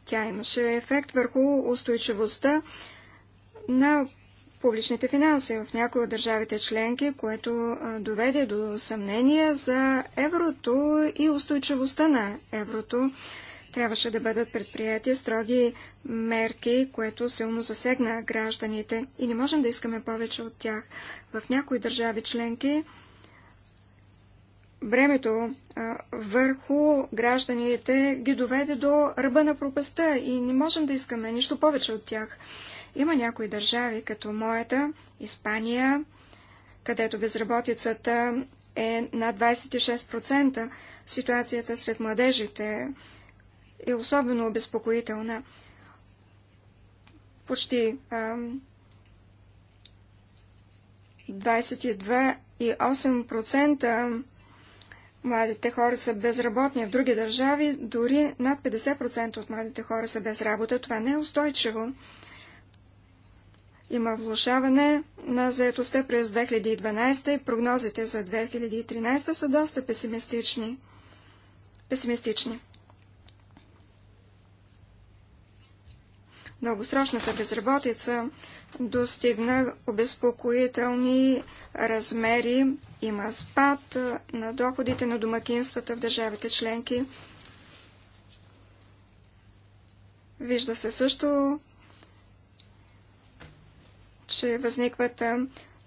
Тя имаше ефект върху устойчивостта на публичните финанси в някои от държавите членки, което доведе до съмнение за еврото и устойчивостта на еврото. Трябваше да бъдат предприяти строги мерки, което силно засегна гражданите и не можем да искаме повече от тях. В някои държави членки бремето върху гражданите ги доведе до ръба на пропаста и не можем да искаме нищо повече от тях. Има някои държави, като моята, Испания, където безработицата е на 26%, ситуацията сред младежите е особено обезпокоителна. Почти а, 22,8% Младите хора са безработни. В други държави дори над 50% от младите хора са без работа. Това не е устойчиво. Има влушаване на заетостта през 2012 и прогнозите за 2013 са доста песимистични. песимистични. дългосрочната безработица достигна обезпокоителни размери. Има спад на доходите на домакинствата в държавите членки. Вижда се също, че възникват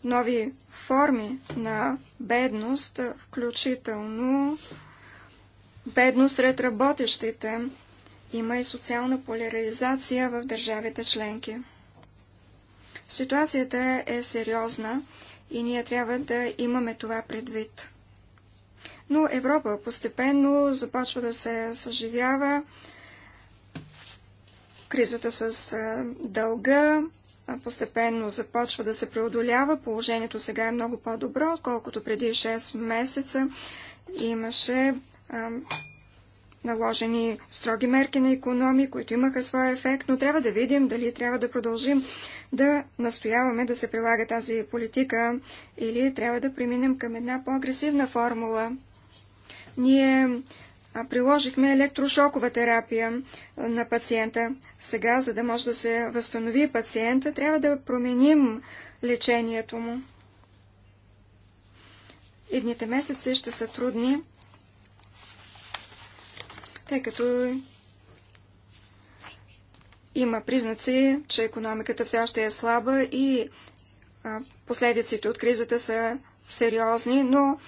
нови форми на бедност, включително бедност сред работещите. Има и социална поляризация в държавите членки. Ситуацията е сериозна и ние трябва да имаме това предвид. Но Европа постепенно започва да се съживява. Кризата с дълга постепенно започва да се преодолява. Положението сега е много по-добро, отколкото преди 6 месеца имаше наложени строги мерки на економи, които имаха своя ефект, но трябва да видим дали трябва да продължим да настояваме да се прилага тази политика или трябва да преминем към една по-агресивна формула. Ние приложихме електрошокова терапия на пациента. Сега, за да може да се възстанови пациента, трябва да променим лечението му. Едните месеци ще са трудни, тъй като има признаци, че економиката все още е слаба и последиците от кризата са сериозни, но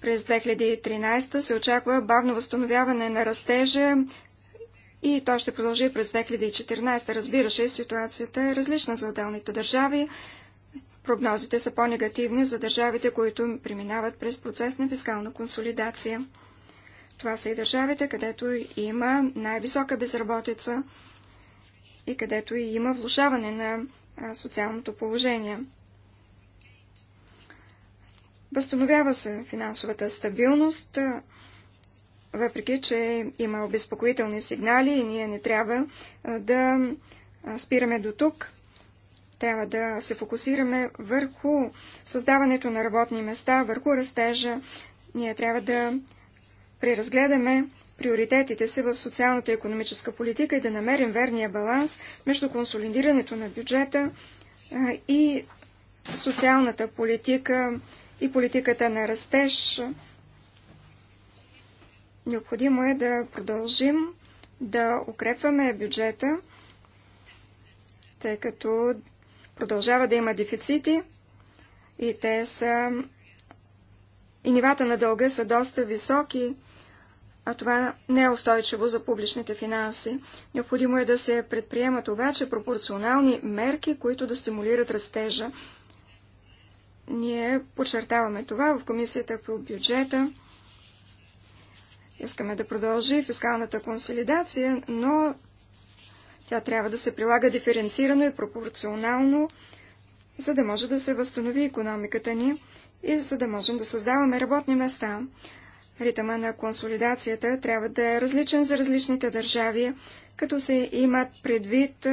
през 2013 се очаква бавно възстановяване на растежа и то ще продължи през 2014. Разбира се, ситуацията е различна за отделните държави. Прогнозите са по-негативни за държавите, които преминават през процес на фискална консолидация. Това са и държавите, където има най-висока безработица и където и има влушаване на социалното положение. Възстановява се финансовата стабилност, въпреки че има обезпокоителни сигнали и ние не трябва да спираме до тук. Трябва да се фокусираме върху създаването на работни места, върху растежа. Ние трябва да преразгледаме приоритетите си в социалната и економическа политика и да намерим верния баланс между консолидирането на бюджета и социалната политика и политиката на растеж. Необходимо е да продължим да укрепваме бюджета, тъй като продължава да има дефицити и те са и нивата на дълга са доста високи а това не е устойчиво за публичните финанси. Необходимо е да се предприемат обаче пропорционални мерки, които да стимулират растежа. Ние подчертаваме това в Комисията по бюджета. Искаме да продължи фискалната консолидация, но тя трябва да се прилага диференцирано и пропорционално, за да може да се възстанови економиката ни и за да можем да създаваме работни места. Ритъма на консолидацията трябва да е различен за различните държави, като се имат предвид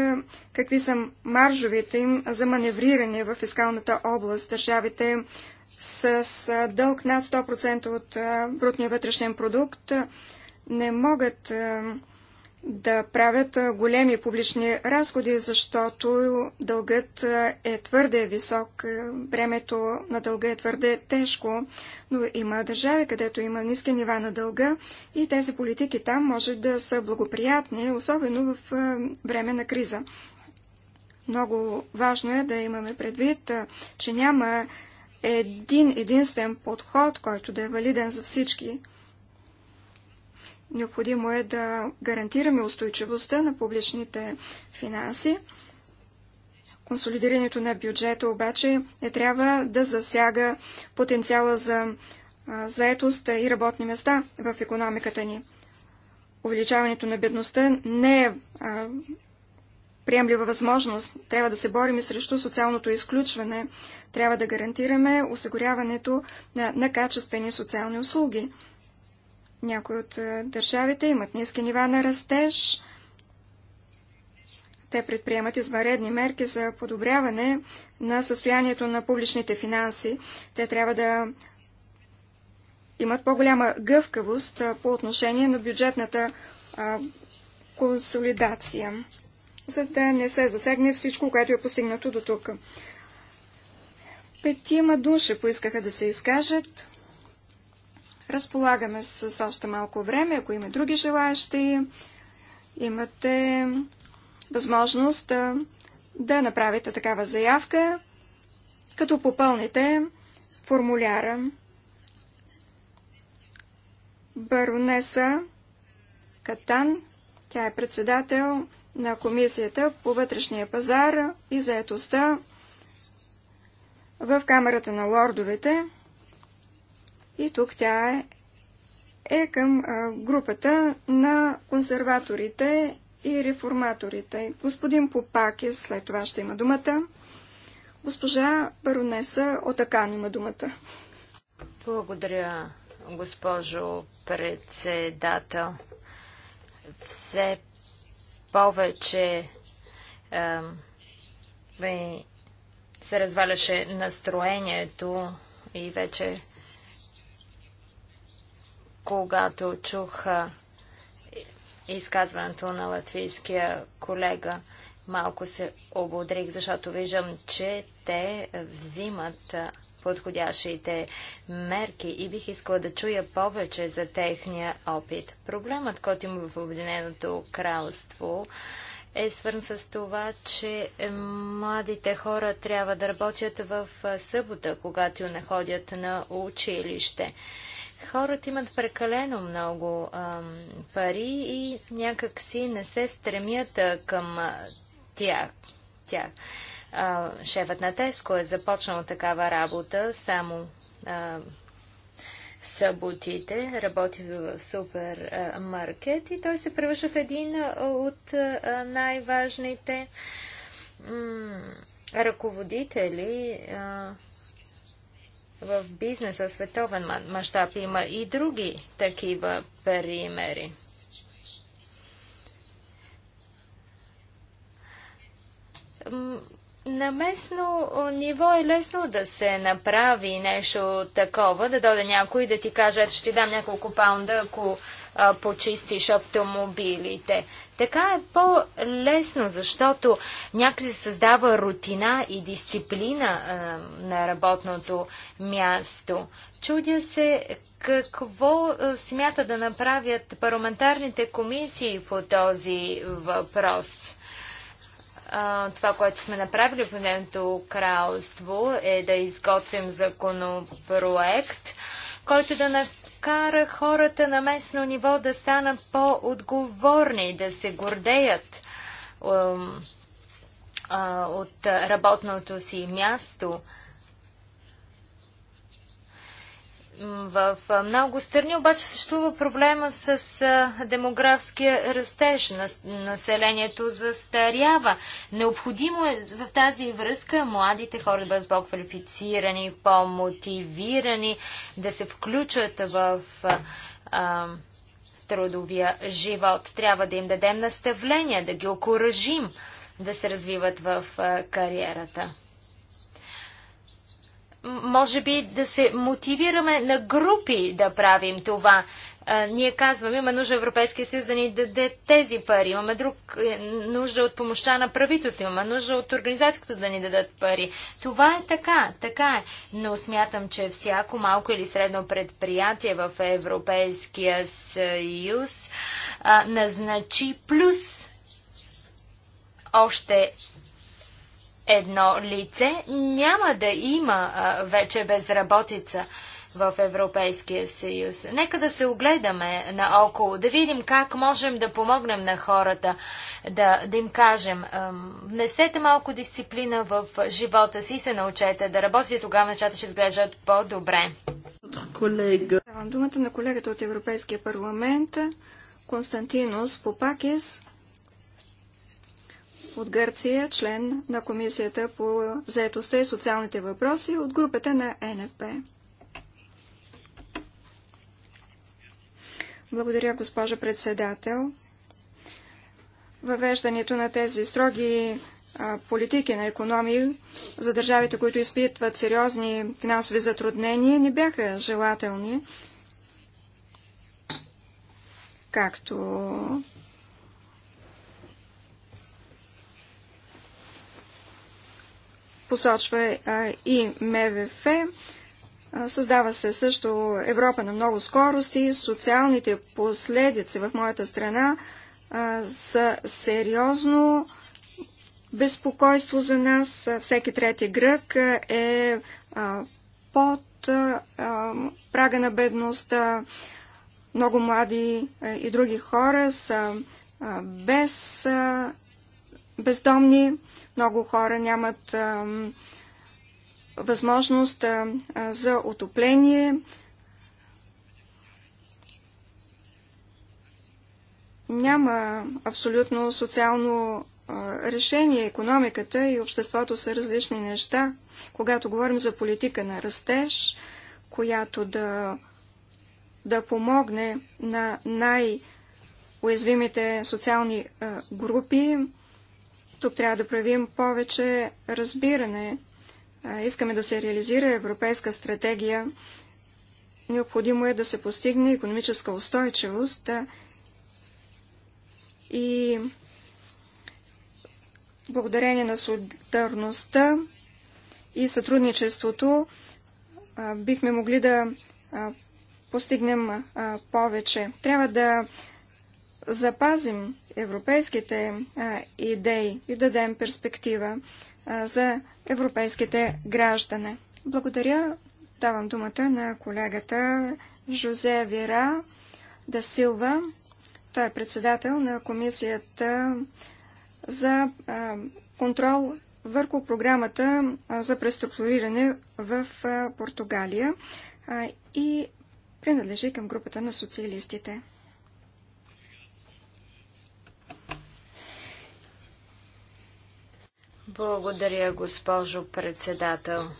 какви са маржовете им за маневриране в фискалната област. Държавите с дълг над 100% от брутния вътрешен продукт не могат да правят големи публични разходи, защото дългът е твърде висок, времето на дълга е твърде тежко, но има държави, където има ниски нива на дълга и тези политики там може да са благоприятни, особено в време на криза. Много важно е да имаме предвид, че няма един единствен подход, който да е валиден за всички. Необходимо е да гарантираме устойчивостта на публичните финанси. Консолидирането на бюджета обаче не трябва да засяга потенциала за заетост и работни места в економиката ни. Увеличаването на бедността не е приемлива възможност. Трябва да се борим и срещу социалното изключване. Трябва да гарантираме осигуряването на, на качествени социални услуги. Някои от е, държавите имат ниски нива на растеж. Те предприемат изваредни мерки за подобряване на състоянието на публичните финанси. Те трябва да имат по-голяма гъвкавост е, по отношение на бюджетната е, консолидация, за да не се засегне всичко, което е постигнато до тук. Петима души поискаха да се изкажат. Разполагаме с още малко време, ако има други желаящи, имате възможност да направите такава заявка, като попълните формуляра. Баронеса Катан, тя е председател на Комисията по вътрешния пазар и заетостта в Камерата на лордовете. И тук тя е, е към групата на консерваторите и реформаторите. Господин Попакис е, след това ще има думата. Госпожа Баронеса Отакан има думата. Благодаря, госпожо председател. Все повече е, се разваляше настроението и вече когато чух изказването на латвийския колега. Малко се ободрих, защото виждам, че те взимат подходящите мерки и бих искала да чуя повече за техния опит. Проблемът, който има в Обединеното кралство, е свързан с това, че младите хора трябва да работят в събота, когато не ходят на училище. Хората имат прекалено много ам, пари и някак си не се стремят а, към тях. тях. шефът на Теско е започнал такава работа само а, съботите, работи в супермаркет и той се превръща в един от най-важните ръководители а, в бизнеса, световен мащаб има и други такива примери. На местно ниво е лесно да се направи нещо такова, да дойде някой да ти каже, ето ще ти дам няколко паунда, ако почистиш автомобилите. Така е по-лесно, защото някъде създава рутина и дисциплина а, на работното място. Чудя се какво смята да направят парламентарните комисии по този въпрос? това, което сме направили в Обединеното кралство е да изготвим законопроект, който да кара хората на местно ниво да станат по-отговорни, да се гордеят от работното си място. В много страни обаче съществува проблема с демографския растеж. Населението застарява. Необходимо е в тази връзка младите хора да бъдат по-квалифицирани, по-мотивирани, да се включат в а, трудовия живот. Трябва да им дадем наставления, да ги окоръжим да се развиват в а, кариерата може би да се мотивираме на групи да правим това. ние казваме, има нужда Европейския съюз да ни даде тези пари, имаме друг, е, нужда от помощта на правителството, имаме нужда от организацията да ни дадат пари. Това е така, така е. Но смятам, че всяко малко или средно предприятие в Европейския съюз а, назначи плюс още едно лице, няма да има вече безработица в Европейския съюз. Нека да се огледаме наоколо, да видим как можем да помогнем на хората, да, да им кажем, внесете малко дисциплина в живота си и се научете да работите, тогава нещата ще изглеждат по-добре. Колега. Давам думата на колегата от Европейския парламент, Константинос Попакис от Гърция, член на Комисията по заетостта и социалните въпроси от групата на НФП. Благодаря, госпожа председател. Въвеждането на тези строги политики на економии за държавите, които изпитват сериозни финансови затруднения, не бяха желателни, както посочва и МВФ. Създава се също Европа на много скорости. Социалните последици в моята страна са сериозно безпокойство за нас. Всеки трети грък е под прага на бедността. Много млади и други хора са без бездомни. Много хора нямат а, възможност а, за отопление. Няма абсолютно социално решение, економиката и обществото са различни неща. Когато говорим за политика на растеж, която да, да помогне на най- уязвимите социални групи, тук трябва да проявим повече разбиране. Искаме да се реализира европейска стратегия. Необходимо е да се постигне економическа устойчивост и благодарение на солидарността и сътрудничеството бихме могли да постигнем повече. Трябва да запазим европейските а, идеи и дадем перспектива а, за европейските граждане. Благодаря. Давам думата на колегата Жозе Вера да Силва. Той е председател на комисията за а, контрол върху програмата за преструктуриране в Португалия и принадлежи към групата на социалистите. Благодаря, госпожо председател.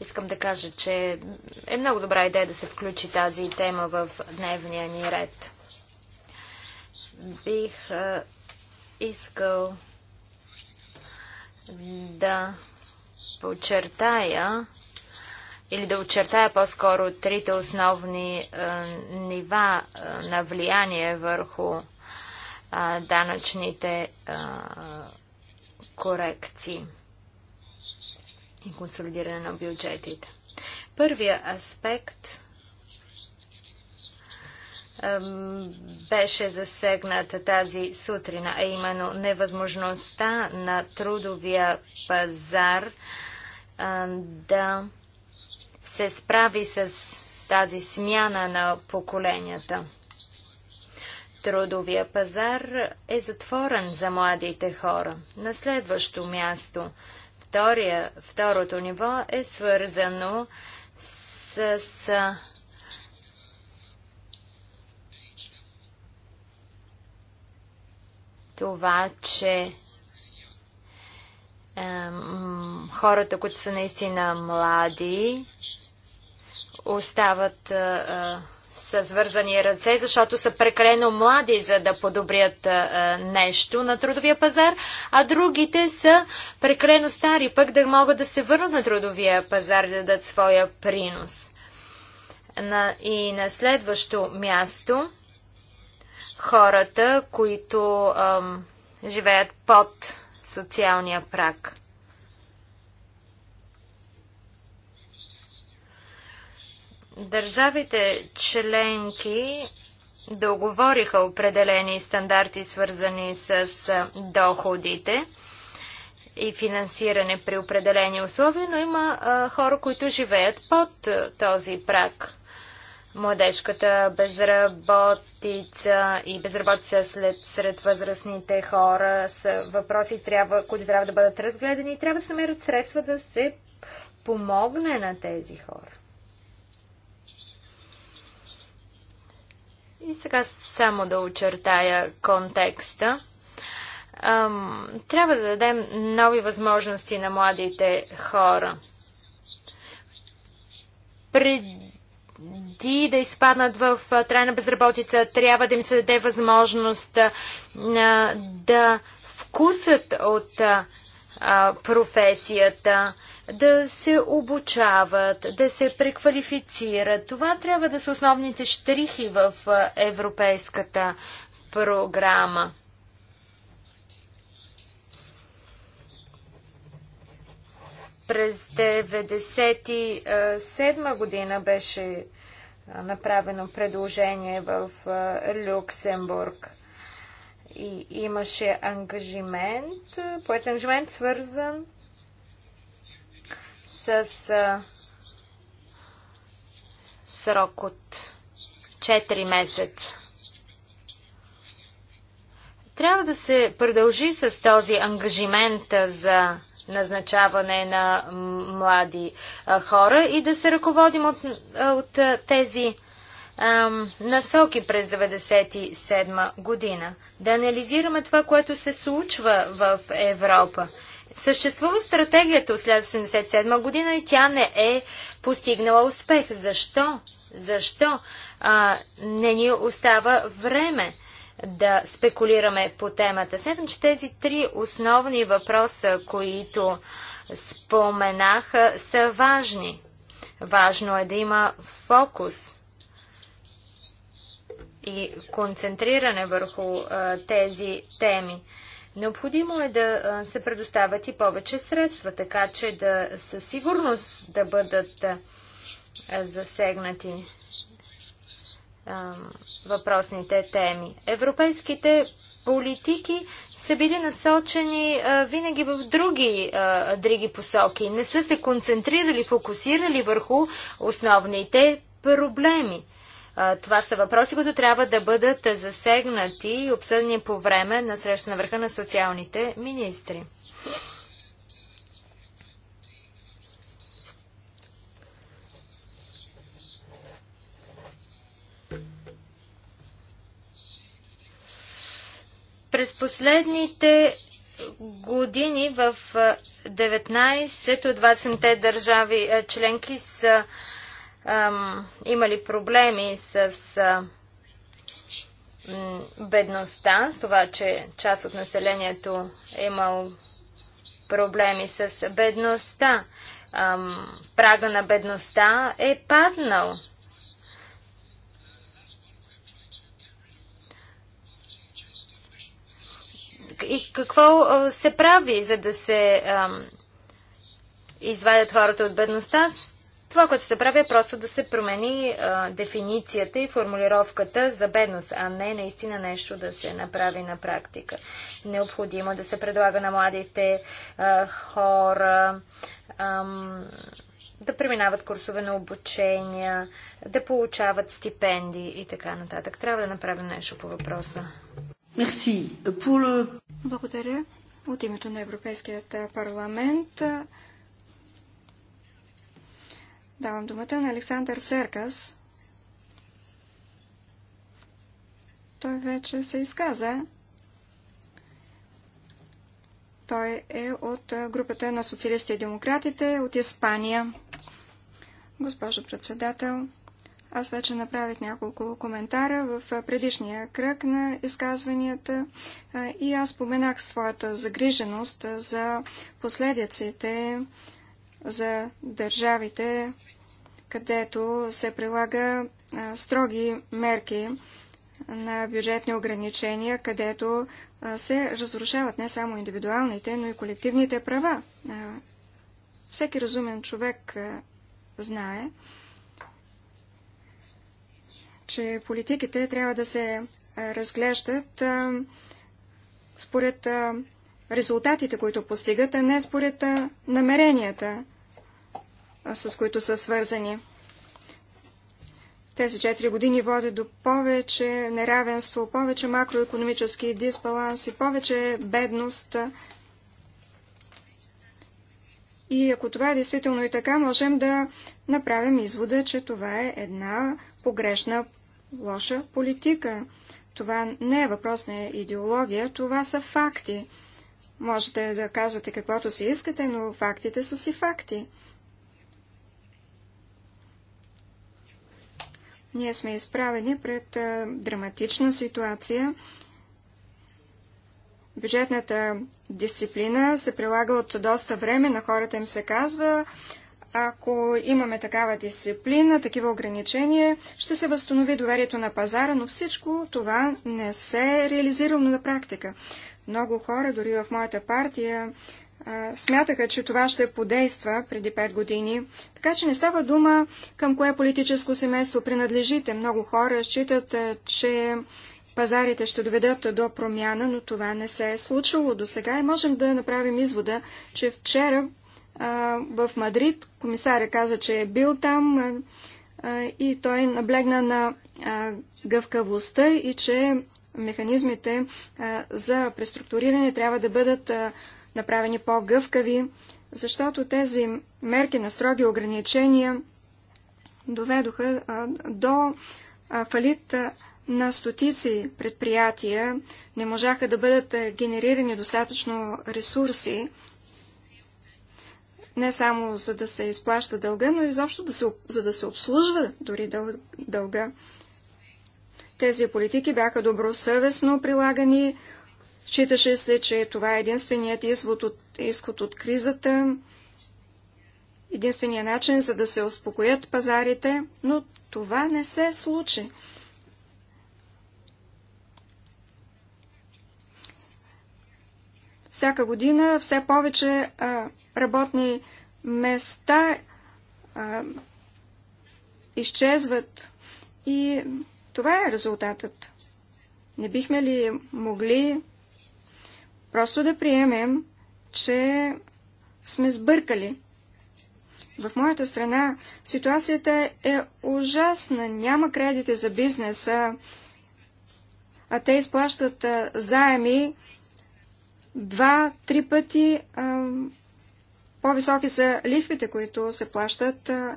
Искам да кажа, че е много добра идея да се включи тази тема в дневния ни ред. Бих искал да подчертая или да очертая по-скоро трите основни е, нива е, на влияние върху данъчните а, корекции и консолидиране на бюджетите. Първия аспект беше засегната тази сутрин, а именно невъзможността на трудовия пазар да се справи с тази смяна на поколенията трудовия пазар е затворен за младите хора. На следващо място, втория, второто ниво е свързано с, с това, че е, хората, които са наистина млади, остават е, е с вързани ръце, защото са прекалено млади, за да подобрят а, нещо на трудовия пазар, а другите са прекалено стари, пък да могат да се върнат на трудовия пазар да дадат своя принос. На, и на следващо място хората, които живеят под социалния прак. Държавите членки договориха определени стандарти, свързани с доходите и финансиране при определени условия, но има а, хора, които живеят под този прак. Младежката безработица и безработица след, сред възрастните хора са въпроси, трябва, които трябва да бъдат разгледани и трябва да се намерят средства да се помогне на тези хора. И сега само да очертая контекста. Трябва да дадем нови възможности на младите хора. Преди да изпаднат в трайна безработица, трябва да им се даде възможност да вкусат от а, професията, да се обучават, да се преквалифицират. Това трябва да са основните штрихи в европейската програма. През 1997 година беше направено предложение в Люксембург. И имаше ангажимент, поет ангажимент свързан с срок от 4 месеца. Трябва да се продължи с този ангажимент за назначаване на млади хора и да се ръководим от, от тези насоки през 1997 година. Да анализираме това, което се случва в Европа. Съществува стратегията от 1977 година и тя не е постигнала успех. Защо? Защо а, не ни остава време да спекулираме по темата? Смятам, че тези три основни въпроса, които споменах, са важни. Важно е да има фокус – и концентриране върху тези теми. Необходимо е да се предоставят и повече средства, така че да със сигурност да бъдат засегнати въпросните теми. Европейските политики са били насочени винаги в други, други посоки. Не са се концентрирали, фокусирали върху основните проблеми. Това са въпроси, които трябва да бъдат засегнати и обсъдени по време на среща на върха на социалните министри. През последните години в 19 от 20-те държави членки са имали проблеми с бедността, с това, че част от населението е имал проблеми с бедността. прага на бедността е паднал. И какво се прави, за да се извадят хората от бедността? Това, което се прави е просто да се промени а, дефиницията и формулировката за бедност, а не наистина нещо да се направи на практика. Необходимо да се предлага на младите а, хора ам, да преминават курсове на обучение, да получават стипендии и така нататък. Трябва да направим нещо по въпроса. Merci. Благодаря. От името на Европейският парламент Давам думата на Александър Серкас. Той вече се изказа. Той е от групата на социалистите и демократите от Испания. Госпожо председател, аз вече направих няколко коментара в предишния кръг на изказванията и аз споменах своята загриженост за последиците за държавите където се прилага строги мерки на бюджетни ограничения, където се разрушават не само индивидуалните, но и колективните права. Всеки разумен човек знае, че политиките трябва да се разглеждат според резултатите, които постигат, а не според намеренията с които са свързани. Тези 4 години води до повече неравенство, повече макроекономически дисбаланси, повече бедност. И ако това е действително и така, можем да направим извода, че това е една погрешна, лоша политика. Това не е въпрос на идеология, това са факти. Можете да казвате каквото си искате, но фактите са си факти. Ние сме изправени пред драматична ситуация. Бюджетната дисциплина се прилага от доста време. На хората им се казва, ако имаме такава дисциплина, такива ограничения, ще се възстанови доверието на пазара, но всичко това не се е реализирано на практика. Много хора, дори в моята партия, смятаха, че това ще подейства преди 5 години. Така че не става дума към кое политическо семейство принадлежите. Много хора считат, че пазарите ще доведат до промяна, но това не се е случило до сега и можем да направим извода, че вчера в Мадрид комисаря каза, че е бил там и той наблегна на гъвкавостта и че механизмите за преструктуриране трябва да бъдат направени по-гъвкави, защото тези мерки на строги ограничения доведоха а, до а, фалит а, на стотици предприятия, не можаха да бъдат генерирани достатъчно ресурси, не само за да се изплаща дълга, но и изобщо да се, за да се обслужва дори дъл, дълга. Тези политики бяха добросъвестно прилагани Считаше се, че това е единственият изход от, изход от кризата, единственият начин за да се успокоят пазарите, но това не се случи. Всяка година все повече а, работни места а, изчезват и това е резултатът. Не бихме ли могли Просто да приемем, че сме сбъркали. В моята страна ситуацията е ужасна. Няма кредити за бизнеса, а те изплащат заеми два-три пъти по-високи са лихвите, които се плащат а,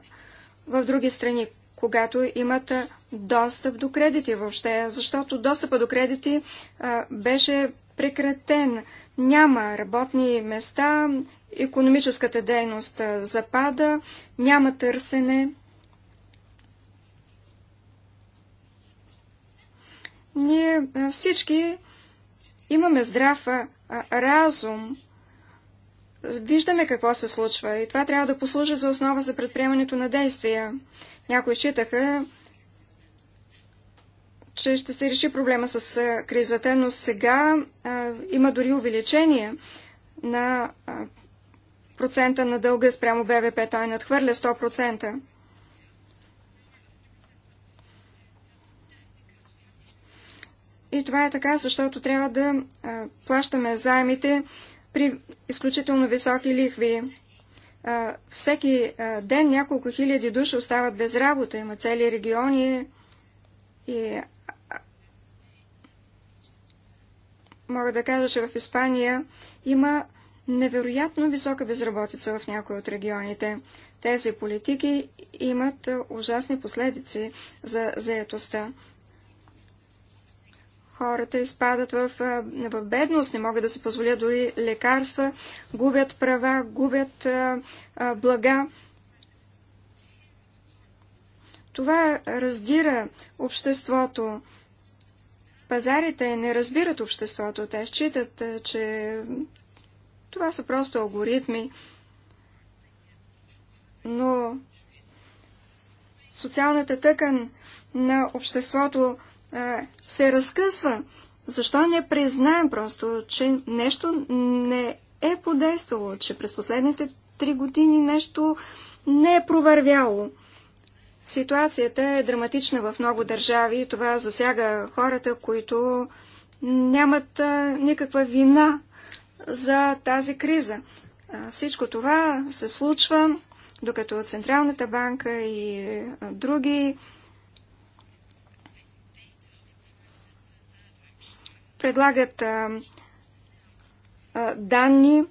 в други страни, когато имат достъп до кредити въобще, защото достъпа до кредити а, беше прекратен. Няма работни места, економическата дейност запада, няма търсене. Ние всички имаме здрав разум, виждаме какво се случва и това трябва да послужи за основа за предприемането на действия. Някои считаха, че ще се реши проблема с кризата, но сега а, има дори увеличение на а, процента на дълга спрямо БВП. Той надхвърля 100%. И това е така, защото трябва да а, плащаме заемите при изключително високи лихви. А, всеки а, ден няколко хиляди души остават без работа. Има цели региони и мога да кажа, че в Испания има невероятно висока безработица в някои от регионите. Тези политики имат ужасни последици за заетостта. Хората изпадат в, в бедност, не могат да се позволят дори лекарства, губят права, губят а, а, блага. Това раздира обществото. Пазарите не разбират обществото. Те считат, че това са просто алгоритми. Но социалната тъкан на обществото а, се разкъсва. Защо не признаем просто, че нещо не е подействало, че през последните три години нещо не е провървяло? Ситуацията е драматична в много държави и това засяга хората, които нямат никаква вина за тази криза. Всичко това се случва, докато Централната банка и други предлагат данни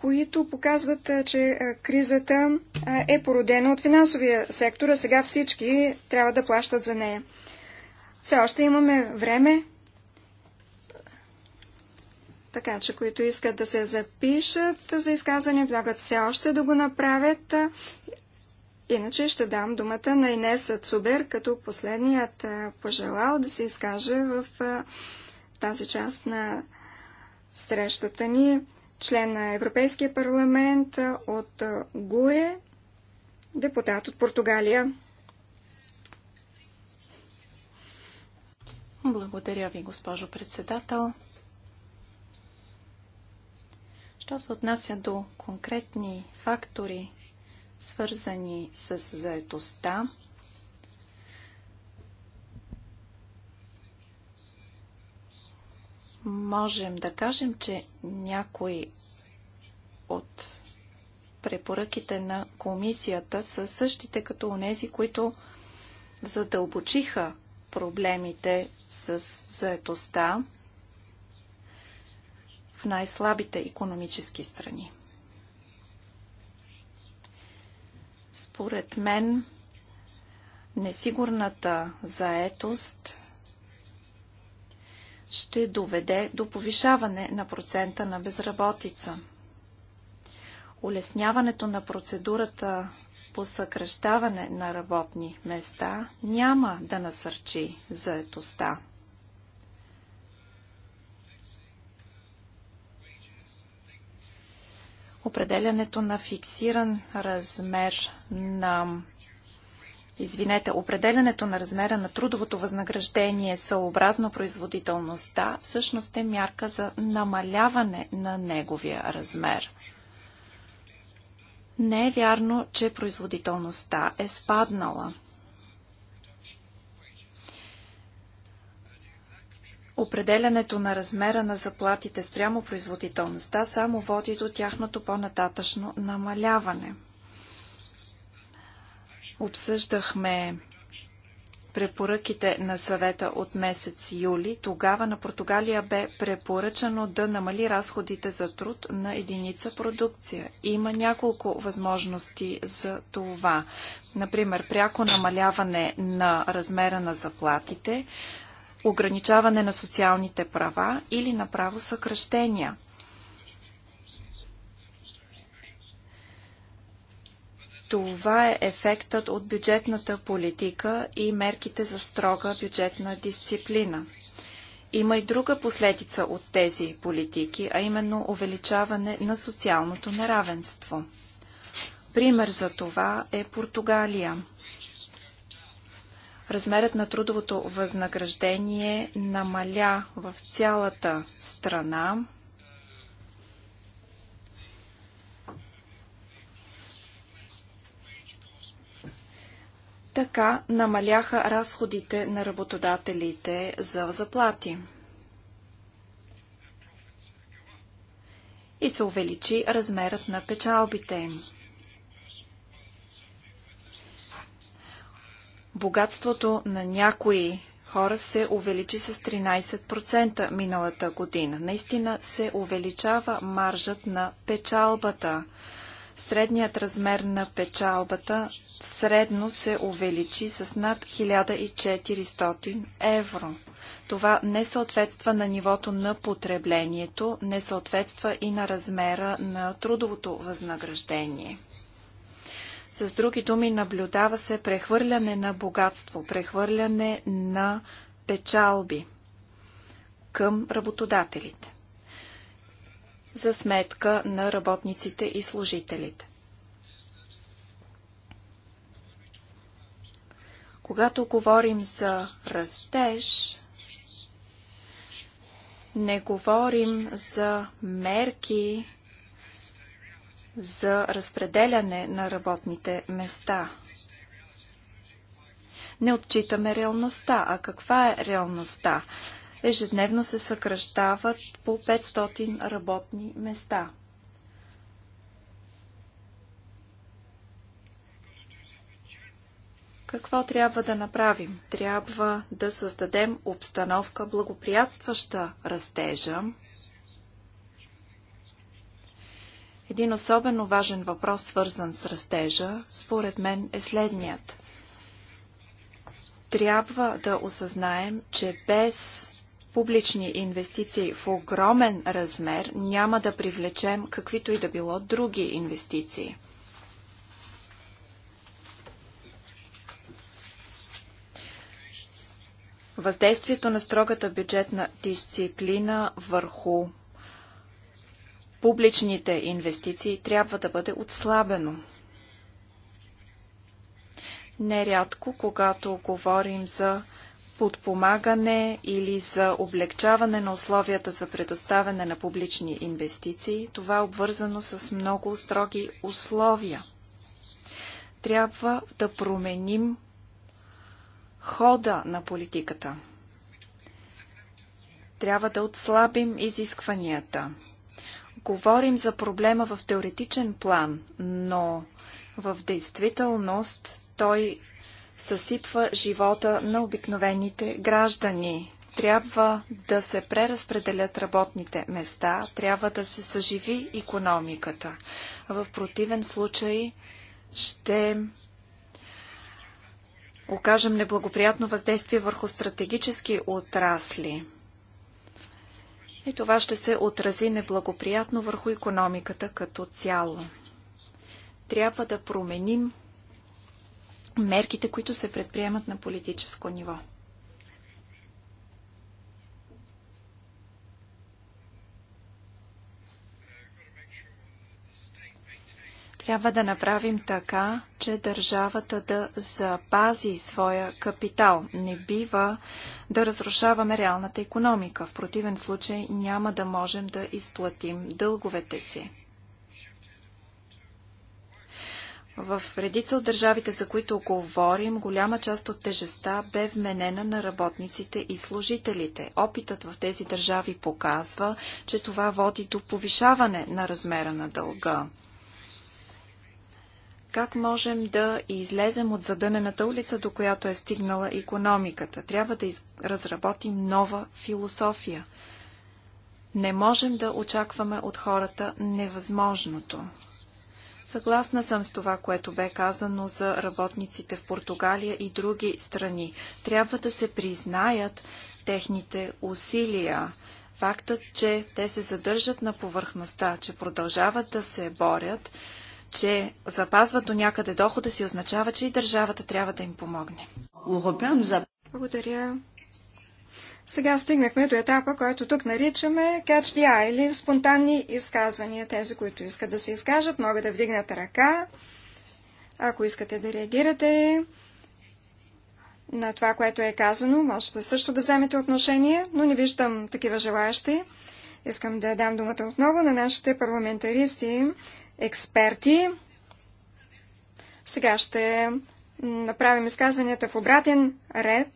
които показват, че кризата е породена от финансовия сектор, а сега всички трябва да плащат за нея. Все още имаме време, така че които искат да се запишат за изказване, влягат все още да го направят. Иначе ще дам думата на Инеса Цубер, като последният пожелал да се изкаже в тази част на срещата ни член на Европейския парламент от ГУЕ, депутат от Португалия. Благодаря ви, госпожо председател. Що се отнася до конкретни фактори, свързани с заетостта, можем да кажем, че някои от препоръките на комисията са същите като онези, които задълбочиха проблемите с заетостта в най-слабите економически страни. Според мен, несигурната заетост ще доведе до повишаване на процента на безработица. Улесняването на процедурата по съкръщаване на работни места няма да насърчи заетостта. Определянето на фиксиран размер на извинете, определенето на размера на трудовото възнаграждение съобразно производителността всъщност е мярка за намаляване на неговия размер. Не е вярно, че производителността е спаднала. Определянето на размера на заплатите спрямо производителността само води до тяхното по-нататъчно намаляване – Обсъждахме препоръките на съвета от месец юли. Тогава на Португалия бе препоръчано да намали разходите за труд на единица продукция. Има няколко възможности за това. Например, пряко намаляване на размера на заплатите, ограничаване на социалните права или направо съкръщения – Това е ефектът от бюджетната политика и мерките за строга бюджетна дисциплина. Има и друга последица от тези политики, а именно увеличаване на социалното неравенство. Пример за това е Португалия. Размерът на трудовото възнаграждение намаля в цялата страна Така намаляха разходите на работодателите за заплати. И се увеличи размерът на печалбите им. Богатството на някои хора се увеличи с 13% миналата година. Наистина се увеличава маржът на печалбата средният размер на печалбата средно се увеличи с над 1400 евро. Това не съответства на нивото на потреблението, не съответства и на размера на трудовото възнаграждение. С други думи, наблюдава се прехвърляне на богатство, прехвърляне на печалби към работодателите за сметка на работниците и служителите. Когато говорим за растеж, не говорим за мерки за разпределяне на работните места. Не отчитаме реалността. А каква е реалността? ежедневно се съкръщават по 500 работни места. Какво трябва да направим? Трябва да създадем обстановка, благоприятстваща растежа. Един особено важен въпрос, свързан с растежа, според мен е следният. Трябва да осъзнаем, че без публични инвестиции в огромен размер, няма да привлечем каквито и да било други инвестиции. Въздействието на строгата бюджетна дисциплина върху публичните инвестиции трябва да бъде отслабено. Нерядко, когато говорим за подпомагане или за облегчаване на условията за предоставяне на публични инвестиции, това е обвързано с много строги условия. Трябва да променим хода на политиката. Трябва да отслабим изискванията. Говорим за проблема в теоретичен план, но в действителност той съсипва живота на обикновените граждани. Трябва да се преразпределят работните места, трябва да се съживи економиката. В противен случай ще окажем неблагоприятно въздействие върху стратегически отрасли. И това ще се отрази неблагоприятно върху економиката като цяло. Трябва да променим мерките, които се предприемат на политическо ниво. Трябва да направим така, че държавата да запази своя капитал. Не бива да разрушаваме реалната економика. В противен случай няма да можем да изплатим дълговете си. В редица от държавите, за които говорим, голяма част от тежестта бе вменена на работниците и служителите. Опитът в тези държави показва, че това води до повишаване на размера на дълга. Как можем да излезем от задънената улица, до която е стигнала економиката? Трябва да из... разработим нова философия. Не можем да очакваме от хората невъзможното. Съгласна съм с това, което бе казано за работниците в Португалия и други страни. Трябва да се признаят техните усилия. Фактът, че те се задържат на повърхността, че продължават да се борят, че запазват до някъде дохода си, означава, че и държавата трябва да им помогне. Благодаря. Сега стигнахме до етапа, който тук наричаме catch the eye, или спонтанни изказвания. Тези, които искат да се изкажат, могат да вдигнат ръка. Ако искате да реагирате на това, което е казано, можете също да вземете отношение, но не виждам такива желаящи. Искам да дам думата отново на нашите парламентаристи, експерти. Сега ще направим изказванията в обратен ред.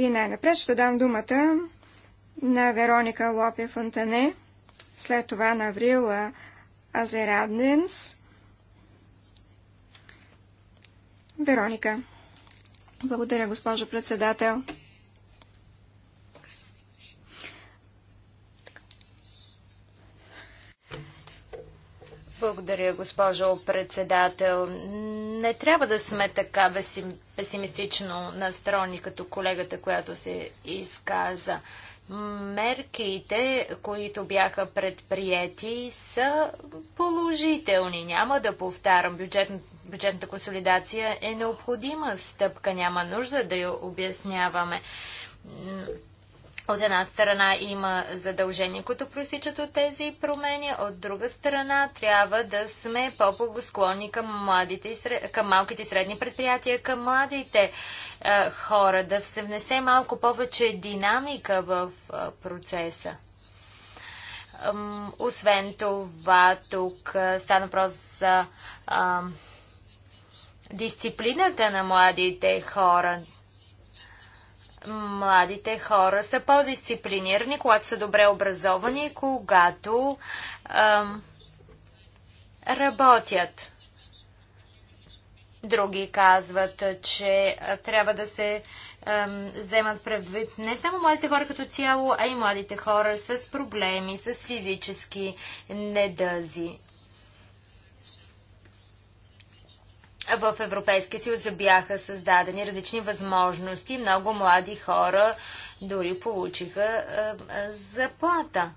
И най-напред ще дам думата на Вероника Лопе Фонтане, след това на Аврила Азерадненс. Вероника. Благодаря, госпожо председател. Благодаря, госпожо председател не трябва да сме така песимистично настроени, като колегата, която се изказа. Мерките, които бяха предприяти, са положителни. Няма да повтарям. Бюджет, бюджетната консолидация е необходима стъпка. Няма нужда да я обясняваме. От една страна има задължения, които проистичат от тези промени, от друга страна трябва да сме по-благосклонни към, младите, към малките и средни предприятия, към младите е, хора, да се внесе малко повече динамика в е, процеса. Ем, освен това, тук е, стана въпрос за дисциплината на младите хора младите хора са по-дисциплинирани, когато са добре образовани, когато ам, работят. Други казват, че трябва да се вземат предвид не само младите хора като цяло, а и младите хора с проблеми, с физически недъзи. в Европейския съюз бяха създадени различни възможности. Много млади хора дори получиха заплата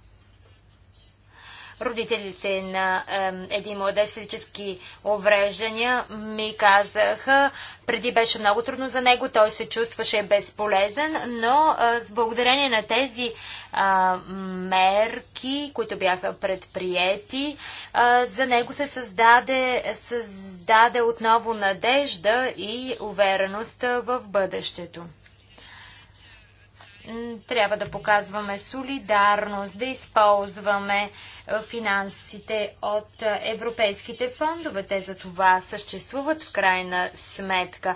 родителите на е, един младеж с физически увреждания ми казаха, преди беше много трудно за него, той се чувстваше безполезен, но е, с благодарение на тези е, мерки, които бяха предприети, е, за него се създаде, създаде отново надежда и увереност в бъдещето трябва да показваме солидарност, да използваме е, финансите от е, европейските фондове. Те за това съществуват в крайна сметка.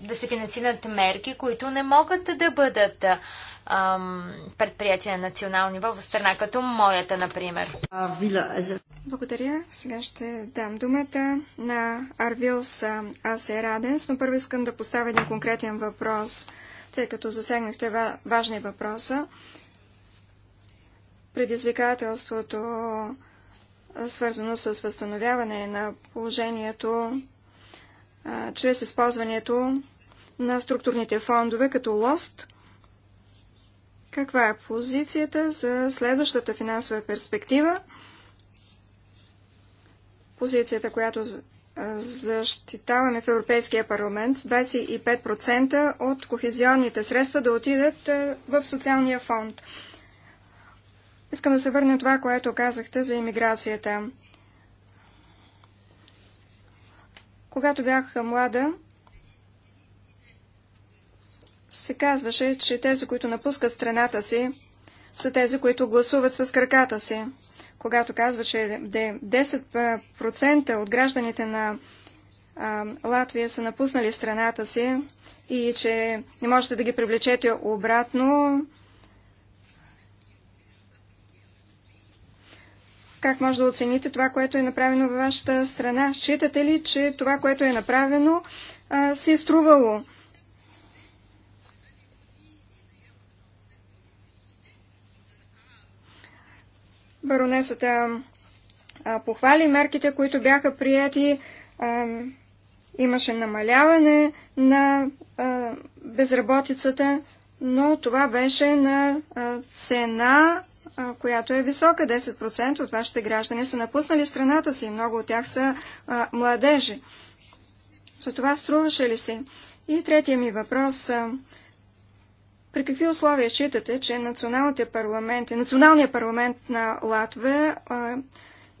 Да се финансират мерки, които не могат да бъдат предприятия на национално ниво в страна, като моята, например. Е Благодаря. Сега ще дам думата на Арвилс Асерадес, но първо искам да поставя един конкретен въпрос – тъй като засегнахте важни въпроса. Предизвикателството, свързано с възстановяване на положението а, чрез използването на структурните фондове като лост. Каква е позицията за следващата финансова перспектива? Позицията, която защитаваме в Европейския парламент с 25% от кохезионните средства да отидат в социалния фонд. Искам да се върна това, което казахте за иммиграцията. Когато бях млада, се казваше, че тези, които напускат страната си, са тези, които гласуват с краката си когато казва, че 10% от гражданите на Латвия са напуснали страната си и че не можете да ги привлечете обратно, Как може да оцените това, което е направено във вашата страна? Считате ли, че това, което е направено, се си е струвало? Баронесата похвали мерките, които бяха прияти. Имаше намаляване на безработицата, но това беше на цена, която е висока. 10% от вашите граждани са напуснали страната си. Много от тях са младежи. За това струваше ли си? И третия ми въпрос при какви условия считате, че парламент, националният парламент на Латвия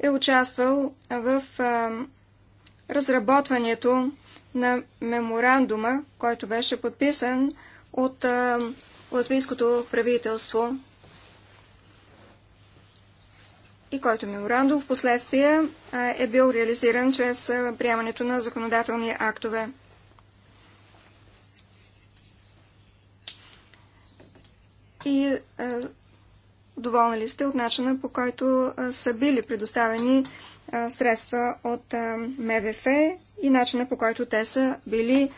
е участвал в разработването на меморандума, който беше подписан от латвийското правителство и който меморандум в последствие е бил реализиран чрез приемането на законодателни актове. и а, е, доволни ли сте от начина по който а, е, са били предоставени а, е, средства от а, МВФ и начина по който те са били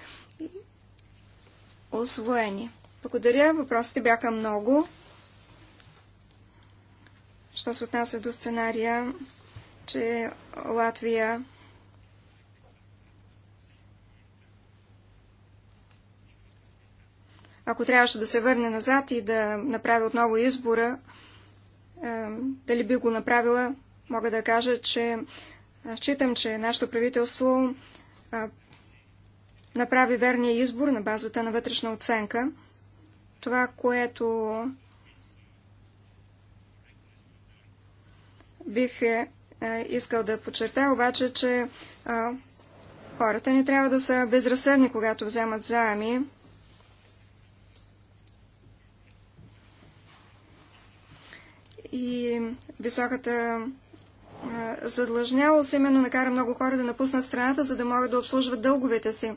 освоени. Благодаря. Въпросите бяха много. Що се отнася до сценария, че Латвия ако трябваше да се върне назад и да направи отново избора, е, дали би го направила, мога да кажа, че е, считам, че нашето правителство е, направи верния избор на базата на вътрешна оценка. Това, което бих е, искал да подчертая, обаче, че а, хората не трябва да са безразсъдни, когато вземат заеми. и високата задлъжнялост именно накара много хора да напуснат страната, за да могат да обслужват дълговете си.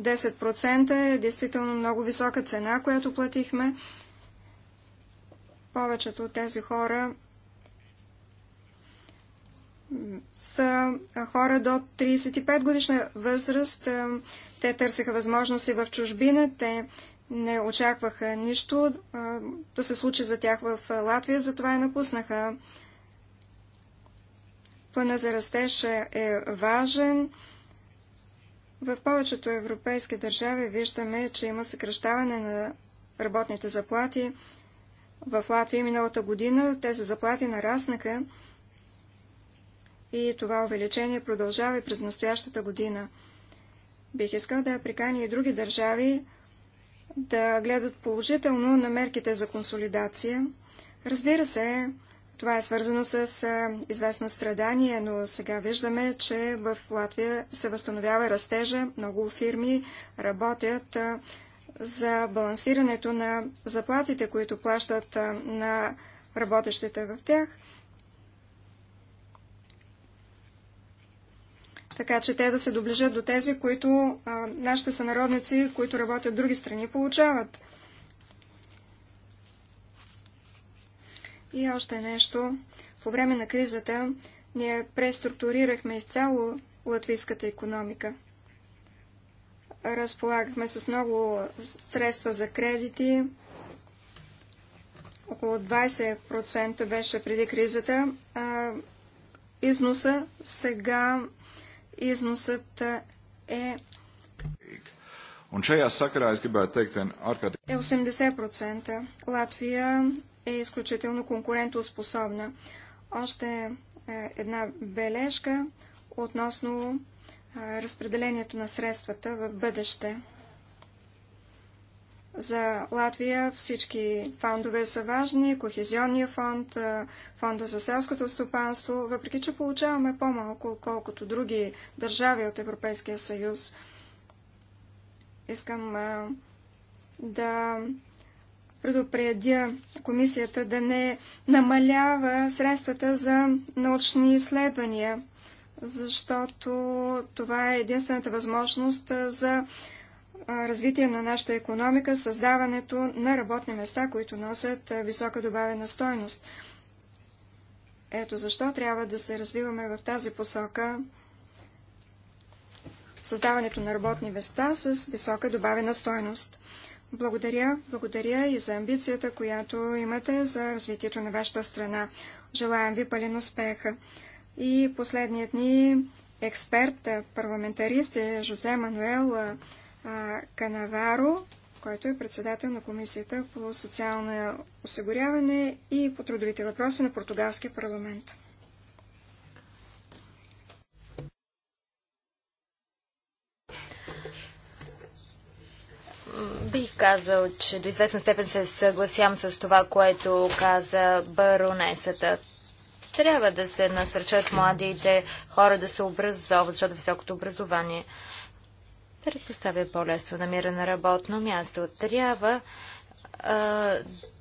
10% е действително много висока цена, която платихме. Повечето от тези хора са хора до 35 годишна възраст. Те търсиха възможности в чужбина, те не очакваха нищо да се случи за тях в Латвия, затова и напуснаха. Плана за растеж е важен. В повечето европейски държави виждаме, че има съкръщаване на работните заплати. В Латвия миналата година тези заплати нараснаха и това увеличение продължава и през настоящата година. Бих искал да приканя и други държави да гледат положително на мерките за консолидация. Разбира се, това е свързано с известно страдание, но сега виждаме, че в Латвия се възстановява растежа. Много фирми работят за балансирането на заплатите, които плащат на работещите в тях. така че те да се доближат до тези, които а, нашите сънародници, които работят в други страни, получават. И още нещо. По време на кризата ние преструктурирахме изцяло латвийската економика. Разполагахме с много средства за кредити. Около 20% беше преди кризата. А, износа сега Износът е 80%. Е Латвия е изключително конкурентоспособна. Още е, една бележка относно разпределението на средствата в бъдеще. За Латвия всички фондове са важни, Кохезионния фонд, фонда за селското стопанство, въпреки че получаваме по-малко, колкото други държави от Европейския съюз. Искам а, да предупредя комисията да не намалява средствата за научни изследвания, защото това е единствената възможност за развитие на нашата економика, създаването на работни места, които носят висока добавена стойност. Ето защо трябва да се развиваме в тази посока създаването на работни места с висока добавена стойност. Благодаря, благодаря и за амбицията, която имате за развитието на вашата страна. Желаем ви пълен успех. И последният ни експерт, парламентарист е Жозе Мануел Канаваро, който е председател на Комисията по социално осигуряване и по трудовите въпроси на португалския парламент. Бих казал, че до известна степен се съгласям с това, което каза баронесата. Трябва да се насърчат младите хора да се образоват, защото високото образование предпоставя по-лесно намиране на работно място. Трябва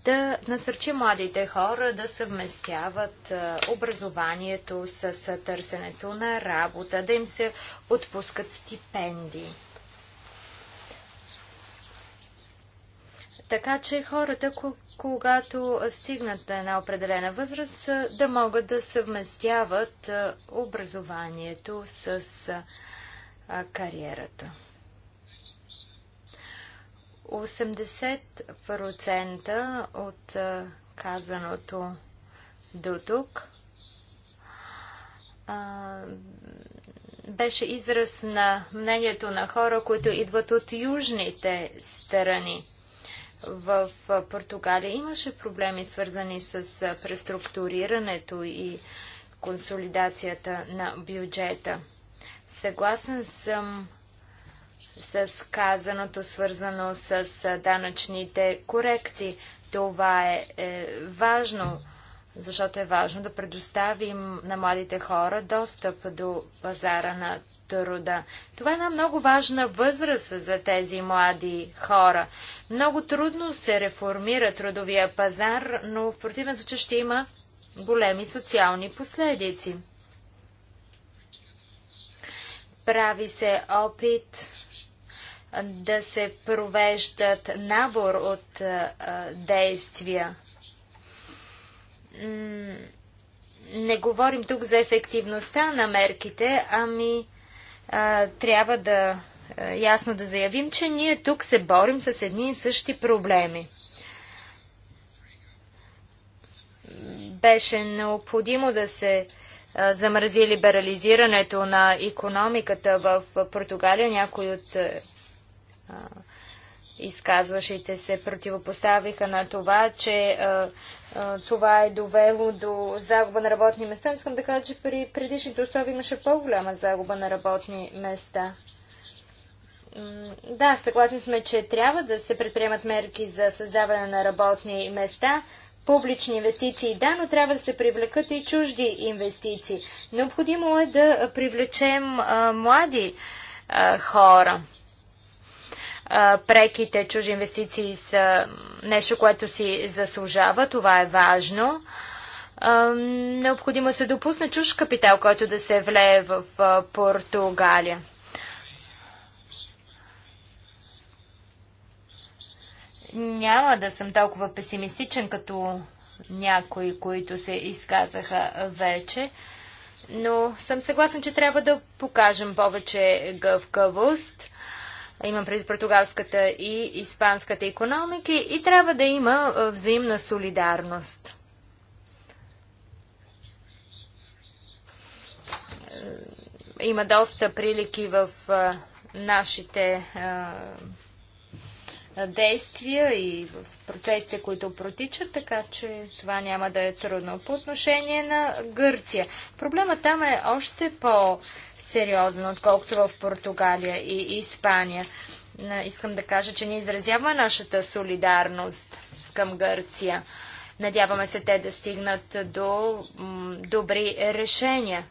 да насърчи младите хора да съвместяват образованието с търсенето на работа, да им се отпускат стипендии. Така че хората, когато стигнат на една определена възраст, да могат да съвместяват образованието с кариерата. 80% от казаното до тук беше израз на мнението на хора, които идват от южните страни. В Португалия имаше проблеми, свързани с преструктурирането и консолидацията на бюджета. Съгласен съм с казаното свързано с данъчните корекции. Това е, е важно, защото е важно да предоставим на младите хора достъп до пазара на труда. Това е една много важна възраст за тези млади хора. Много трудно се реформира трудовия пазар, но в противен случай ще има големи социални последици. Прави се опит да се провеждат набор от действия. Не говорим тук за ефективността на мерките, ами трябва да ясно да заявим, че ние тук се борим с едни и същи проблеми. Беше необходимо да се замрази либерализирането на економиката в Португалия. Някои от изказващите се противопоставиха на това, че а, а, това е довело до загуба на работни места. Искам да кажа, че при предишните условия имаше по-голяма загуба на работни места. да, съгласни сме, че трябва да се предприемат мерки за създаване на работни места, публични инвестиции, да, но трябва да се привлекат и чужди инвестиции. Необходимо е да привлечем а, млади хора преките чужи инвестиции са нещо, което си заслужава. Това е важно. Необходимо е се допусне чуж капитал, който да се влее в Португалия. Няма да съм толкова песимистичен, като някои, които се изказаха вече но съм съгласен, че трябва да покажем повече гъвкавост. Имам пред португалската и испанската економики и трябва да има взаимна солидарност. Има доста прилики в нашите действия и в протестите, които протичат, така че това няма да е трудно. По отношение на Гърция, проблема там е още по-сериозен, отколкото в Португалия и Испания. Искам да кажа, че ние изразява нашата солидарност към Гърция. Надяваме се те да стигнат до добри решения.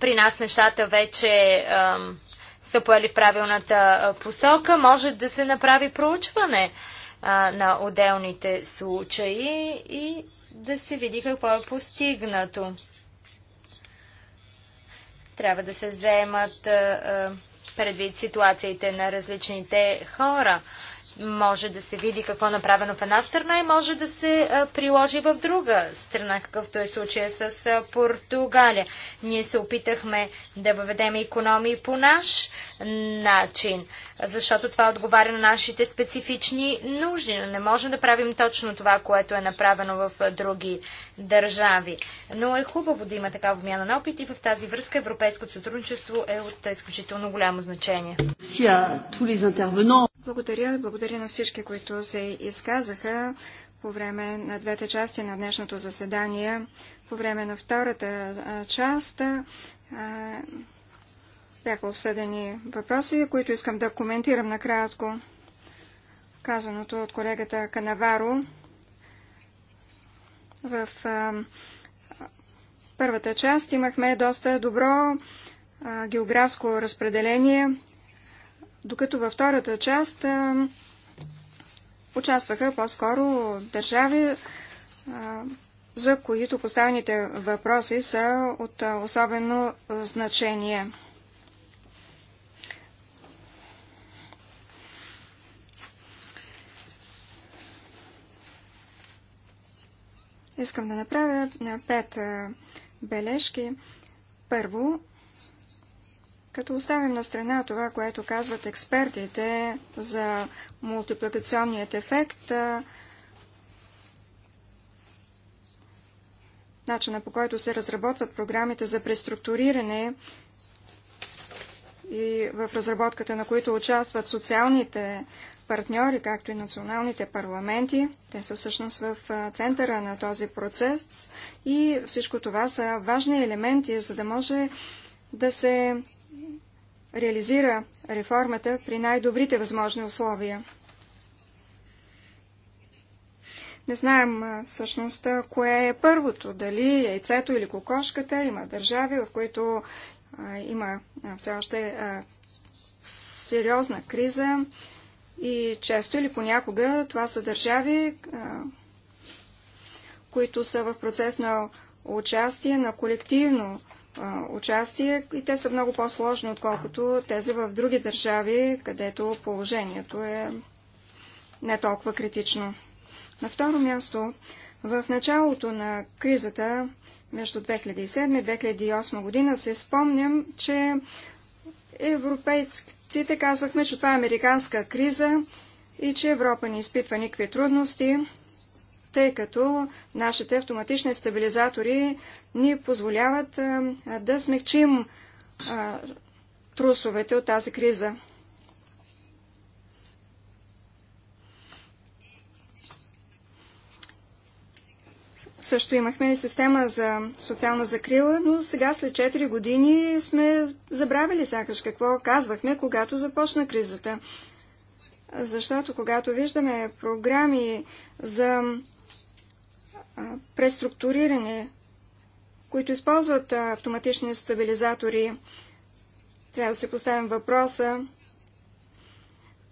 при нас нещата вече ам, са поели в правилната посока, може да се направи проучване а, на отделните случаи и да се види какво е постигнато. Трябва да се вземат а, предвид ситуациите на различните хора може да се види какво е направено в една страна и може да се приложи в друга страна, какъвто е случая с Португалия. Ние се опитахме да въведем економии по наш начин, защото това отговаря на нашите специфични нужди. Не можем да правим точно това, което е направено в други държави. Но е хубаво да има такава вмяна на опит и в тази връзка европейското сътрудничество е от изключително голямо значение. Благодаря. Благодаря на всички, които се изказаха по време на двете части на днешното заседание. По време на втората част бяха обсъдени въпроси, които искам да коментирам накратко. Казаното от колегата Канаваро в а, първата част имахме доста добро а, географско разпределение докато във втората част а, участваха по-скоро държави, а, за които поставените въпроси са от а, особено значение. Искам да направя на пет бележки. Първо, като оставим на страна това, което казват експертите за мултипликационният ефект, начина по който се разработват програмите за преструктуриране и в разработката на които участват социалните партньори, както и националните парламенти. Те са всъщност в центъра на този процес и всичко това са важни елементи, за да може да се реализира реформата при най-добрите възможни условия. Не знаем всъщност, кое е първото, дали яйцето или кокошката. Има държави, в които а, има а, все още а, сериозна криза и често или понякога това са държави, а, които са в процес на участие на колективно участие и те са много по-сложни, отколкото тези в други държави, където положението е не толкова критично. На второ място, в началото на кризата между 2007 и 2008 година се спомням, че европейците казвахме, че това е американска криза и че Европа не изпитва никакви трудности тъй като нашите автоматични стабилизатори ни позволяват да смягчим трусовете от тази криза. Също имахме и система за социална закрила, но сега след 4 години сме забравили сякаш какво казвахме, когато започна кризата. Защото когато виждаме програми за преструктуриране, които използват автоматични стабилизатори. Трябва да се поставим въпроса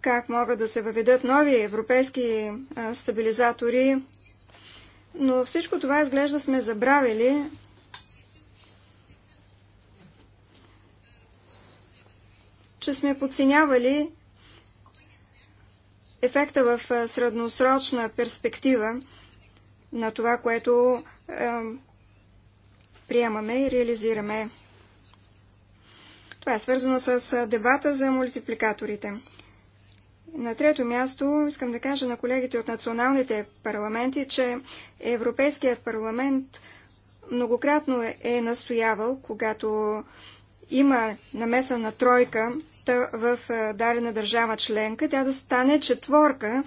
как могат да се въведат нови европейски стабилизатори, но всичко това изглежда сме забравили. че сме подценявали ефекта в средносрочна перспектива на това, което е, приемаме и реализираме. Това е свързано с е, дебата за мультипликаторите. На трето място искам да кажа на колегите от националните парламенти, че Европейският парламент многократно е, е настоявал, когато има намеса на тройка в е, дадена държава членка, тя да стане четворка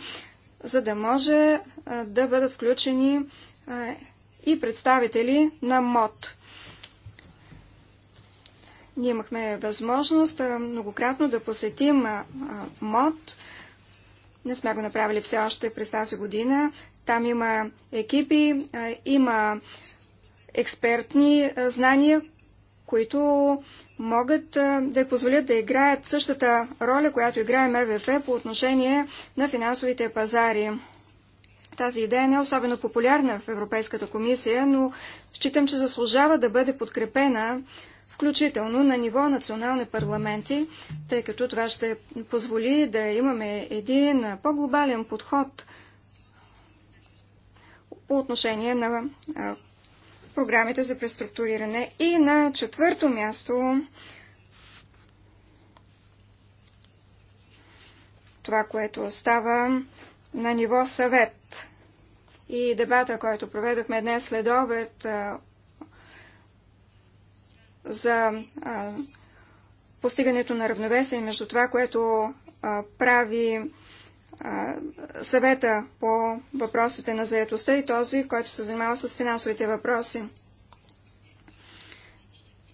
за да може да бъдат включени и представители на МОД. Ние имахме възможност многократно да посетим МОД. Не сме го направили все още през тази година. Там има екипи, има експертни знания, които могат да позволят да играят същата роля, която играе МВФ по отношение на финансовите пазари. Тази идея не е особено популярна в Европейската комисия, но считам, че заслужава да бъде подкрепена включително на ниво национални парламенти, тъй като това ще позволи да имаме един по-глобален подход по отношение на програмите за преструктуриране. И на четвърто място това, което остава на ниво съвет. И дебата, който проведохме днес след обед за постигането на равновесие между това, което прави съвета по въпросите на заедостта и този, който се занимава с финансовите въпроси.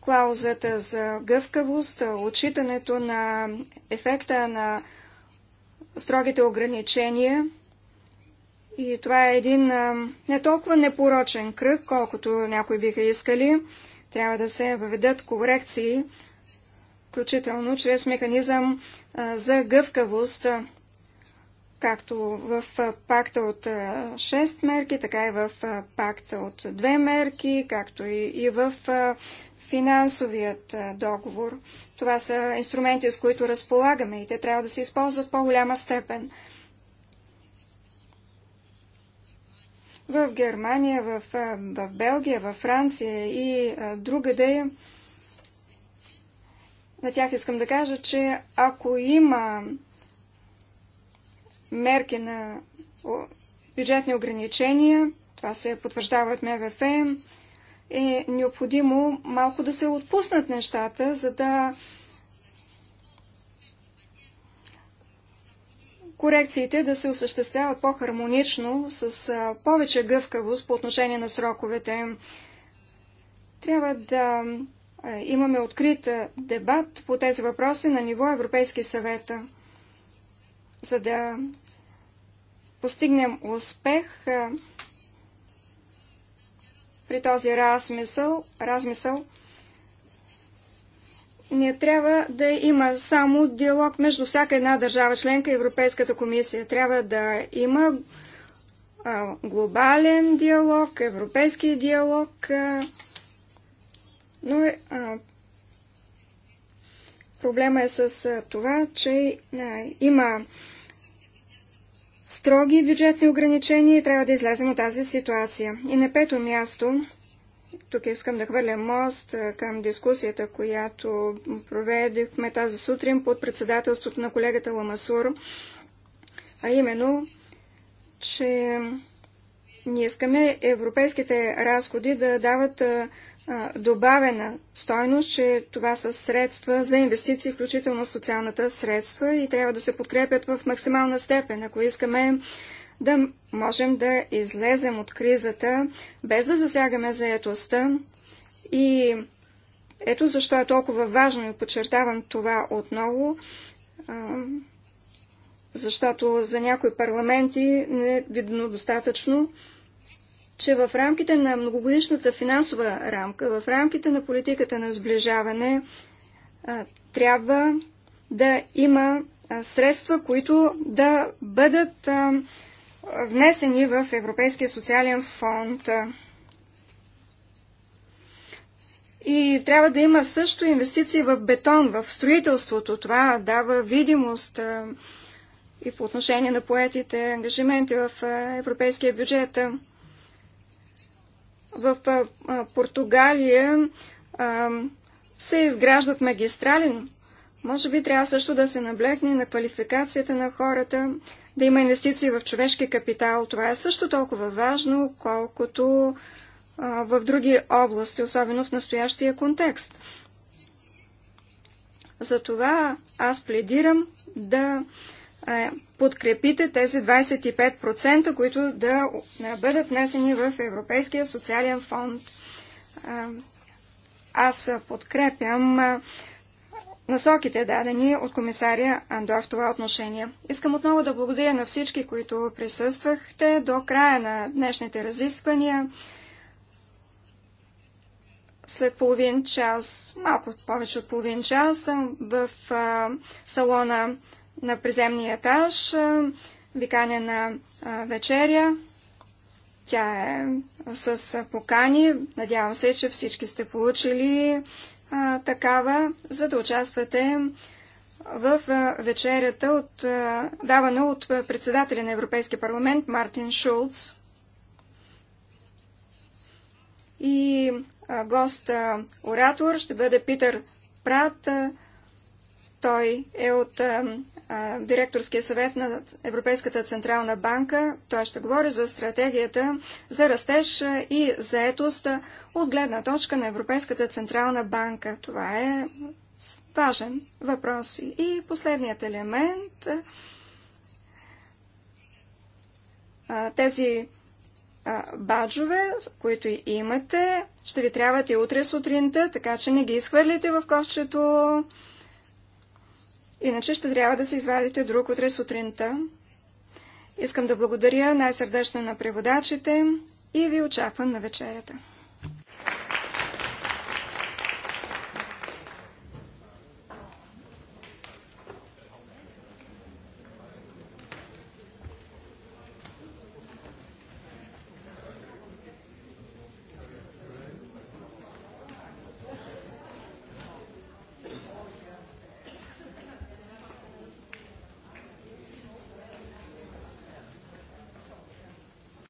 Клаузата за гъвкавост, отчитането на ефекта на строгите ограничения и това е един не толкова непорочен кръг, колкото някои биха искали. Трябва да се въведат корекции, включително чрез механизъм за гъвкавост както в пакта от 6 мерки, така и в пакта от 2 мерки, както и в финансовият договор. Това са инструменти, с които разполагаме и те трябва да се използват по-голяма степен. В Германия, в, в Белгия, в Франция и другаде на тях искам да кажа, че ако има мерки на бюджетни ограничения, това се потвърждава от МВФ, е необходимо малко да се отпуснат нещата, за да корекциите да се осъществяват по-хармонично, с повече гъвкавост по отношение на сроковете. Трябва да имаме открит дебат по тези въпроси на ниво Европейски съвет, за да постигнем успех при този размисъл, размисъл не трябва да има само диалог между всяка една държава членка и Европейската комисия. Трябва да има глобален диалог, европейски диалог, но е, проблема е с това, че има строги бюджетни ограничения и трябва да излезем от тази ситуация. И на пето място, тук искам да хвърля мост към дискусията, която проведихме тази сутрин под председателството на колегата Ламасур, а именно, че ние искаме европейските разходи да дават добавена стойност, че това са средства за инвестиции, включително социалната средства и трябва да се подкрепят в максимална степен, ако искаме да можем да излезем от кризата, без да засягаме заетостта. И ето защо е толкова важно и подчертавам това отново, защото за някои парламенти не е видно достатъчно че в рамките на многогодишната финансова рамка, в рамките на политиката на сближаване, трябва да има средства, които да бъдат внесени в Европейския социален фонд. И трябва да има също инвестиции в бетон, в строителството. Това дава видимост и по отношение на поетите ангажименти в европейския бюджет. В Португалия се изграждат магистрали, може би трябва също да се наблегне на квалификацията на хората, да има инвестиции в човешки капитал. Това е също толкова важно, колкото в други области, особено в настоящия контекст. Затова аз пледирам да подкрепите тези 25%, които да бъдат внесени в Европейския социален фонд. Аз подкрепям насоките дадени от комисаря Андор в това отношение. Искам отново да благодаря на всички, които присъствахте до края на днешните разисквания. След половин час, малко повече от половин час, съм в салона на приземния етаж, викане на вечеря. Тя е с покани. Надявам се, че всички сте получили такава, за да участвате в вечерята, от, давана от председателя на Европейския парламент Мартин Шулц. И гост-оратор ще бъде Питър Прат. Той е от директорския съвет на Европейската Централна банка. Той ще говори за стратегията за растеж и заетост от гледна точка на Европейската Централна банка. Това е важен въпрос. И последният елемент тези баджове, които имате, ще ви трябват и утре сутринта, така че не ги изхвърлите в кошчето Иначе ще трябва да се извадите друг утре сутринта. Искам да благодаря най-сърдечно на преводачите и ви очаквам на вечерята.